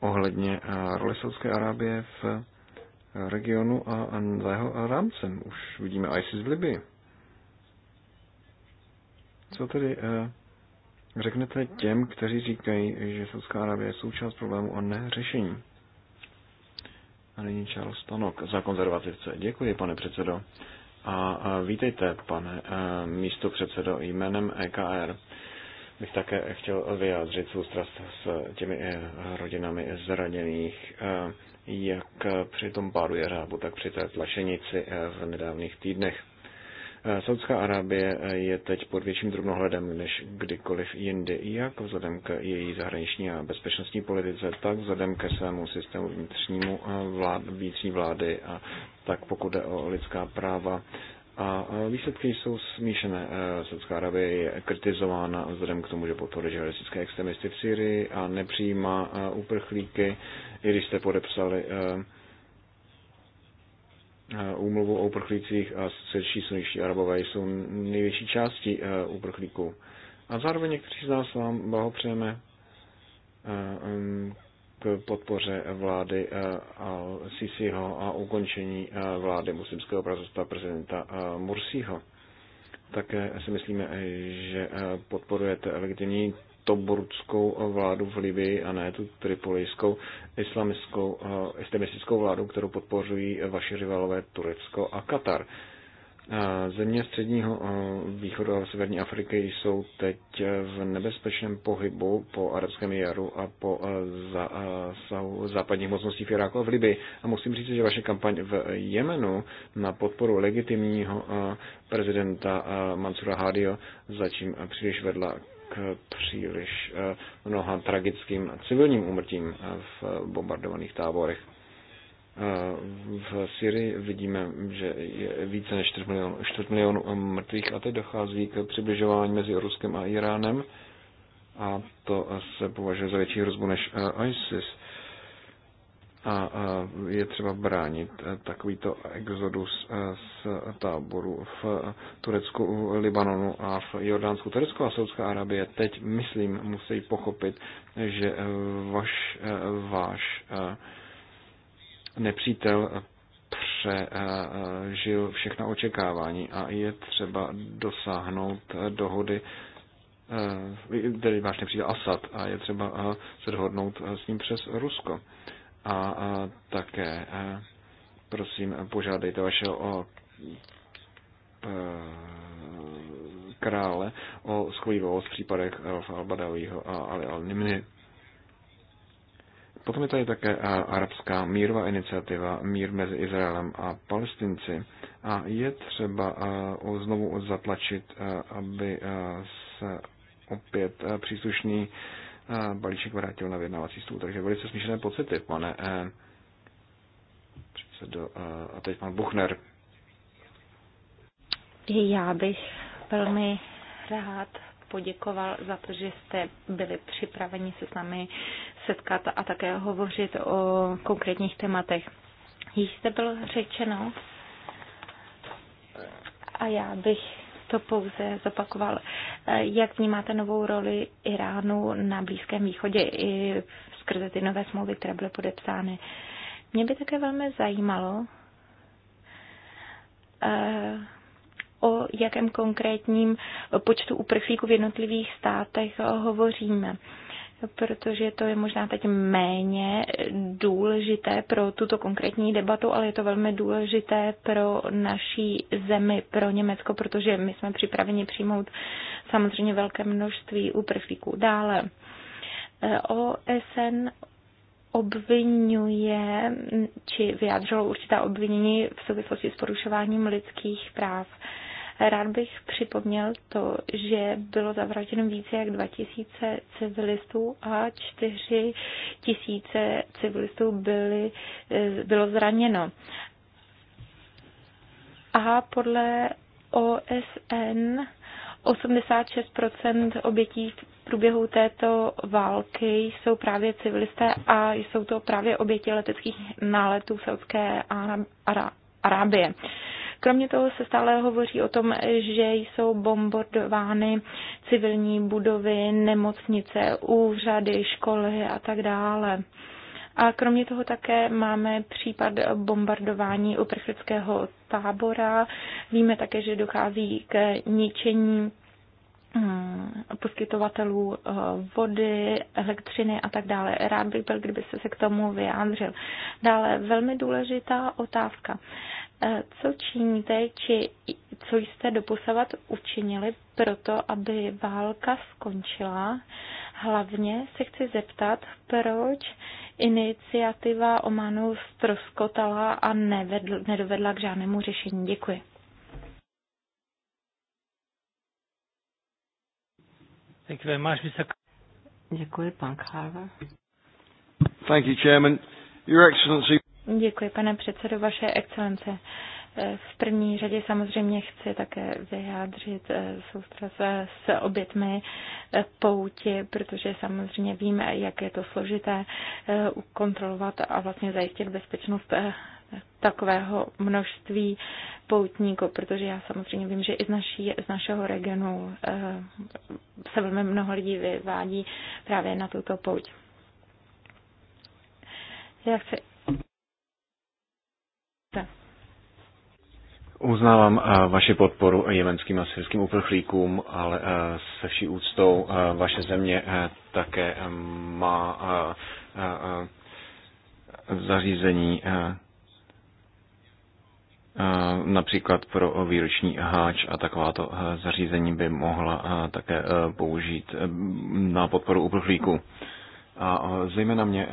S2: ohledně role Saudské Arábie v regionu a za jeho rámcem. Už vidíme ISIS v Libii. Co tedy eh, řeknete těm, kteří říkají, že Saudská Arábie je součást problému a ne řešení? A nyní Charles Stanok za konzervativce. Děkuji, pane předsedo. A vítejte, pane eh, místo předsedo, jménem EKR bych také chtěl vyjádřit soustrast s těmi eh, rodinami zraněných, jak při tom pádu jeřábu, tak při té tlašenici v nedávných týdnech. Eh, Saudská Arábie eh, je teď pod větším drobnohledem než kdykoliv jindy, jak vzhledem k její zahraniční a bezpečnostní politice, tak vzhledem ke svému systému vnitřnímu eh, vlád, vnitřní vlády a tak pokud jde o lidská práva. A výsledky jsou smíšené. Saudská Arabie je kritizována vzhledem k tomu, že podporuje žihadistické extremisty v Syrii a nepřijímá uprchlíky, i když jste podepsali Eh, úmluvu o uprchlících a srdší sunniští arabové jsou největší části eh, uprchlíků. A zároveň někteří z nás vám blahopřejeme eh, k podpoře vlády Sisiho a ukončení vlády muslimského pravzosta prezidenta Mursího. Také si myslíme, že podporujete legitimní toborudskou vládu v Libii a ne tu tripolijskou islamistickou, islamistickou eh, vládu, kterou podporují vaši rivalové Turecko a Katar. Eh, země středního eh, východu a severní Afriky jsou teď v nebezpečném pohybu po arabském jaru a po za, západních mocností v Iráku a v Libii. A musím říct, že vaše kampaň v Jemenu na podporu legitimního prezidenta Mansura Hadio zatím příliš vedla k příliš eh, mnoha tragickým civilním úmrtím eh, v bombardovaných táborech. Eh, v Syrii vidíme, že je více než 4 milionů, 4 milionů mrtvých a teď dochází k přibližování mezi Ruskem a Iránem a to se považuje za větší hrozbu než ISIS a je třeba bránit eh, takovýto exodus eh, z táboru v Turecku, Libanonu a v Jordánsku. Turecko a Saudská Arabie teď, myslím, musí pochopit, že eh, vaš, váš nepřítel přežil všechna očekávání a je třeba dosáhnout dohody tedy váš nepřítel Asad a je třeba se dohodnout s ním přes Rusko a také prosím požádejte vašeho krále o schovývavost v případech Alfa Albadawiho a Ali al nimni Potom je tady také arabská mírová iniciativa Mír mezi Izraelem a Palestinci. A je třeba znovu zatlačit, aby se opět příslušný balíček vrátil na vyjednávací stůl. Takže velice smíšené pocity, pane eh, předsedo. Eh, a teď pan Buchner.
S3: Já bych velmi rád poděkoval za to, že jste byli připraveni se s námi setkat a také hovořit o konkrétních tématech. Již jste bylo řečeno a já bych to pouze zopakoval. Eh, jak vnímáte novou roli Iránu na Blízkém východě i skrze ty nové smlouvy, které byly podepsány? Mě by také velmi zajímalo, eh, o jakém konkrétním počtu uprchlíků v jednotlivých státech hovoříme protože to je možná teď méně důležité pro tuto konkrétní debatu, ale je to velmi důležité pro naší zemi, pro Německo, protože my jsme připraveni přijmout samozřejmě velké množství uprchlíků. Dále eh, OSN obvinuje či vyjádřilo určitá obvinění v souvislosti s porušováním lidských práv. Rád bych připomněl to, že bylo zavražděno více jak 2000 civilistů a 4 civilistů byly, eh, bylo zraněno. A podle OSN 86 obětí v průběhu této války jsou právě civilisté a jsou to právě oběti leteckých náletů Saudské Arábie. Kromě toho se stále hovoří o tom, že jsou bombardovány civilní budovy, nemocnice, úřady, školy a tak dále. A kromě toho také máme případ bombardování uprchlického tábora. Víme také, že dochází k ničení hm, poskytovatelů eh, vody, elektřiny a tak dále. Rád bych byl, kdybyste se k tomu vyjádřil. Dále velmi důležitá otázka. Eh, co činíte, či co jste doposavat učinili pro to, aby válka skončila. Hlavně se chci zeptat, proč iniciativa Omanu ztroskotala a nevedl, nedovedla k žádnému řešení. Děkuji. Thank you very Děkuji, pan Carver.
S4: Thank you, Chairman. Your Excellency.
S3: Děkuji, pane předsedo, vaše excelence. V první řadě samozřejmě chci také vyjádřit eh, soustras eh, s obětmi eh, pouti, protože samozřejmě víme, jak je to složité kontrolovat a vlastně zajistit bezpečnost takového množství poutníků, protože já samozřejmě vím, že i z, naší, z našeho regionu se velmi mnoho lidí vyvádí právě na tuto pouť. Já chci
S2: Uznávám eh, vaši podporu jemenským a syrským uprchlíkům, ale eh, se vší úctou eh, vaše země také má zařízení například pro výroční háč a takováto zařízení by mohla také použít na podporu uprchlíků. A zejména mě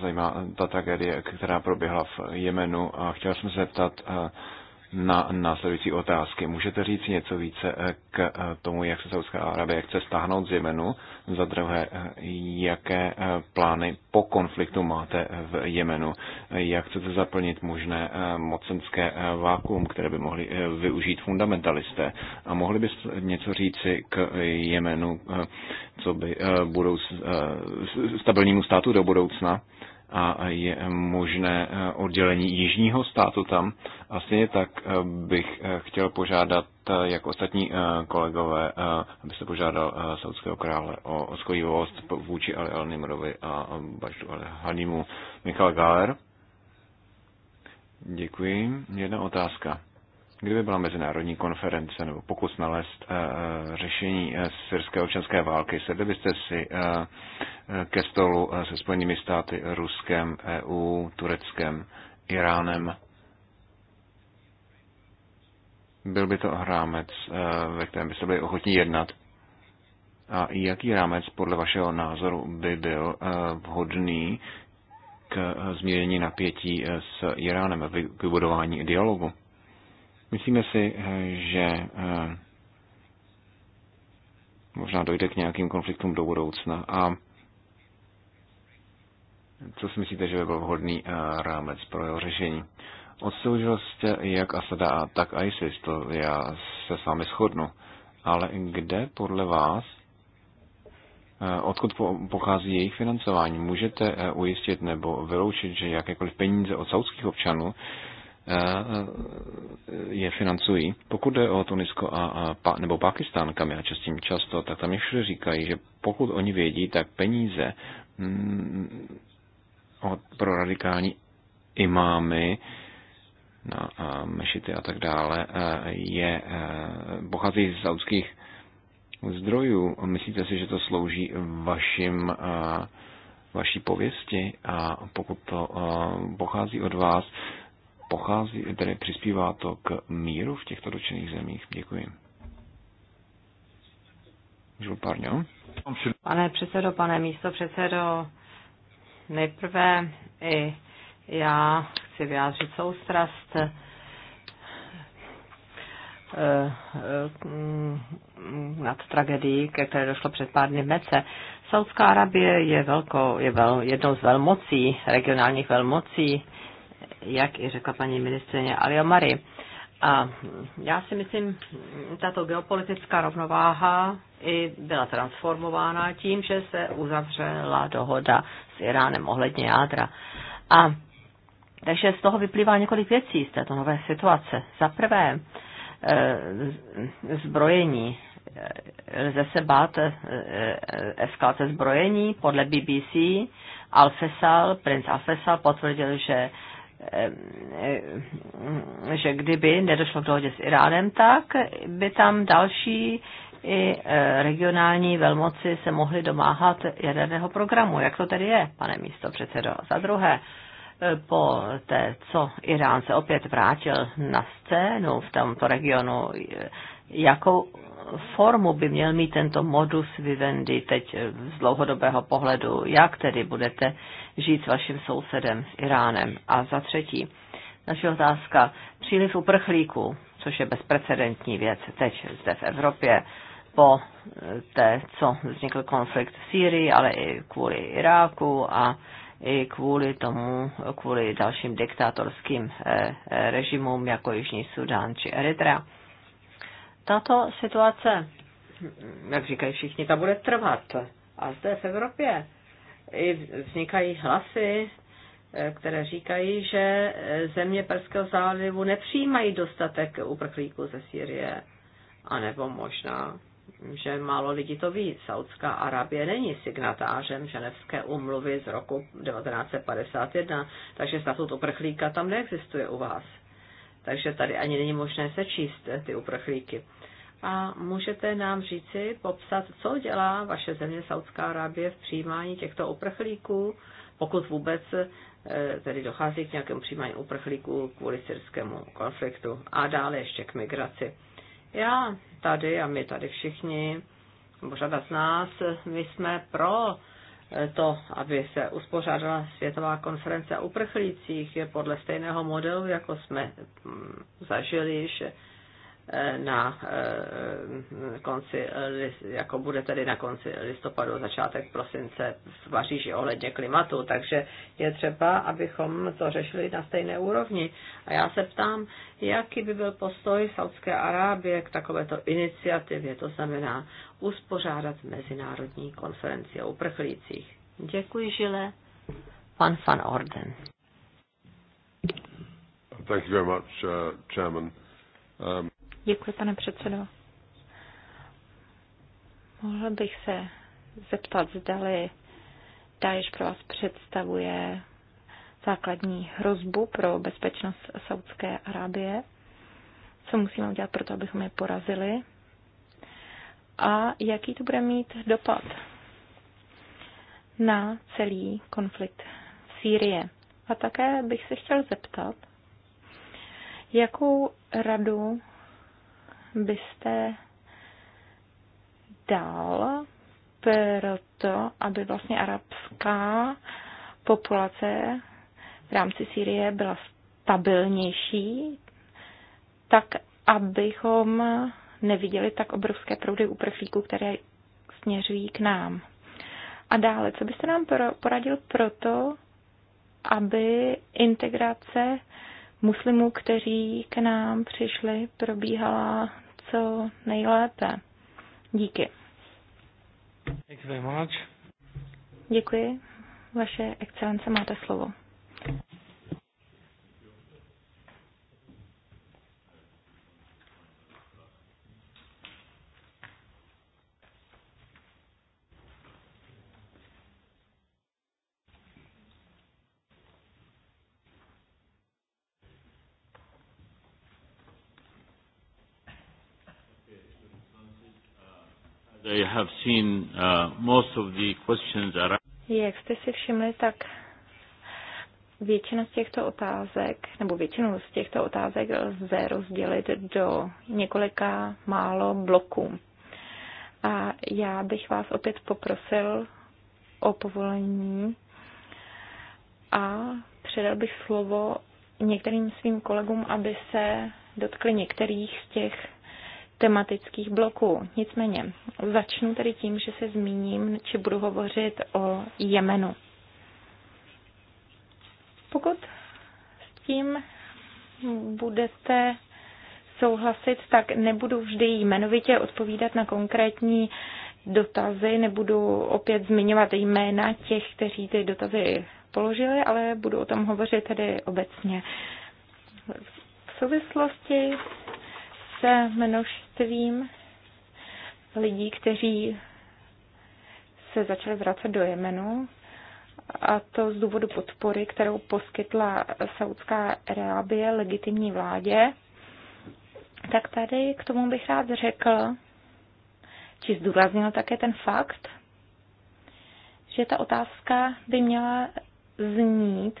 S2: zajímá ta tragédie, která proběhla v Jemenu a chtěl jsem se zeptat, na následující otázky. Můžete říct něco více eh, k eh, tomu, jak se Saudská Arábie chce stáhnout z Jemenu? Za druhé, eh, jaké plány po konfliktu máte v Jemenu? Jak chcete zaplnit možné mocenské vákuum, které by mohli využít fundamentalisté? A mohli byste něco říci k Jemenu, co by budou stabilnímu státu do budoucna? a je možné eh, oddělení jižního státu tam. Asi tak eh, bych eh, chtěl požádat, jak ostatní kolegové, abyste požádal saudského krále o skojivost vůči Ali al Nimrovi a Baždu al Hanimu. Michal Galer. Děkuji. Jedna otázka. Kdyby byla mezinárodní konference nebo pokus nalézt eh, eh, řešení eh, syrské občanské války, sedli byste si ke stolu se Spojenými státy, Ruskem, EU, Tureckem, Iránem? Byl by to rámec, ve kterém byste byli ochotní jednat? A jaký rámec podle vašeho názoru by byl vhodný k zmírnění napětí s Iránem a vybudování dialogu? Myslíme si, eh, že eh, možná dojde k nějakým konfliktům do budoucna. A co si myslíte, že by byl vhodný eh, rámec pro jeho řešení? Odsoužil jste jak Asada, tak ISIS, to já se s vámi shodnu. Ale kde podle vás, odkud pochází jejich financování? Můžete ujistit nebo vyloučit, že jakékoliv peníze od saudských občanů Eh, je financují. Pokud jde o Tunisko a, a pa, nebo Pakistán, kam já častím často, tak tam ještě říkají, že pokud oni vědí, tak peníze mm, od, pro radikální imámy na a mešity a tak dále eh, je, eh, pochází z saudských zdrojů. Myslíte si, že to slouží vašim vaší pověsti a pokud to pochází od vás, pochází, tedy přispívá to k míru v těchto dočených zemích? Děkuji. Žulpárňo.
S1: Pane předsedo, pane místo předsedo, nejprve i já chci vyjádřit soustrast eh, eh, nad tragedií, ke které došlo před pár dny v Mece. Saudská Arabie je, velkou, je vel, jednou z velmocí, regionálních velmocí jak i řekla paní ministrině Aliomary. A já si myslím, tato geopolitická rovnováha i byla transformována tím, že se uzavřela dohoda s Iránem ohledně jádra. A takže z toho vyplývá několik věcí z této nové situace. Za prvé, e, zbrojení. E, lze se bát e, eskalace zbrojení podle BBC. Alfesal, princ Alfesal potvrdil, že Eh, že kdyby nedošlo k dohodě s Iránem, tak by tam další i eh, regionální velmoci se mohly domáhat jaderného programu. Jak to tedy je, pane místo předsedo? Za druhé, eh, po té, co Irán se opět vrátil na scénu v tomto regionu, jakou formu by měl mít tento modus vivendi teď z dlouhodobého pohledu? Jak tedy budete žít s vaším sousedem, s Iránem. A za třetí, naše otázka, příliv uprchlíků, což je bezprecedentní věc teď zde v Evropě, po eh, té, co vznikl konflikt v Sýrii, ale i kvůli Iráku a i kvůli tomu, kvůli dalším diktátorským eh, eh, režimům jako Jižní Sudán či Eritrea. Tato situace, jak říkají všichni, ta bude trvat. A zde v Evropě i vznikají hlasy, eh, které říkají, že eh, země Perského zálivu nepřijímají dostatek uprchlíků ze Syrie. A nebo možná, že málo lidí to ví, Saudská Arabie není signatářem Ženevské umluvy z roku 1951, takže statut uprchlíka tam neexistuje u vás. Takže tady ani není možné sečíst eh, ty uprchlíky. A můžete nám říci, popsat, co dělá vaše země Saudská Arábie v přijímání těchto uprchlíků, pokud vůbec eh, tedy dochází k nějakému přijímání uprchlíků kvůli syrskému konfliktu a dále ještě k migraci. Já tady a my tady všichni, nebo řada z nás, my jsme pro eh, to, aby se uspořádala světová konference o uprchlících podle stejného modelu, jako jsme hm, zažili že na eh, konci, jako bude tedy na konci listopadu, začátek prosince v Paříži ohledně klimatu, takže je třeba, abychom to řešili na stejné úrovni. A já se ptám, jaký by byl postoj Saudské Arábie k takovéto iniciativě, to znamená uspořádat mezinárodní konferenci o uprchlících. Děkuji, Žile. Pan van Orden.
S5: Thank you very much, uh, Chairman. Um...
S3: Děkuji, pane předsedo. Mohla bych se zeptat, zdali Daesh pro vás představuje základní hrozbu pro bezpečnost Saudské Arábie, co musíme udělat pro to, abychom je porazili a jaký to bude mít dopad na celý konflikt v Sýrie. A také bych se chtěl zeptat, jakou radu byste dal pro to, aby vlastně arabská populace v rámci Sýrie byla stabilnější, tak abychom neviděli tak obrovské proudy uprchlíků, které směřují k nám. A dále, co byste nám poradil pro to, aby integrace muslimů, kteří k nám přišli, probíhala co nejlépe. Díky. Děkuji. Vaše excelence, máte slovo. Uh, Jak jste si všimli, tak většina z těchto otázek, nebo většinu z těchto otázek lze rozdělit do několika málo bloků. A já bych vás opět poprosil o povolení a předal bych slovo některým svým kolegům, aby se dotkli některých z těch tematických bloků. Nicméně začnu tedy tím, že se zmíním, či budu hovořit o Jemenu. Pokud s tím budete souhlasit, tak nebudu vždy jmenovitě odpovídat na konkrétní dotazy, nebudu opět zmiňovat jména těch, kteří ty dotazy položili, ale budu o tom hovořit tedy obecně. V souvislosti se množstvím lidí, kteří se začali vracet do Jemenu, a to z důvodu podpory, kterou poskytla Saudská Arábie legitimní vládě, tak tady k tomu bych rád řekl, či zdůraznil také ten fakt, že ta otázka by měla znít,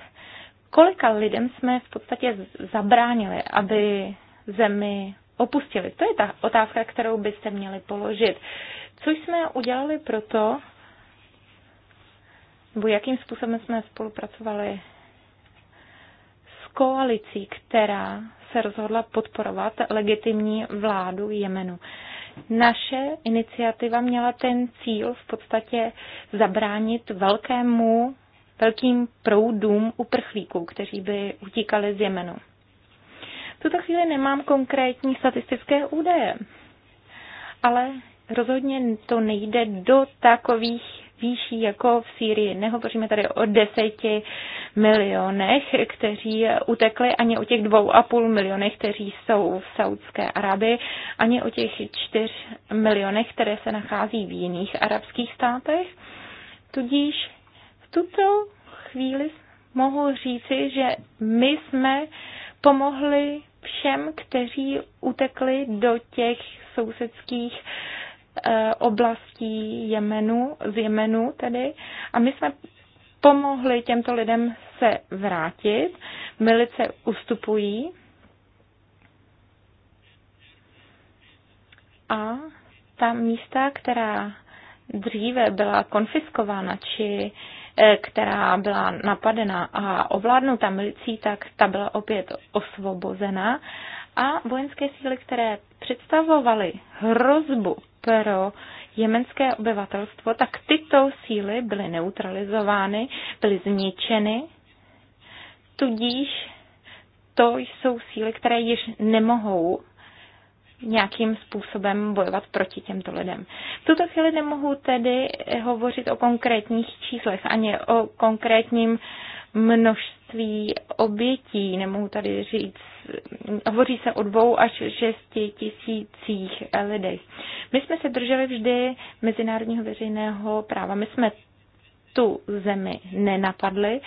S3: kolika lidem jsme v podstatě zabránili, aby zemi opustili? To je ta otázka, kterou byste měli položit. Co jsme udělali proto, nebo jakým způsobem jsme spolupracovali s koalicí, která se rozhodla podporovat legitimní vládu Jemenu. Naše iniciativa měla ten cíl v podstatě zabránit velkému, velkým proudům uprchlíků, kteří by utíkali z Jemenu. V tuto chvíli nemám konkrétní statistické údaje, ale rozhodně to nejde do takových výší jako v Sýrii. Nehovoříme tady o deseti milionech, kteří utekli, ani o těch dvou a půl milionech, kteří jsou v Saudské Arabii, ani o těch čtyř milionech, které se nachází v jiných arabských státech. Tudíž v tuto chvíli mohu říci, že my jsme pomohli všem, kteří utekli do těch sousedských eh, oblastí Jemenu, z Jemenu tedy. A my jsme pomohli těmto lidem se vrátit. Milice ustupují. A ta místa, která dříve byla konfiskována či E, která byla napadena a ovládnuta milicí, tak ta byla opět osvobozena. A vojenské síly, které představovaly hrozbu pro jemenské obyvatelstvo, tak tyto síly byly neutralizovány, byly zničeny, tudíž to jsou síly, které již nemohou nějakým způsobem bojovat proti těmto lidem. V tuto chvíli nemohu tedy hovořit o konkrétních číslech ani o konkrétním množství obětí. Nemohu tady říct, hovoří se o dvou až šesti tisících lidech. My jsme se drželi vždy mezinárodního veřejného práva. My jsme tu zemi nenapadli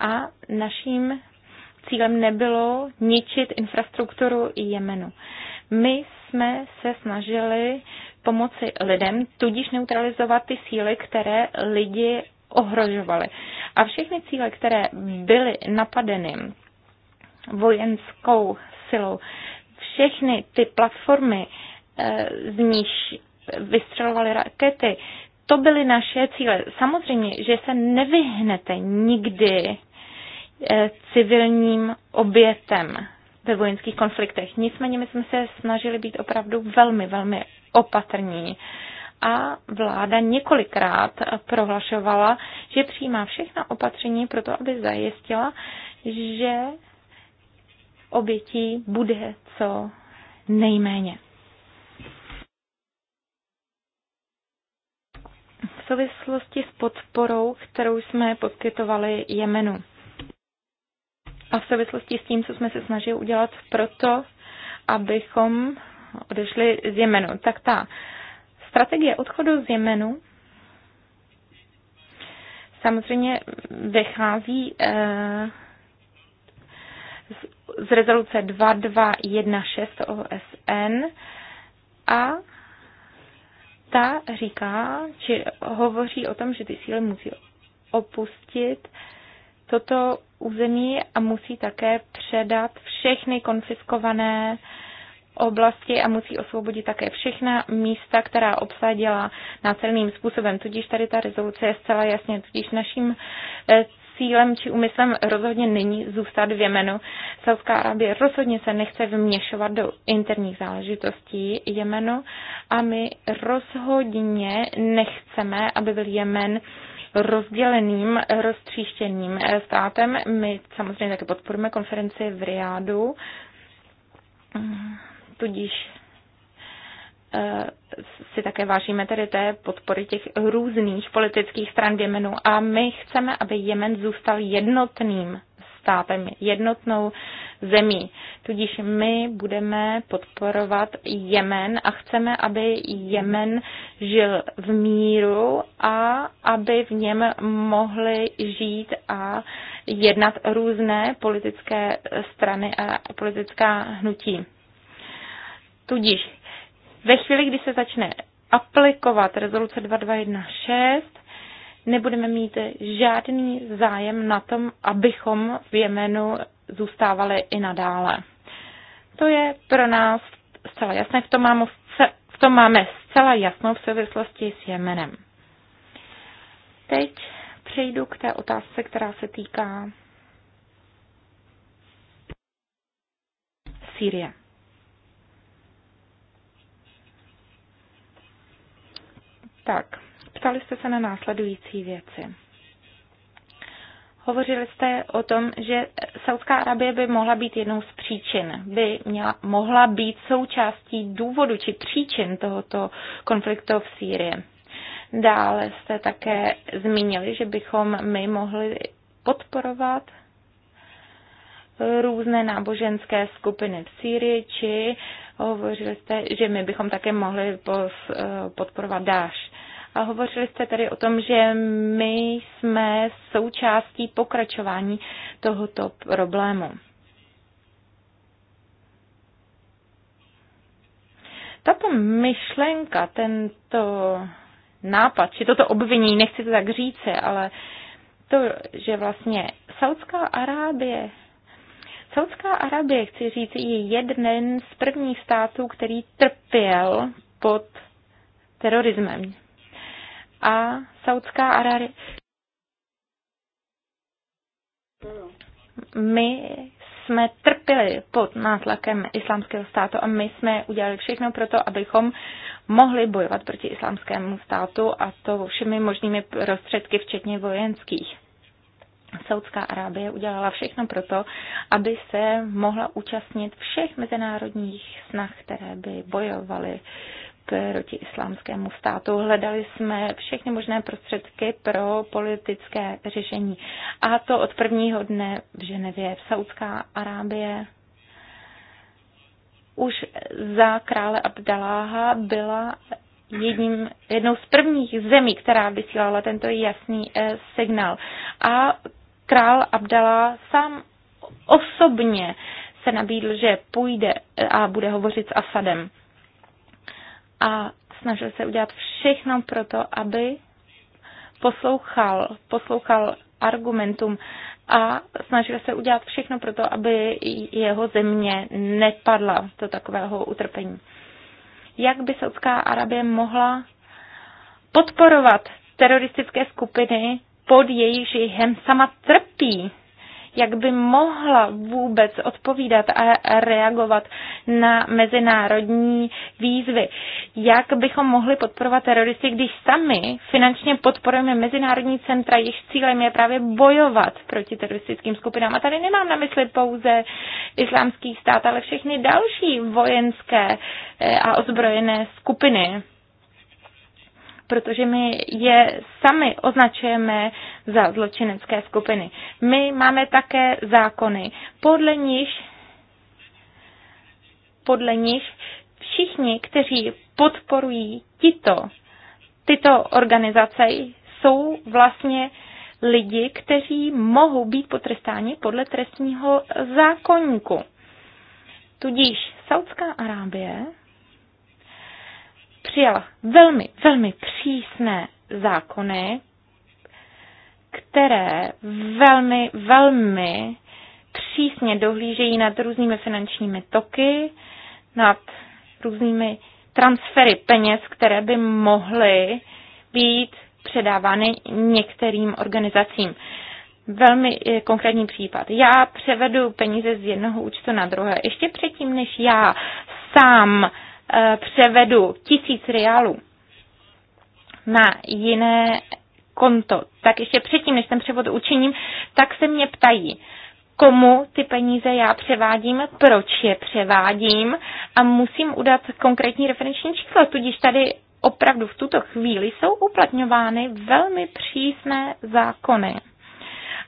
S3: a naším cílem nebylo ničit infrastrukturu Jemenu. My jsme se snažili pomoci lidem, tudíž neutralizovat ty síly, které lidi ohrožovaly. A všechny cíle, které byly napadeny vojenskou silou, všechny ty platformy, eh, z níž vystřelovaly rakety, to byly naše cíle. Samozřejmě, že se nevyhnete nikdy eh, civilním obětem ve vojenských konfliktech. Nicméně my jsme se snažili být opravdu velmi, velmi opatrní a vláda několikrát prohlašovala, že přijímá všechna opatření pro to, aby zajistila, že obětí bude co nejméně. V souvislosti s podporou, kterou jsme poskytovali Jemenu a v souvislosti s tím, co jsme se snažili udělat proto, abychom odešli z Jemenu. Tak ta strategie odchodu z Jemenu samozřejmě vychází eh, z rezoluce 2216 OSN a ta říká, či hovoří o tom, že ty síly musí opustit toto území a musí také předat všechny konfiskované oblasti a musí osvobodit také všechna místa, která obsadila násilným způsobem. Tudíž tady ta rezoluce je zcela jasně, tudíž naším eh, cílem či úmyslem rozhodně není zůstat v Jemenu. Saudská Arábie rozhodně se nechce vměšovat do interních záležitostí Jemenu a my rozhodně nechceme, aby byl Jemen rozděleným, roztříštěným eh, státem. My samozřejmě také podporujeme konferenci v Riádu, tudíž eh, si také vážíme tedy té podpory těch různých politických stran v Jemenu a my chceme, aby Jemen zůstal jednotným státem, jednotnou zemí. Tudíž my budeme podporovat Jemen a chceme, aby Jemen žil v míru a aby v něm mohly žít a jednat různé politické strany a politická hnutí. Tudíž ve chvíli, kdy se začne aplikovat rezoluce 2216, nebudeme mít žádný zájem na tom, abychom v Jemenu zůstávali i nadále. To je pro nás zcela jasné, v tom máme, v tom máme zcela jasnou v souvislosti s Jemenem. Teď přejdu k té otázce, která se týká Sýrie. Tak, ptali jste se na následující věci. Hovořili jste o tom, že Saudská Arabie by mohla být jednou z příčin, by měla, mohla být součástí důvodu či příčin tohoto konfliktu v Sýrii. Dále jste také zmínili, že bychom my mohli podporovat různé náboženské skupiny v Sýrii, či hovořili jste, že my bychom také mohli podporovat Dáš. A hovořili jste tedy o tom, že my jsme součástí pokračování tohoto problému. Tato myšlenka, tento nápad, či toto obvinění, nechci to tak říci, ale to, že vlastně Saudská Arábie Saudská Arábie, chci říct, je jeden z prvních států, který trpěl pod terorismem a Saudská Arábie. My jsme trpěli pod nátlakem islámského státu a my jsme udělali všechno pro to, abychom mohli bojovat proti islámskému státu a to všemi možnými prostředky, včetně vojenských. Saudská Arábie udělala všechno pro to, aby se mohla účastnit všech mezinárodních snah, které by bojovaly uh, proti islámskému státu. Hledali jsme všechny možné prostředky pro politické řešení. A to od prvního dne v Ženevě, v Saudská Arábie. Už za krále Abdaláha byla jedním, jednou z prvních zemí, která vysílala tento jasný eh, signál. A král Abdalá sám osobně se nabídl, že půjde eh, a bude hovořit s Asadem a snažil se udělat všechno pro to, aby poslouchal, poslouchal argumentům a snažil se udělat všechno pro to, aby jeho země nepadla do takového utrpení. Jak by Saudská Arabie mohla podporovat teroristické skupiny, pod jejichž žihem sama trpí? jak by mohla vůbec odpovídat a reagovat na mezinárodní výzvy. Jak bychom mohli podporovat teroristy, když sami finančně podporujeme mezinárodní centra, jejichž cílem je právě bojovat proti teroristickým skupinám. A tady nemám na mysli pouze islámský stát, ale všechny další vojenské eh, a ozbrojené skupiny protože my je sami označujeme za zločinecké skupiny. My máme také zákony, podle nich podle nich všichni, kteří podporují tito, tyto organizace, jsou vlastně lidi, kteří mohou být potrestáni podle trestního zákonníku. Tudíž Saudská Arábie přijala velmi, velmi přísné zákony, které velmi, velmi přísně dohlížejí nad různými finančními toky, nad různými transfery peněz, které by mohly být předávány některým organizacím. Velmi eh, konkrétní případ. Já převedu peníze z jednoho účtu na druhé. Ještě předtím, než já sám Eh, převedu tisíc reálů na jiné konto, tak ještě předtím, než ten převod učiním, tak se mě ptají, komu ty peníze já převádím, proč je převádím a musím udat konkrétní referenční číslo. Tudíž tady opravdu v tuto chvíli jsou uplatňovány velmi přísné zákony.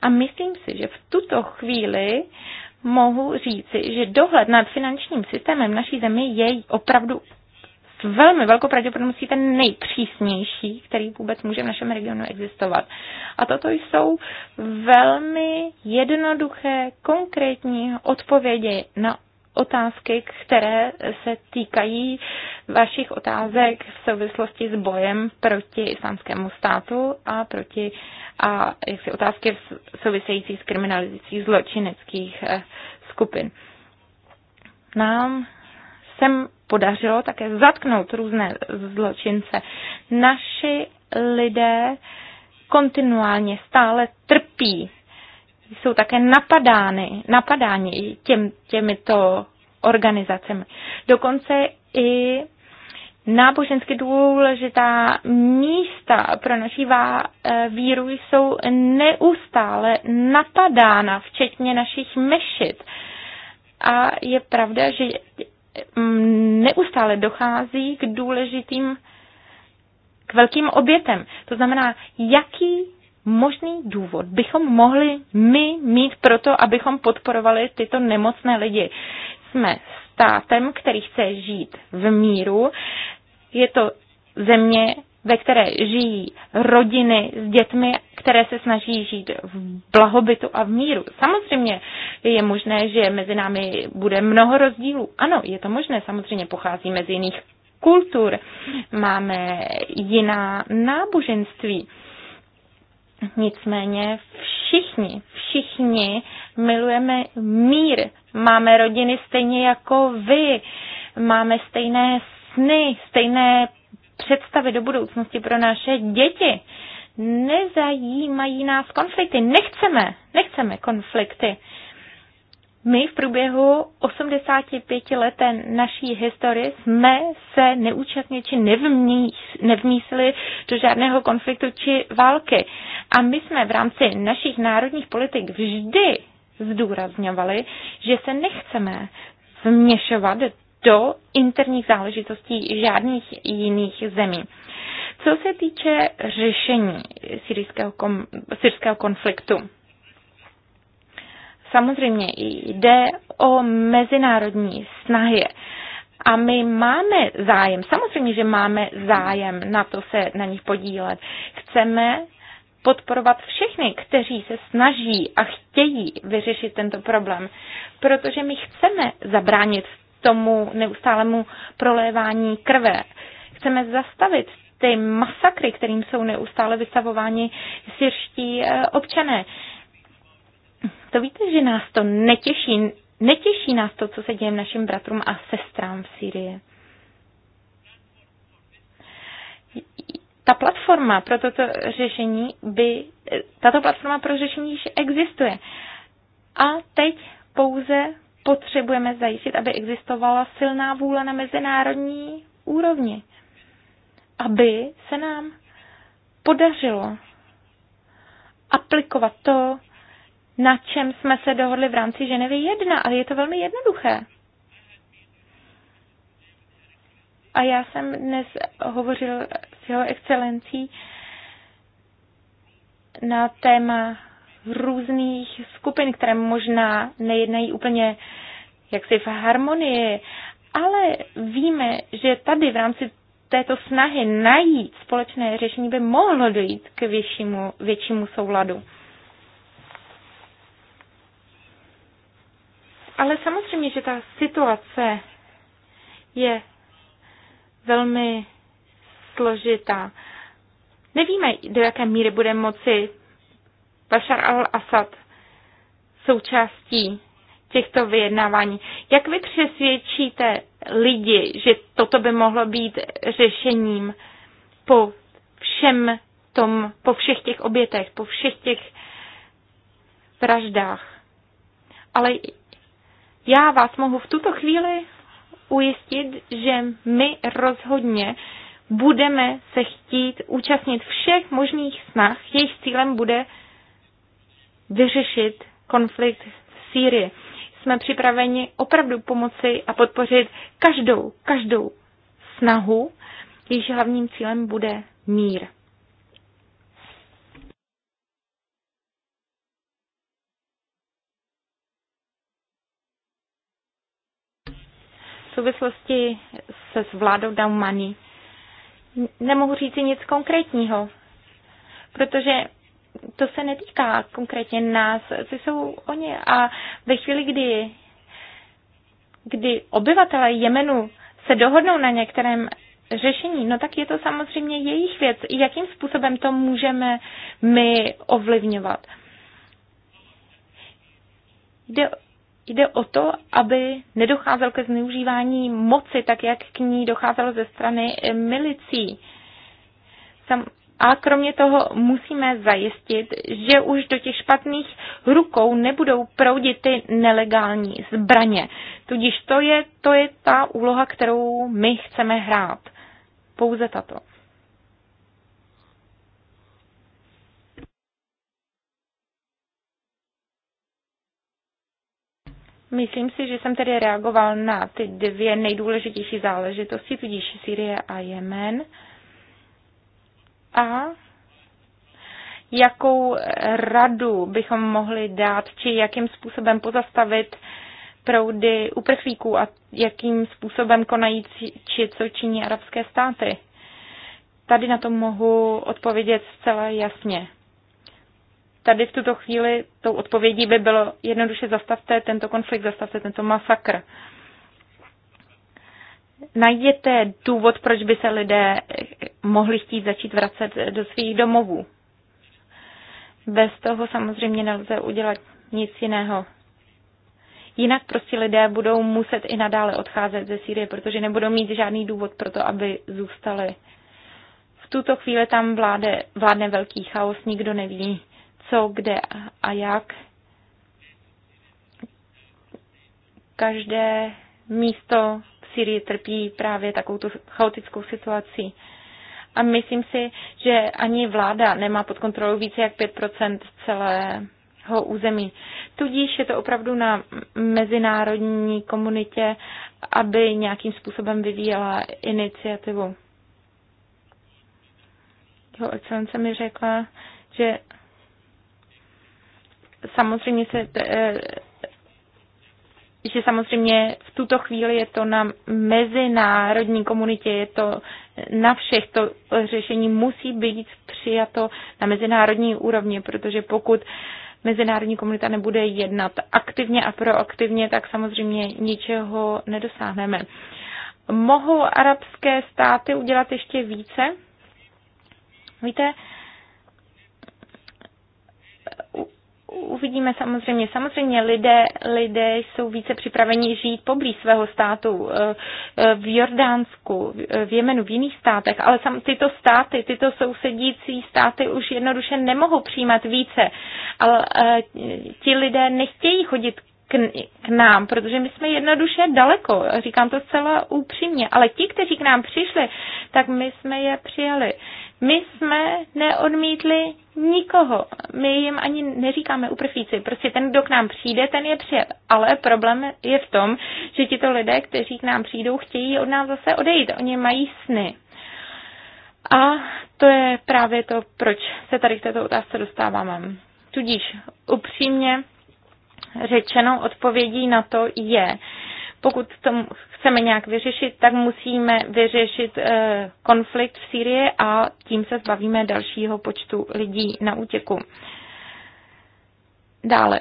S3: A myslím si, že v tuto chvíli mohu říci, že dohled nad finančním systémem naší země je opravdu s velmi velkou pravděpodobností ten nejpřísnější, který vůbec může v našem regionu existovat. A toto jsou velmi jednoduché, konkrétní odpovědi na otázky, které se týkají vašich otázek v souvislosti s bojem proti islámskému státu a proti a jaksi otázky související s kriminalizací zločineckých eh, skupin. Nám sem podařilo také zatknout různé zločince. Naši lidé kontinuálně stále trpí jsou také napadány, napadáni těm, těmito organizacemi. Dokonce i nábožensky důležitá místa pro naší e, víru jsou neustále napadána, včetně našich mešit. A je pravda, že mm, neustále dochází k důležitým, k velkým obětem. To znamená, jaký možný důvod bychom mohli my mít proto, abychom podporovali tyto nemocné lidi? Jsme státem, který chce žít v míru. Je to země, ve které žijí rodiny s dětmi, které se snaží žít v blahobytu a v míru. Samozřejmě je možné, že mezi námi bude mnoho rozdílů. Ano, je to možné, samozřejmě pocházíme z jiných kultur, máme jiná náboženství. Nicméně všichni, všichni milujeme mír. Máme rodiny stejně jako vy. Máme stejné sny, stejné představy do budoucnosti pro naše děti. Nezajímají nás konflikty. Nechceme, nechceme konflikty my v průběhu 85 leté naší historie jsme se neúčastnili či nevmísli do žádného konfliktu či války. A my jsme v rámci našich národních politik vždy zdůrazňovali, že se nechceme vměšovat do interních záležitostí žádných jiných zemí. Co se týče řešení syrského konfliktu, Samozřejmě jde o mezinárodní snahy. A my máme zájem, samozřejmě, že máme zájem na to se na nich podílet. Chceme podporovat všechny, kteří se snaží a chtějí vyřešit tento problém, protože my chceme zabránit tomu neustálému prolévání krve. Chceme zastavit ty masakry, kterým jsou neustále vystavováni syrští eh, občané. To víte, že nás to netěší. Netěší nás to, co se děje našim bratrům a sestrám v Syrii. ta platforma pro toto řešení by, tato platforma pro řešení již existuje. A teď pouze potřebujeme zajistit, aby existovala silná vůle na mezinárodní úrovni. Aby se nám podařilo aplikovat to, na čem jsme se dohodli v rámci Ženevy 1, ale je to velmi jednoduché. A já jsem dnes hovořil s jeho excelencí na téma různých skupin, které možná nejednají úplně jaksi v harmonii, ale víme, že tady v rámci této snahy najít společné řešení by mohlo dojít k většímu, většímu souladu. Ale samozřejmě, že ta situace je velmi složitá. Nevíme, do jaké míry bude moci Bashar al-Assad součástí těchto vyjednávání. Jak vy přesvědčíte lidi, že toto by mohlo být řešením po všem tom, po všech těch obětech, po všech těch vraždách? Ale já vás mohu v tuto chvíli ujistit, že my rozhodně budeme se chtít účastnit všech možných snah. Jejich cílem bude vyřešit konflikt v Sýrii. Jsme připraveni opravdu pomoci a podpořit každou, každou snahu, jejíž hlavním cílem bude mír. souvislosti se s vládou Daumani nemohu říci nic konkrétního, protože to se netýká konkrétně nás, co jsou oni. A ve chvíli, kdy, kdy obyvatelé Jemenu se dohodnou na některém řešení, no tak je to samozřejmě jejich věc. Jakým způsobem to můžeme my ovlivňovat? Jde jde o to, aby nedocházel ke zneužívání moci, tak jak k ní docházelo ze strany eh, milicí. Sam, a kromě toho musíme zajistit, že už do těch špatných rukou nebudou proudit ty nelegální zbraně. Tudíž to je, to je ta úloha, kterou my chceme hrát. Pouze tato. Myslím si, že jsem tedy reagoval na ty dvě nejdůležitější záležitosti, tudíž Syrie a Jemen. A jakou radu bychom mohli dát, či jakým způsobem pozastavit proudy uprchlíků a jakým způsobem konají, či co činí arabské státy. Tady na to mohu odpovědět zcela jasně tady v tuto chvíli tou odpovědí by bylo jednoduše zastavte tento konflikt, zastavte tento masakr. Najděte důvod, proč by se lidé mohli chtít začít vracet do svých domovů. Bez toho samozřejmě nelze udělat nic jiného. Jinak prostě lidé budou muset i nadále odcházet ze Sýrie, protože nebudou mít žádný důvod pro to, aby zůstali. V tuto chvíli tam vládne velký chaos, nikdo neví, co, kde a jak. Každé místo v Syrii trpí právě takovou chaotickou situací. A myslím si, že ani vláda nemá pod kontrolou více jak 5% celého území. Tudíž je to opravdu na mezinárodní komunitě, aby nějakým způsobem vyvíjela iniciativu. Jeho excelence mi řekla, že samozřejmě se eh, že samozřejmě v tuto chvíli je to na mezinárodní komunitě, je to na všech, to řešení musí být přijato na mezinárodní úrovni, protože pokud mezinárodní komunita nebude jednat aktivně a proaktivně, tak samozřejmě ničeho nedosáhneme. Mohou arabské státy udělat ještě více? Víte, uvidíme samozřejmě. Samozřejmě lidé, lidé jsou více připraveni žít poblíž svého státu eh, eh, v Jordánsku, eh, v Jemenu, v jiných státech, ale sam, tyto státy, tyto sousedící státy už jednoduše nemohou přijímat více. Ale ti lidé nechtějí chodit k, k nám, protože my jsme jednoduše daleko, říkám to zcela upřímně, ale ti, kteří k nám přišli, tak my jsme je přijali. My jsme neodmítli nikoho. My jim ani neříkáme uprchlíci. Prostě ten, kdo k nám přijde, ten je přijet. Ale problém je v tom, že tito lidé, kteří k nám přijdou, chtějí od nás zase odejít. Oni mají sny. A to je právě to, proč se tady k této otázce dostáváme. Tudíž upřímně řečeno, odpovědí na to je, pokud to chceme nějak vyřešit, tak musíme vyřešit eh, konflikt v Sýrii a tím se zbavíme dalšího počtu lidí na útěku. Dále.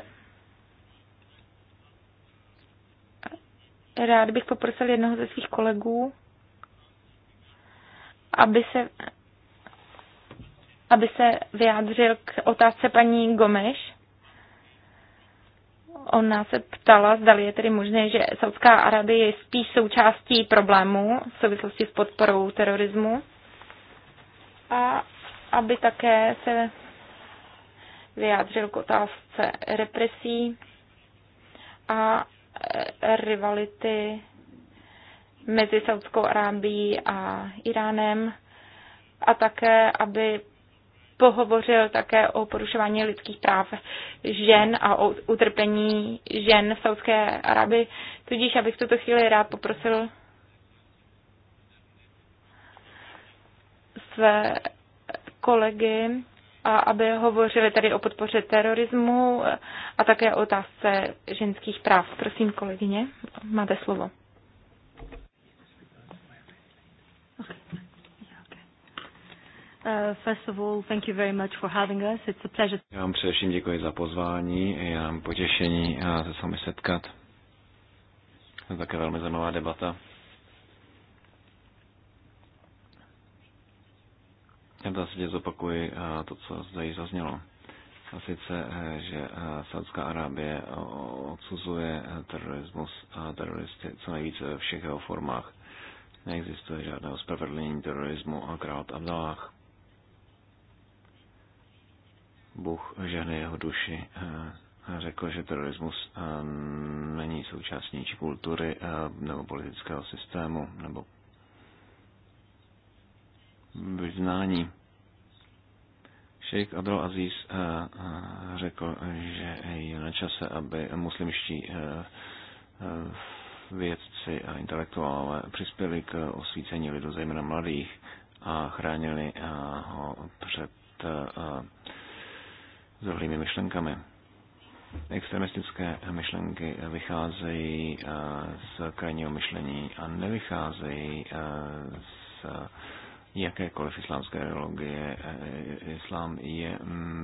S3: Rád bych poprosil jednoho ze svých kolegů, aby se, aby se vyjádřil k otázce paní Gomeš. Ona se ptala, zda je tedy možné, že Saudská Arabie je spíš součástí problému v souvislosti s podporou terorismu a aby také se vyjádřil k otázce represí a e, rivality mezi Saudskou Arábií a Iránem a také, aby pohovořil také o porušování lidských práv žen a o utrpení žen v Saudské Arabii. Tudíž, abych v tuto chvíli rád poprosil své kolegy, a aby hovořili tady o podpoře terorismu a také o otázce ženských práv. Prosím, kolegyně, máte slovo.
S2: Já vám především děkuji za pozvání, já mám potěšení uh, se s vámi setkat. To je také velmi zajímavá debata. Já v zásadě zopakuji uh, to, co zde již zaznělo. A sice, uh, že Saudská Arábie odsuzuje terorismus a teroristy co nejvíce ve všech jeho formách. Neexistuje žádné ospravedlnění terorismu a král Abdalách. Bůh žene jeho duši eh, řekl, že terorismus eh, není součástí ničí kultury eh, nebo politického systému nebo vyznání. Šejk Abdel Aziz řekl, že je na čase, aby muslimští vědci a intelektuálové přispěli k osvícení lidu, zejména mladých, a chránili ho před s dobrými myšlenkami. Extremistické myšlenky vycházejí eh, z krajního myšlení a nevycházejí eh, z jakékoliv islámské ideologie. Eh, islám je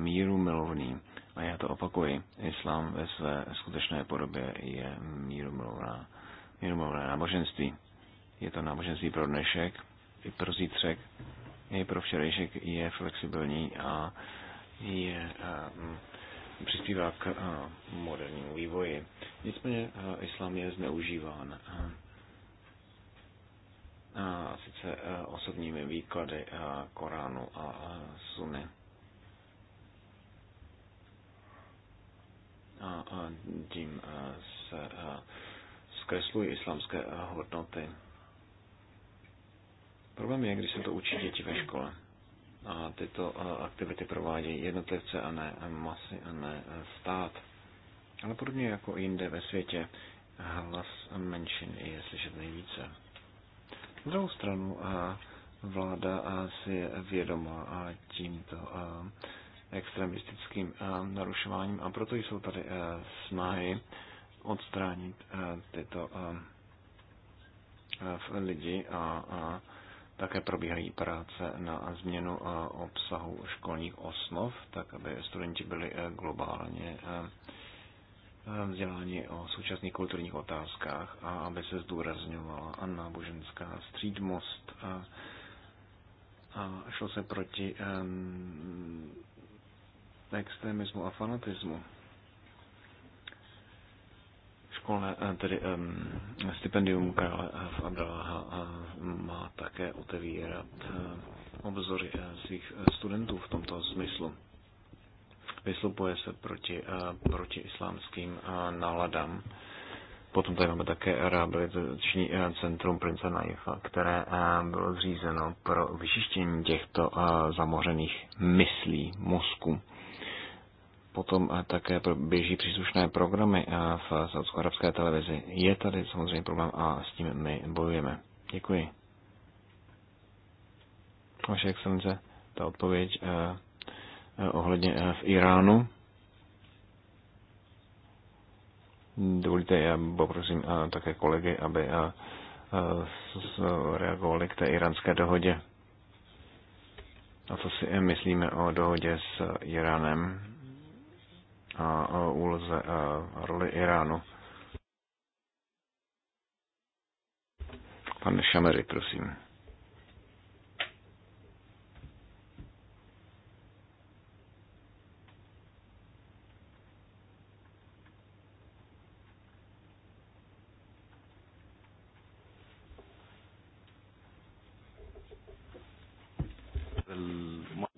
S2: míru milovný. A já to opakuji. Islám ve své skutečné podobě je míru milovná. Míru milovné náboženství. Je to náboženství pro dnešek, i pro zítřek, i pro včerejšek je flexibilní a uh, je, eh, mm, přispívá k eh, modernímu vývoji. Nicméně eh, islám je zneužíván a sice osobními výklady Koránu a Suny. A tím se zkreslují islámské hodnoty. Problém je, když se to učí děti ve škole a tyto aktivity provádějí jednotlivce a ne masy a ne e, stát. Ale podobně jako jinde ve světě, hlas menšin je slyšet nejvíce. Na druhou stranu e, vláda e, si je vědoma tímto extremistickým narušováním a proto jsou tady snahy odstránit tyto lidi a také probíhají práce na změnu eh, obsahu školních osnov, tak aby studenti byli eh, globálně eh, vzdělání o současných kulturních otázkách a aby se zdůrazňovala náboženská střídmost a, a šlo se proti um, extremismu a fanatismu školné, eh, tedy um, stipendium Karla F. Abdelaha eh, má také otevírat eh, obzory svých studentů v tomto smyslu. Vyslupuje se proti, proti islámským náladám. Potom tady máme také rehabilitační centrum Prince Naifa, které bylo zřízeno pro vyšištění těchto zamořených myslí, mozku potom eh, také běží příslušné programy eh, v saudsko-arabské televizi. Je tady samozřejmě problém a s tím my bojujeme. Děkuji. Vaše excelence, ta odpověď eh, ohledně v Iránu. Dovolíte, já poprosím také kolegy, aby reagovali k té iránské dohodě. A co si myslíme o dohodě s Iránem? a úloze a roli Iránu. Pane Šamery, prosím.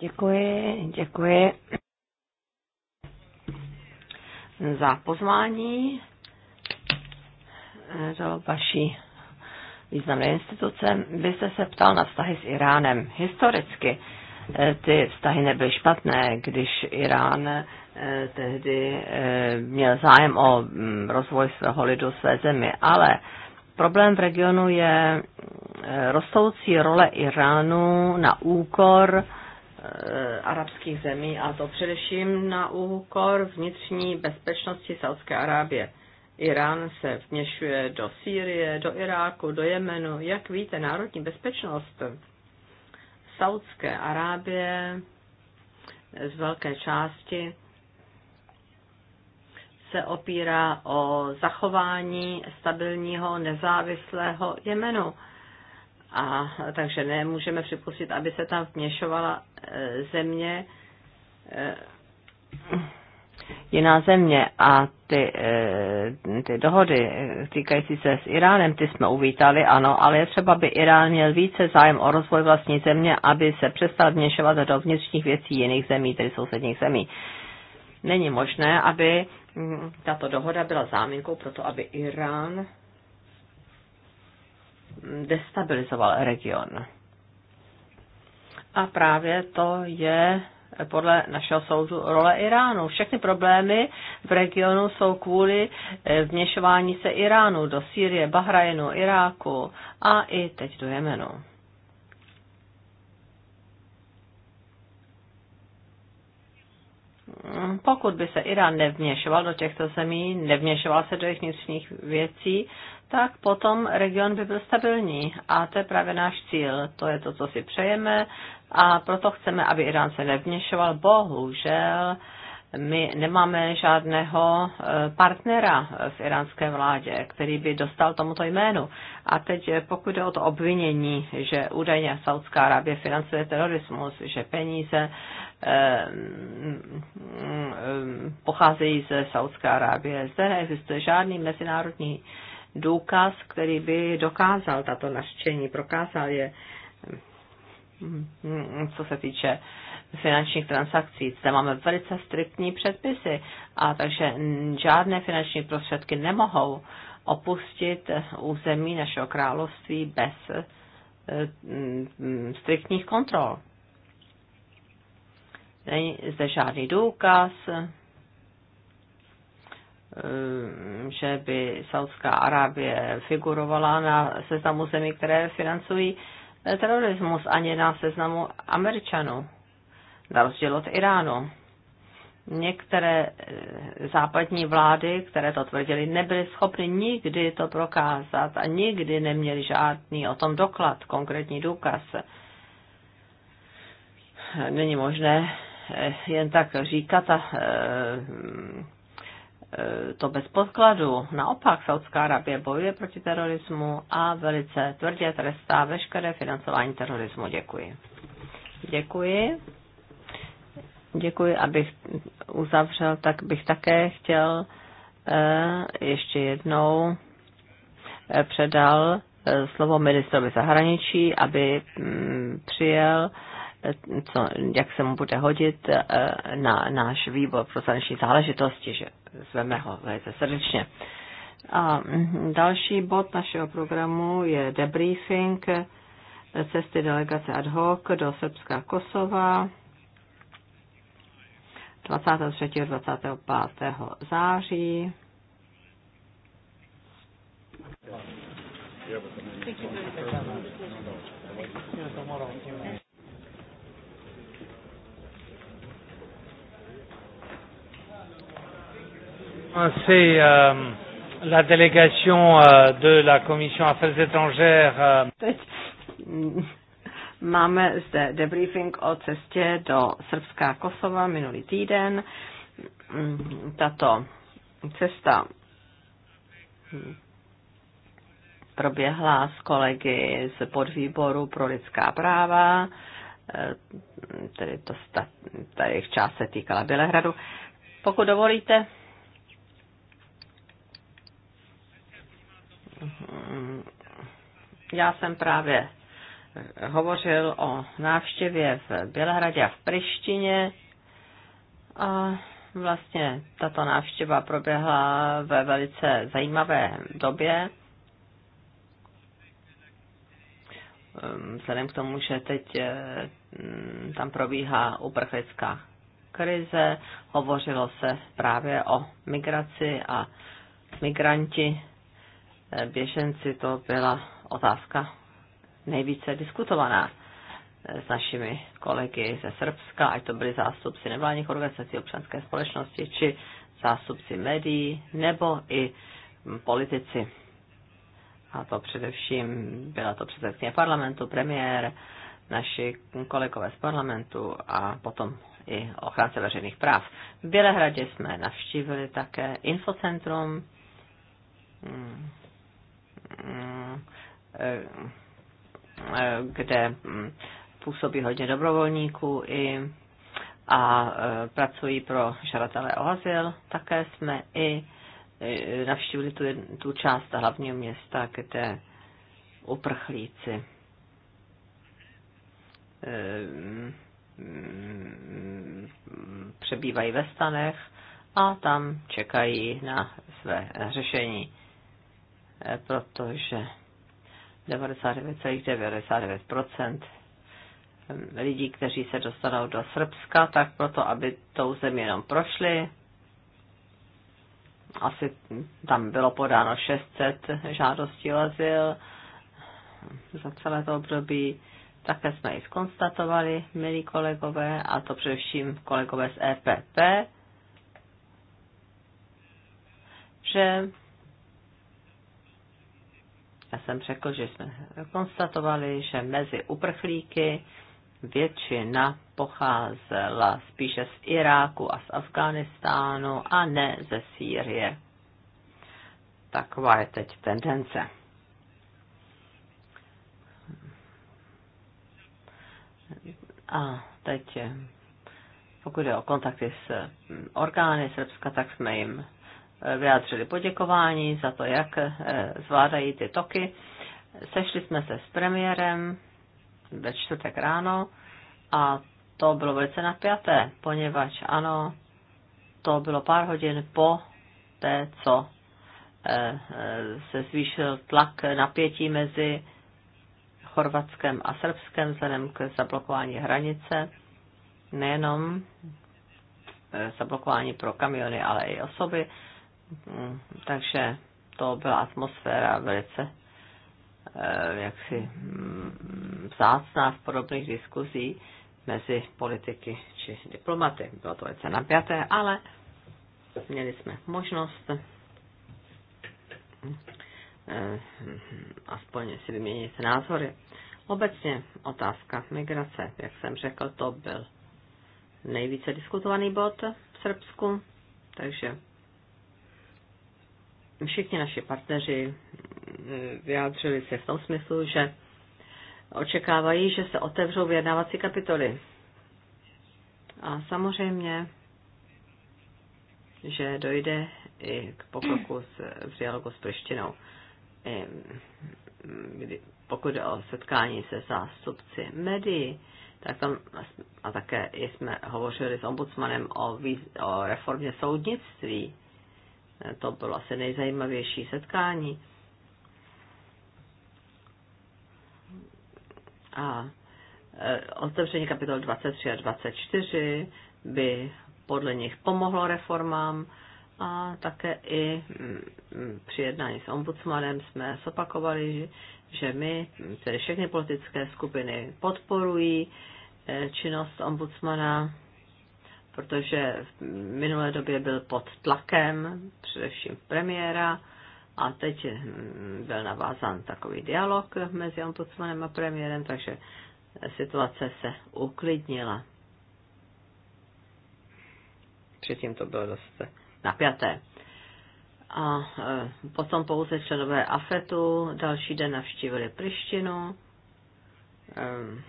S1: Děkuji, děkuji za pozvání do eh, vaší významné instituce. Vy jste se ptal na vztahy s Iránem. Historicky eh, ty vztahy nebyly špatné, když Irán eh, tehdy měl zájem o mm, rozvoj svého lidu, své zemi, ale problém v regionu je rostoucí role Iránu na úkor Eh, arabských zemí, a to především na úkor vnitřní bezpečnosti Saudské Arábie. Irán se vměšuje do Sýrie, do Iráku, do Jemenu. Jak víte, národní bezpečnost Saudské Arábie z velké části se opírá o zachování stabilního nezávislého Jemenu a takže nemůžeme připustit, aby se tam vměšovala eh, země, eh, jiná země a ty, eh, ty dohody týkající se s Iránem, ty jsme uvítali, ano, ale je třeba, aby Irán měl více zájem o rozvoj vlastní země, aby se přestal vměšovat do vnitřních věcí jiných zemí, tedy sousedních zemí. Není možné, aby mm, tato dohoda byla záminkou pro to, aby Irán destabilizoval region. A právě to je podle našeho soudu role Iránu. Všechny problémy v regionu jsou kvůli eh, vměšování se Iránu do Sýrie, Bahrajnu, Iráku a i teď do Jemenu. Pokud by se Irán nevměšoval do těchto zemí, nevměšoval se do jejich vnitřních věcí, tak potom region by byl stabilní. A to je právě náš cíl. To je to, co si přejeme. A proto chceme, aby Irán se nevněšoval. Bohužel my nemáme žádného e, partnera v iránské vládě, který by dostal tomuto jménu. A teď e, pokud jde o to obvinění, že údajně Saudská Arábie financuje terorismus, že peníze e, pocházejí ze Saudské Arábie. Zde neexistuje žádný mezinárodní důkaz, který by dokázal tato naštění, prokázal je, mm, co se týče finančních transakcí. Zde máme velice striktní předpisy a takže žádné finanční prostředky nemohou opustit území našeho království bez eh, mm, striktních kontrol. Není zde žádný důkaz, že by Saudská Arábie figurovala na seznamu zemí, které financují terorismus, ani na seznamu Američanů, na rozdíl od Iránu. Některé eh, západní vlády, které to tvrdili, nebyly schopny nikdy to prokázat a nikdy neměli žádný o tom doklad, konkrétní důkaz. Není možné eh, jen tak říkat a eh, to bez podkladu. Naopak Saudská Arabie bojuje proti terorismu a velice tvrdě trestá veškeré financování terorismu. Děkuji. Děkuji. Děkuji, abych uzavřel, tak bych také chtěl eh, ještě jednou eh, předal eh, slovo ministrovi zahraničí, aby mm, přijel co, jak se mu bude hodit eh, na náš výbor pro zahraniční záležitosti, že zveme ho velice srdečně. A mm, další bod našeho programu je debriefing eh, cesty delegace ad hoc do Srbska Kosova 23. a 25. září.
S4: Thank you very much. C'est euh, la délégation euh, de la Commission Affaires étrangères. Euh... Mm,
S1: máme zde debriefing o cestě do Srbská Kosova minulý týden. Mm, tato cesta mm, proběhla s kolegy z podvýboru pro lidská práva, eh, tedy to, tady část se týkala Bělehradu. Pokud dovolíte, já jsem právě eh, hovořil o návštěvě v Bělehradě a v Prištině a vlastně tato návštěva proběhla ve velice zajímavé době. Ehm, vzhledem k tomu, že teď eh, mm, tam probíhá uprchlická krize, hovořilo se právě o migraci a migranti běženci, to byla otázka nejvíce diskutovaná s našimi kolegy ze Srbska, ať to byli zástupci nevládních organizací občanské společnosti, či zástupci médií, nebo i politici. A to především byla to předsedkyně parlamentu, premiér, naši kolegové z parlamentu a potom i ochránce veřejných práv. V Bělehradě jsme navštívili také infocentrum, mm, Mm, eh, kde mm, působí hodně dobrovolníků i a eh, pracují pro žadatelé o azyl. Také jsme i eh, navštívili tu, tu část hlavního města, kde uprchlíci mm, přebývají ve stanech a tam čekají na své řešení. Eh, protože 99,99% eh, lidí, kteří se dostanou do Srbska, tak proto, aby tou zemi jenom prošli, asi tam bylo podáno 600 žádostí o azyl eh, za celé to období. Také jsme ji skonstatovali, milí kolegové, a to především kolegové z EPP, že já jsem řekl, že jsme konstatovali, že mezi uprchlíky většina pocházela spíše z Iráku a z Afghánistánu a ne ze Sýrie. Taková je teď tendence. A teď, eh, pokud je o kontakty s mm, orgány Srbska, tak jsme jim Eh, vyjádřili poděkování za to, jak eh, zvládají ty toky. Sešli jsme se s premiérem ve čtvrtek ráno a to bylo velice napjaté, poněvadž ano, to bylo pár hodin po té, co eh, se zvýšil tlak napětí mezi Chorvatskem a Srbskem vzhledem k zablokování hranice, nejenom zablokování pro kamiony, ale i osoby. Mm, takže to byla atmosféra velice eh, jaksi mm, vzácná v podobných diskuzí mezi politiky či diplomaty. Bylo to velice napjaté, ale měli jsme možnost eh, aspoň si vyměnit názory. Obecně otázka migrace, jak jsem řekl, to byl nejvíce diskutovaný bod v Srbsku, takže všichni naši partneři vyjádřili se v tom smyslu, že očekávají, že se otevřou vyjednávací kapitoly. A samozřejmě, že dojde i k pokroku s, v dialogu s Prištinou. I, kdy, pokud jde o setkání se zástupci médií, tak tam a také jsme hovořili s ombudsmanem o, o reformě soudnictví to bylo asi nejzajímavější setkání. A e, otevření kapitol 23 a 24 by podle nich pomohlo reformám a také i mm, při jednání s ombudsmanem jsme zopakovali, že my, tedy všechny politické skupiny, podporují e, činnost ombudsmana protože v minulé době byl pod tlakem, především premiéra, a teď hm, byl navázán takový dialog mezi ombudsmanem a premiérem, takže situace se uklidnila. Předtím to bylo dost napjaté. A e, potom pouze členové AFETu další den navštívili Prištinu ehm,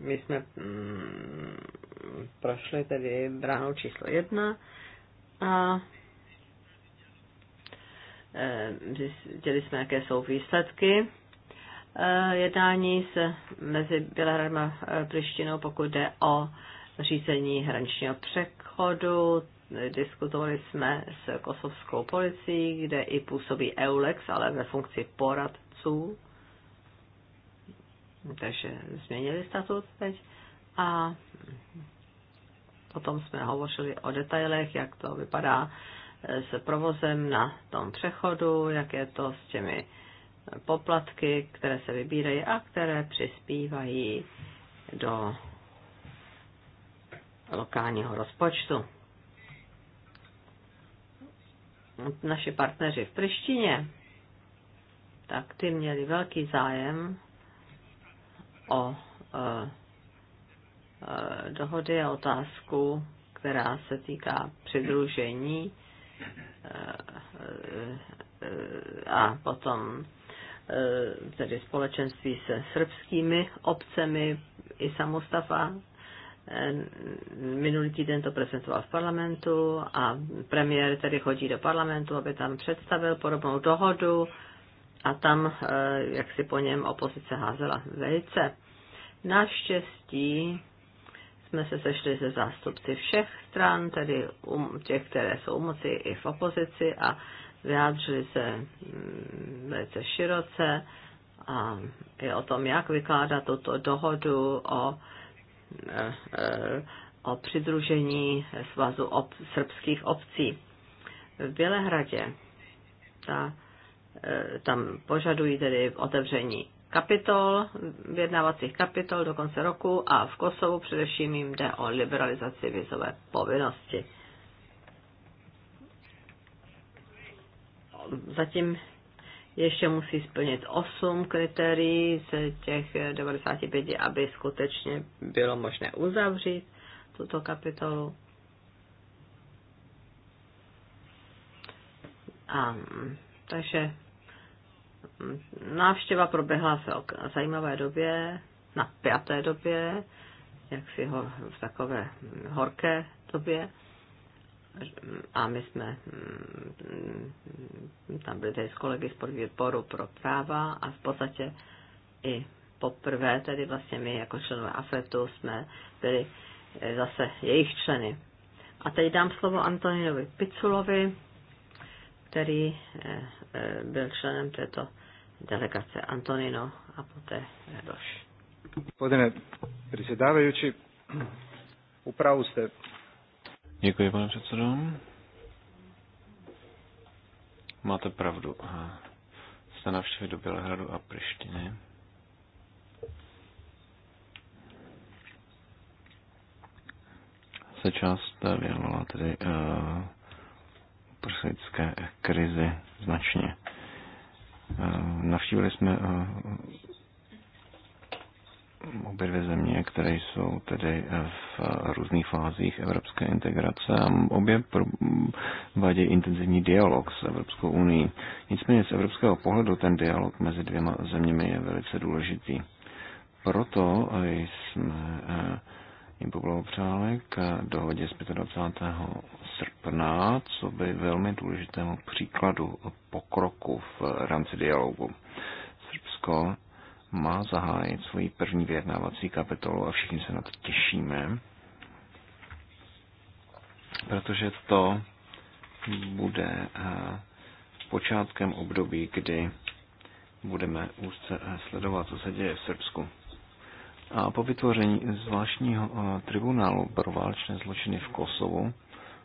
S1: my jsme mm, prošli tedy bránou číslo jedna a zjistili eh, jsme, jaké jsou výsledky eh, jednání se mezi Bělehradem a eh, Prištinou, pokud jde o řízení hraničního přechodu. Diskutovali jsme s kosovskou policií, kde i působí EULEX, ale ve funkci poradců takže změnili statut teď a potom jsme hovořili o detailech, jak to vypadá eh, s provozem na tom přechodu, jak je to s těmi poplatky, které se vybírají a které přispívají do lokálního rozpočtu. Naši partneři v Prištině, tak ty měli velký zájem o e, e, dohody a otázku, která se týká přidružení e, a potom tedy společenství se srbskými obcemi i samostafa. Minulý týden to prezentoval v parlamentu a premiér tedy chodí do parlamentu, aby tam představil podobnou dohodu a tam, eh, jak si po něm opozice házela vejce. Naštěstí jsme se sešli se zástupci všech stran, tedy um, těch, které jsou u moci i v opozici a vyjádřili se mm, velice široce a i o tom, jak vykládat tuto dohodu o, eh, o přidružení svazu ob, srbských obcí. V Bělehradě ta Eh, tam požadují tedy otevření kapitol, vyjednávacích kapitol do konce roku a v Kosovu především jim jde o liberalizaci vizové povinnosti. Zatím ještě musí splnit 8 kritérií z těch 95, aby skutečně bylo možné uzavřít tuto kapitolu. A, takže návštěva proběhla v zajímavé době, na páté době, jak si ho v takové horké době. A my jsme mm, tam byli tady s kolegy z podvýboru pro práva a v podstatě i poprvé tedy vlastně my jako členové AFETu jsme byli eh, zase jejich členy. A teď dám slovo Antoninovi Piculovi, který eh, eh, byl členem této delegace Antonino a poté Radoš.
S2: Pane předsedávající, upravu jste. Děkuji, pane předsedo. Máte pravdu. Jste navštěvit do Bělehradu a Prištiny. se část eh, věnovala tedy uh, eh, uprchlické krizi značně. Eh, navštívili jsme eh, obě dvě země, které jsou tedy eh, v různých fázích evropské integrace a obě provádí intenzivní dialog s Evropskou unii. Nicméně z evropského pohledu ten dialog mezi dvěma zeměmi je velice důležitý. Proto jsme jim poblahopřáli k dohodě z 25. srpna, co by velmi důležitému příkladu pokroku v rámci dialogu. Srbsko má zahájit svoji první vyjednávací kapitolu a všichni se na to těšíme, protože to bude eh, počátkem období, kdy budeme úzce eh, sledovat, co se děje v Srbsku. A po vytvoření zvláštního eh, tribunálu pro válečné zločiny v Kosovu,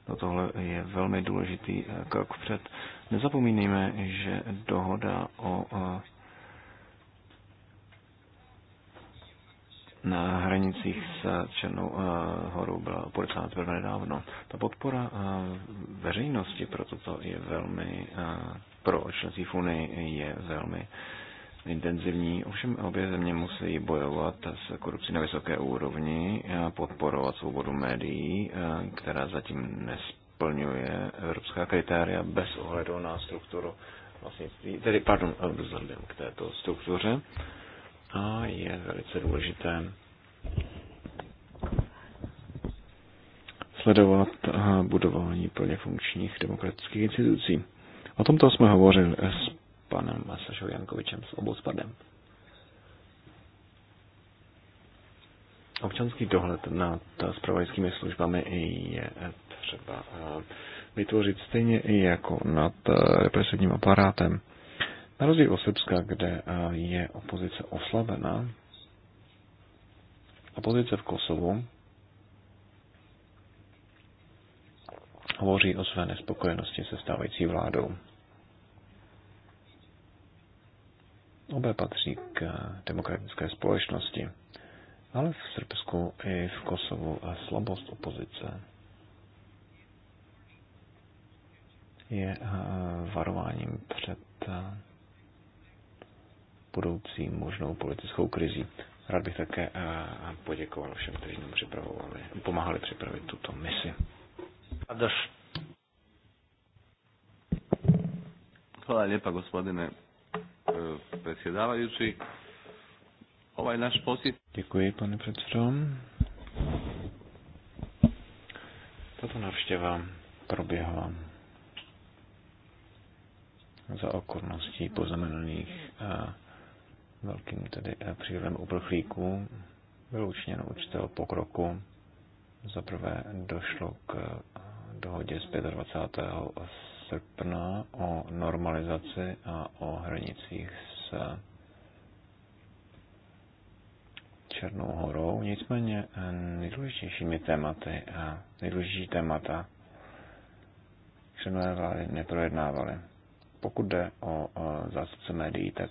S2: do no tohle je velmi důležitý eh, krok před. Nezapomínejme, že dohoda o eh, na hranicích s Černou horou byla podepsána teprve nedávno. Ta podpora veřejnosti pro toto je velmi, pro členství v Unii je velmi intenzivní. Ovšem obě země musí bojovat s korupcí na vysoké úrovni, podporovat svobodu médií, která zatím nesplňuje evropská kritéria bez ohledu na strukturu vlastnictví, tedy pardon, vzhledem k této struktuře. A je velice důležité sledovat budování plně funkčních demokratických institucí. O tomto jsme hovořili s panem Sašou Jankovičem s obou spadem. Občanský dohled nad spravodajskými službami je třeba eh, vytvořit stejně i jako nad eh, represivním aparátem. Na rozdíl od Srbska, kde eh, je opozice oslabená, opozice v Kosovu hovoří o své nespokojenosti se stávající vládou. Obé patří k eh, demokratické společnosti, ale v Srbsku i v Kosovu a slabost opozice je eh, varováním před eh, budoucí možnou politickou krizí. Rád bych také poděkoval všem, kteří nám připravovali, pomáhali připravit tuto misi. Hvala
S1: lijepa gospodine předsedávající. Ovaj náš
S2: pocit... Děkuji, pane předsedo. Tato návštěva proběhla za okolností poznamenaných eh, velkým tedy eh, přílem uprchlíků, vyloučněno určitého pokroku. Za prvé došlo k eh, dohodě z 25 srpna o normalizaci a o hranicích s Černou horou. Nicméně eh, nejdůležitějšími tématy a nejdůležitější témata členové vlády neprojednávali. Pokud jde o, o zástupce médií, tak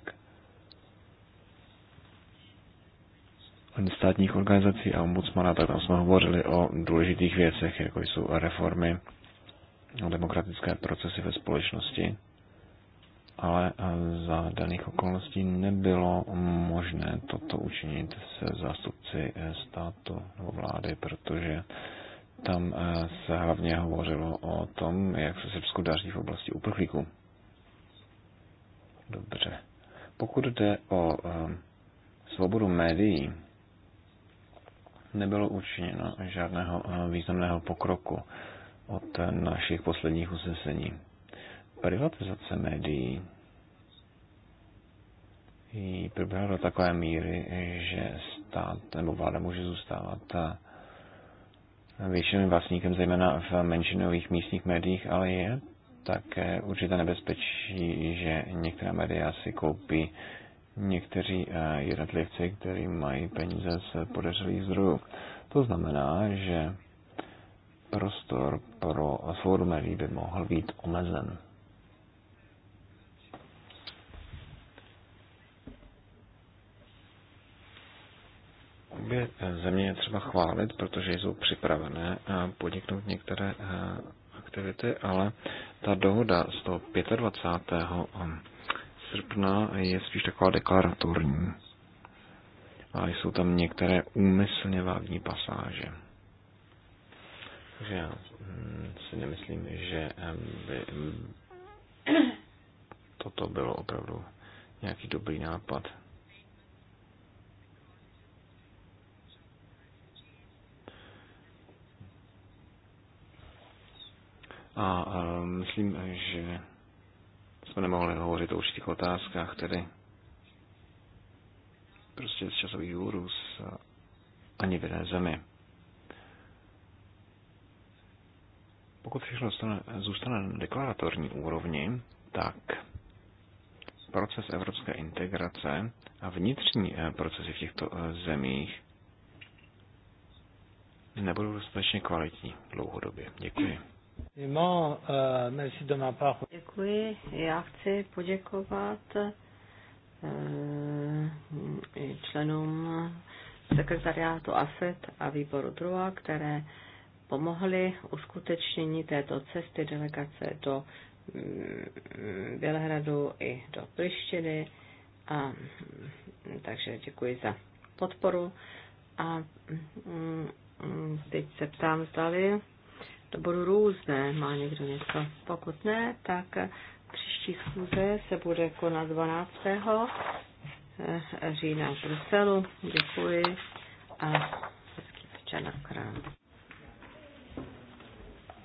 S2: ani státních organizací a ombudsmana, tak tam jsme hovořili o důležitých věcech, jako jsou reformy o demokratické procesy ve společnosti, ale za daných okolností nebylo možné toto učinit se zástupci eh, státu nebo vlády, protože tam eh, se hlavně hovořilo o tom, jak se Srbsku daří v oblasti uprchlíků. Dobře. Pokud jde o eh, svobodu médií, nebylo učiněno žádného významného pokroku od našich posledních usnesení. Privatizace médií proběhla do takové míry, že stát nebo vláda může zůstávat většinovým vlastníkem, zejména v menšinových místních médiích, ale je také určité nebezpečí, že některá média si koupí někteří eh, jednotlivci, kteří mají peníze z podeřelých zdrojů. To znamená, že prostor pro svobodu médií by mohl být omezen. Obě země je třeba chválit, protože jsou připravené podniknout některé eh, aktivity, ale ta dohoda z toho 25. Eh, srpna je spíš taková deklaratorní. A jsou tam některé úmyslně vágní pasáže. Takže já Hmm, si nemyslím, že by toto bylo opravdu nějaký dobrý nápad. A, um, myslím, že jsme nemohli hovořit o určitých otázkách, tedy prostě z časových důvodů eh, ani v jedné zemi. Pokud všechno zůstane, zůstane na deklaratorní úrovni, tak proces evropské integrace a vnitřní eh, procesy v těchto eh, zemích nebudou dostatečně kvalitní dlouhodobě. Děkuji.
S1: Děkuji. Já chci poděkovat eh, členům sekretariátu ASET a výboru DRUA, které pomohli uskutečnění této cesty delegace do mm, Bělehradu i do Plištiny. A, mm, takže děkuji za podporu. A mm, teď se ptám, zdali to budou různé. Má někdo něco? Pokud ne, tak příští schůze se bude konat 12. Eh, října v Bruselu. Děkuji a hezký večer na krám.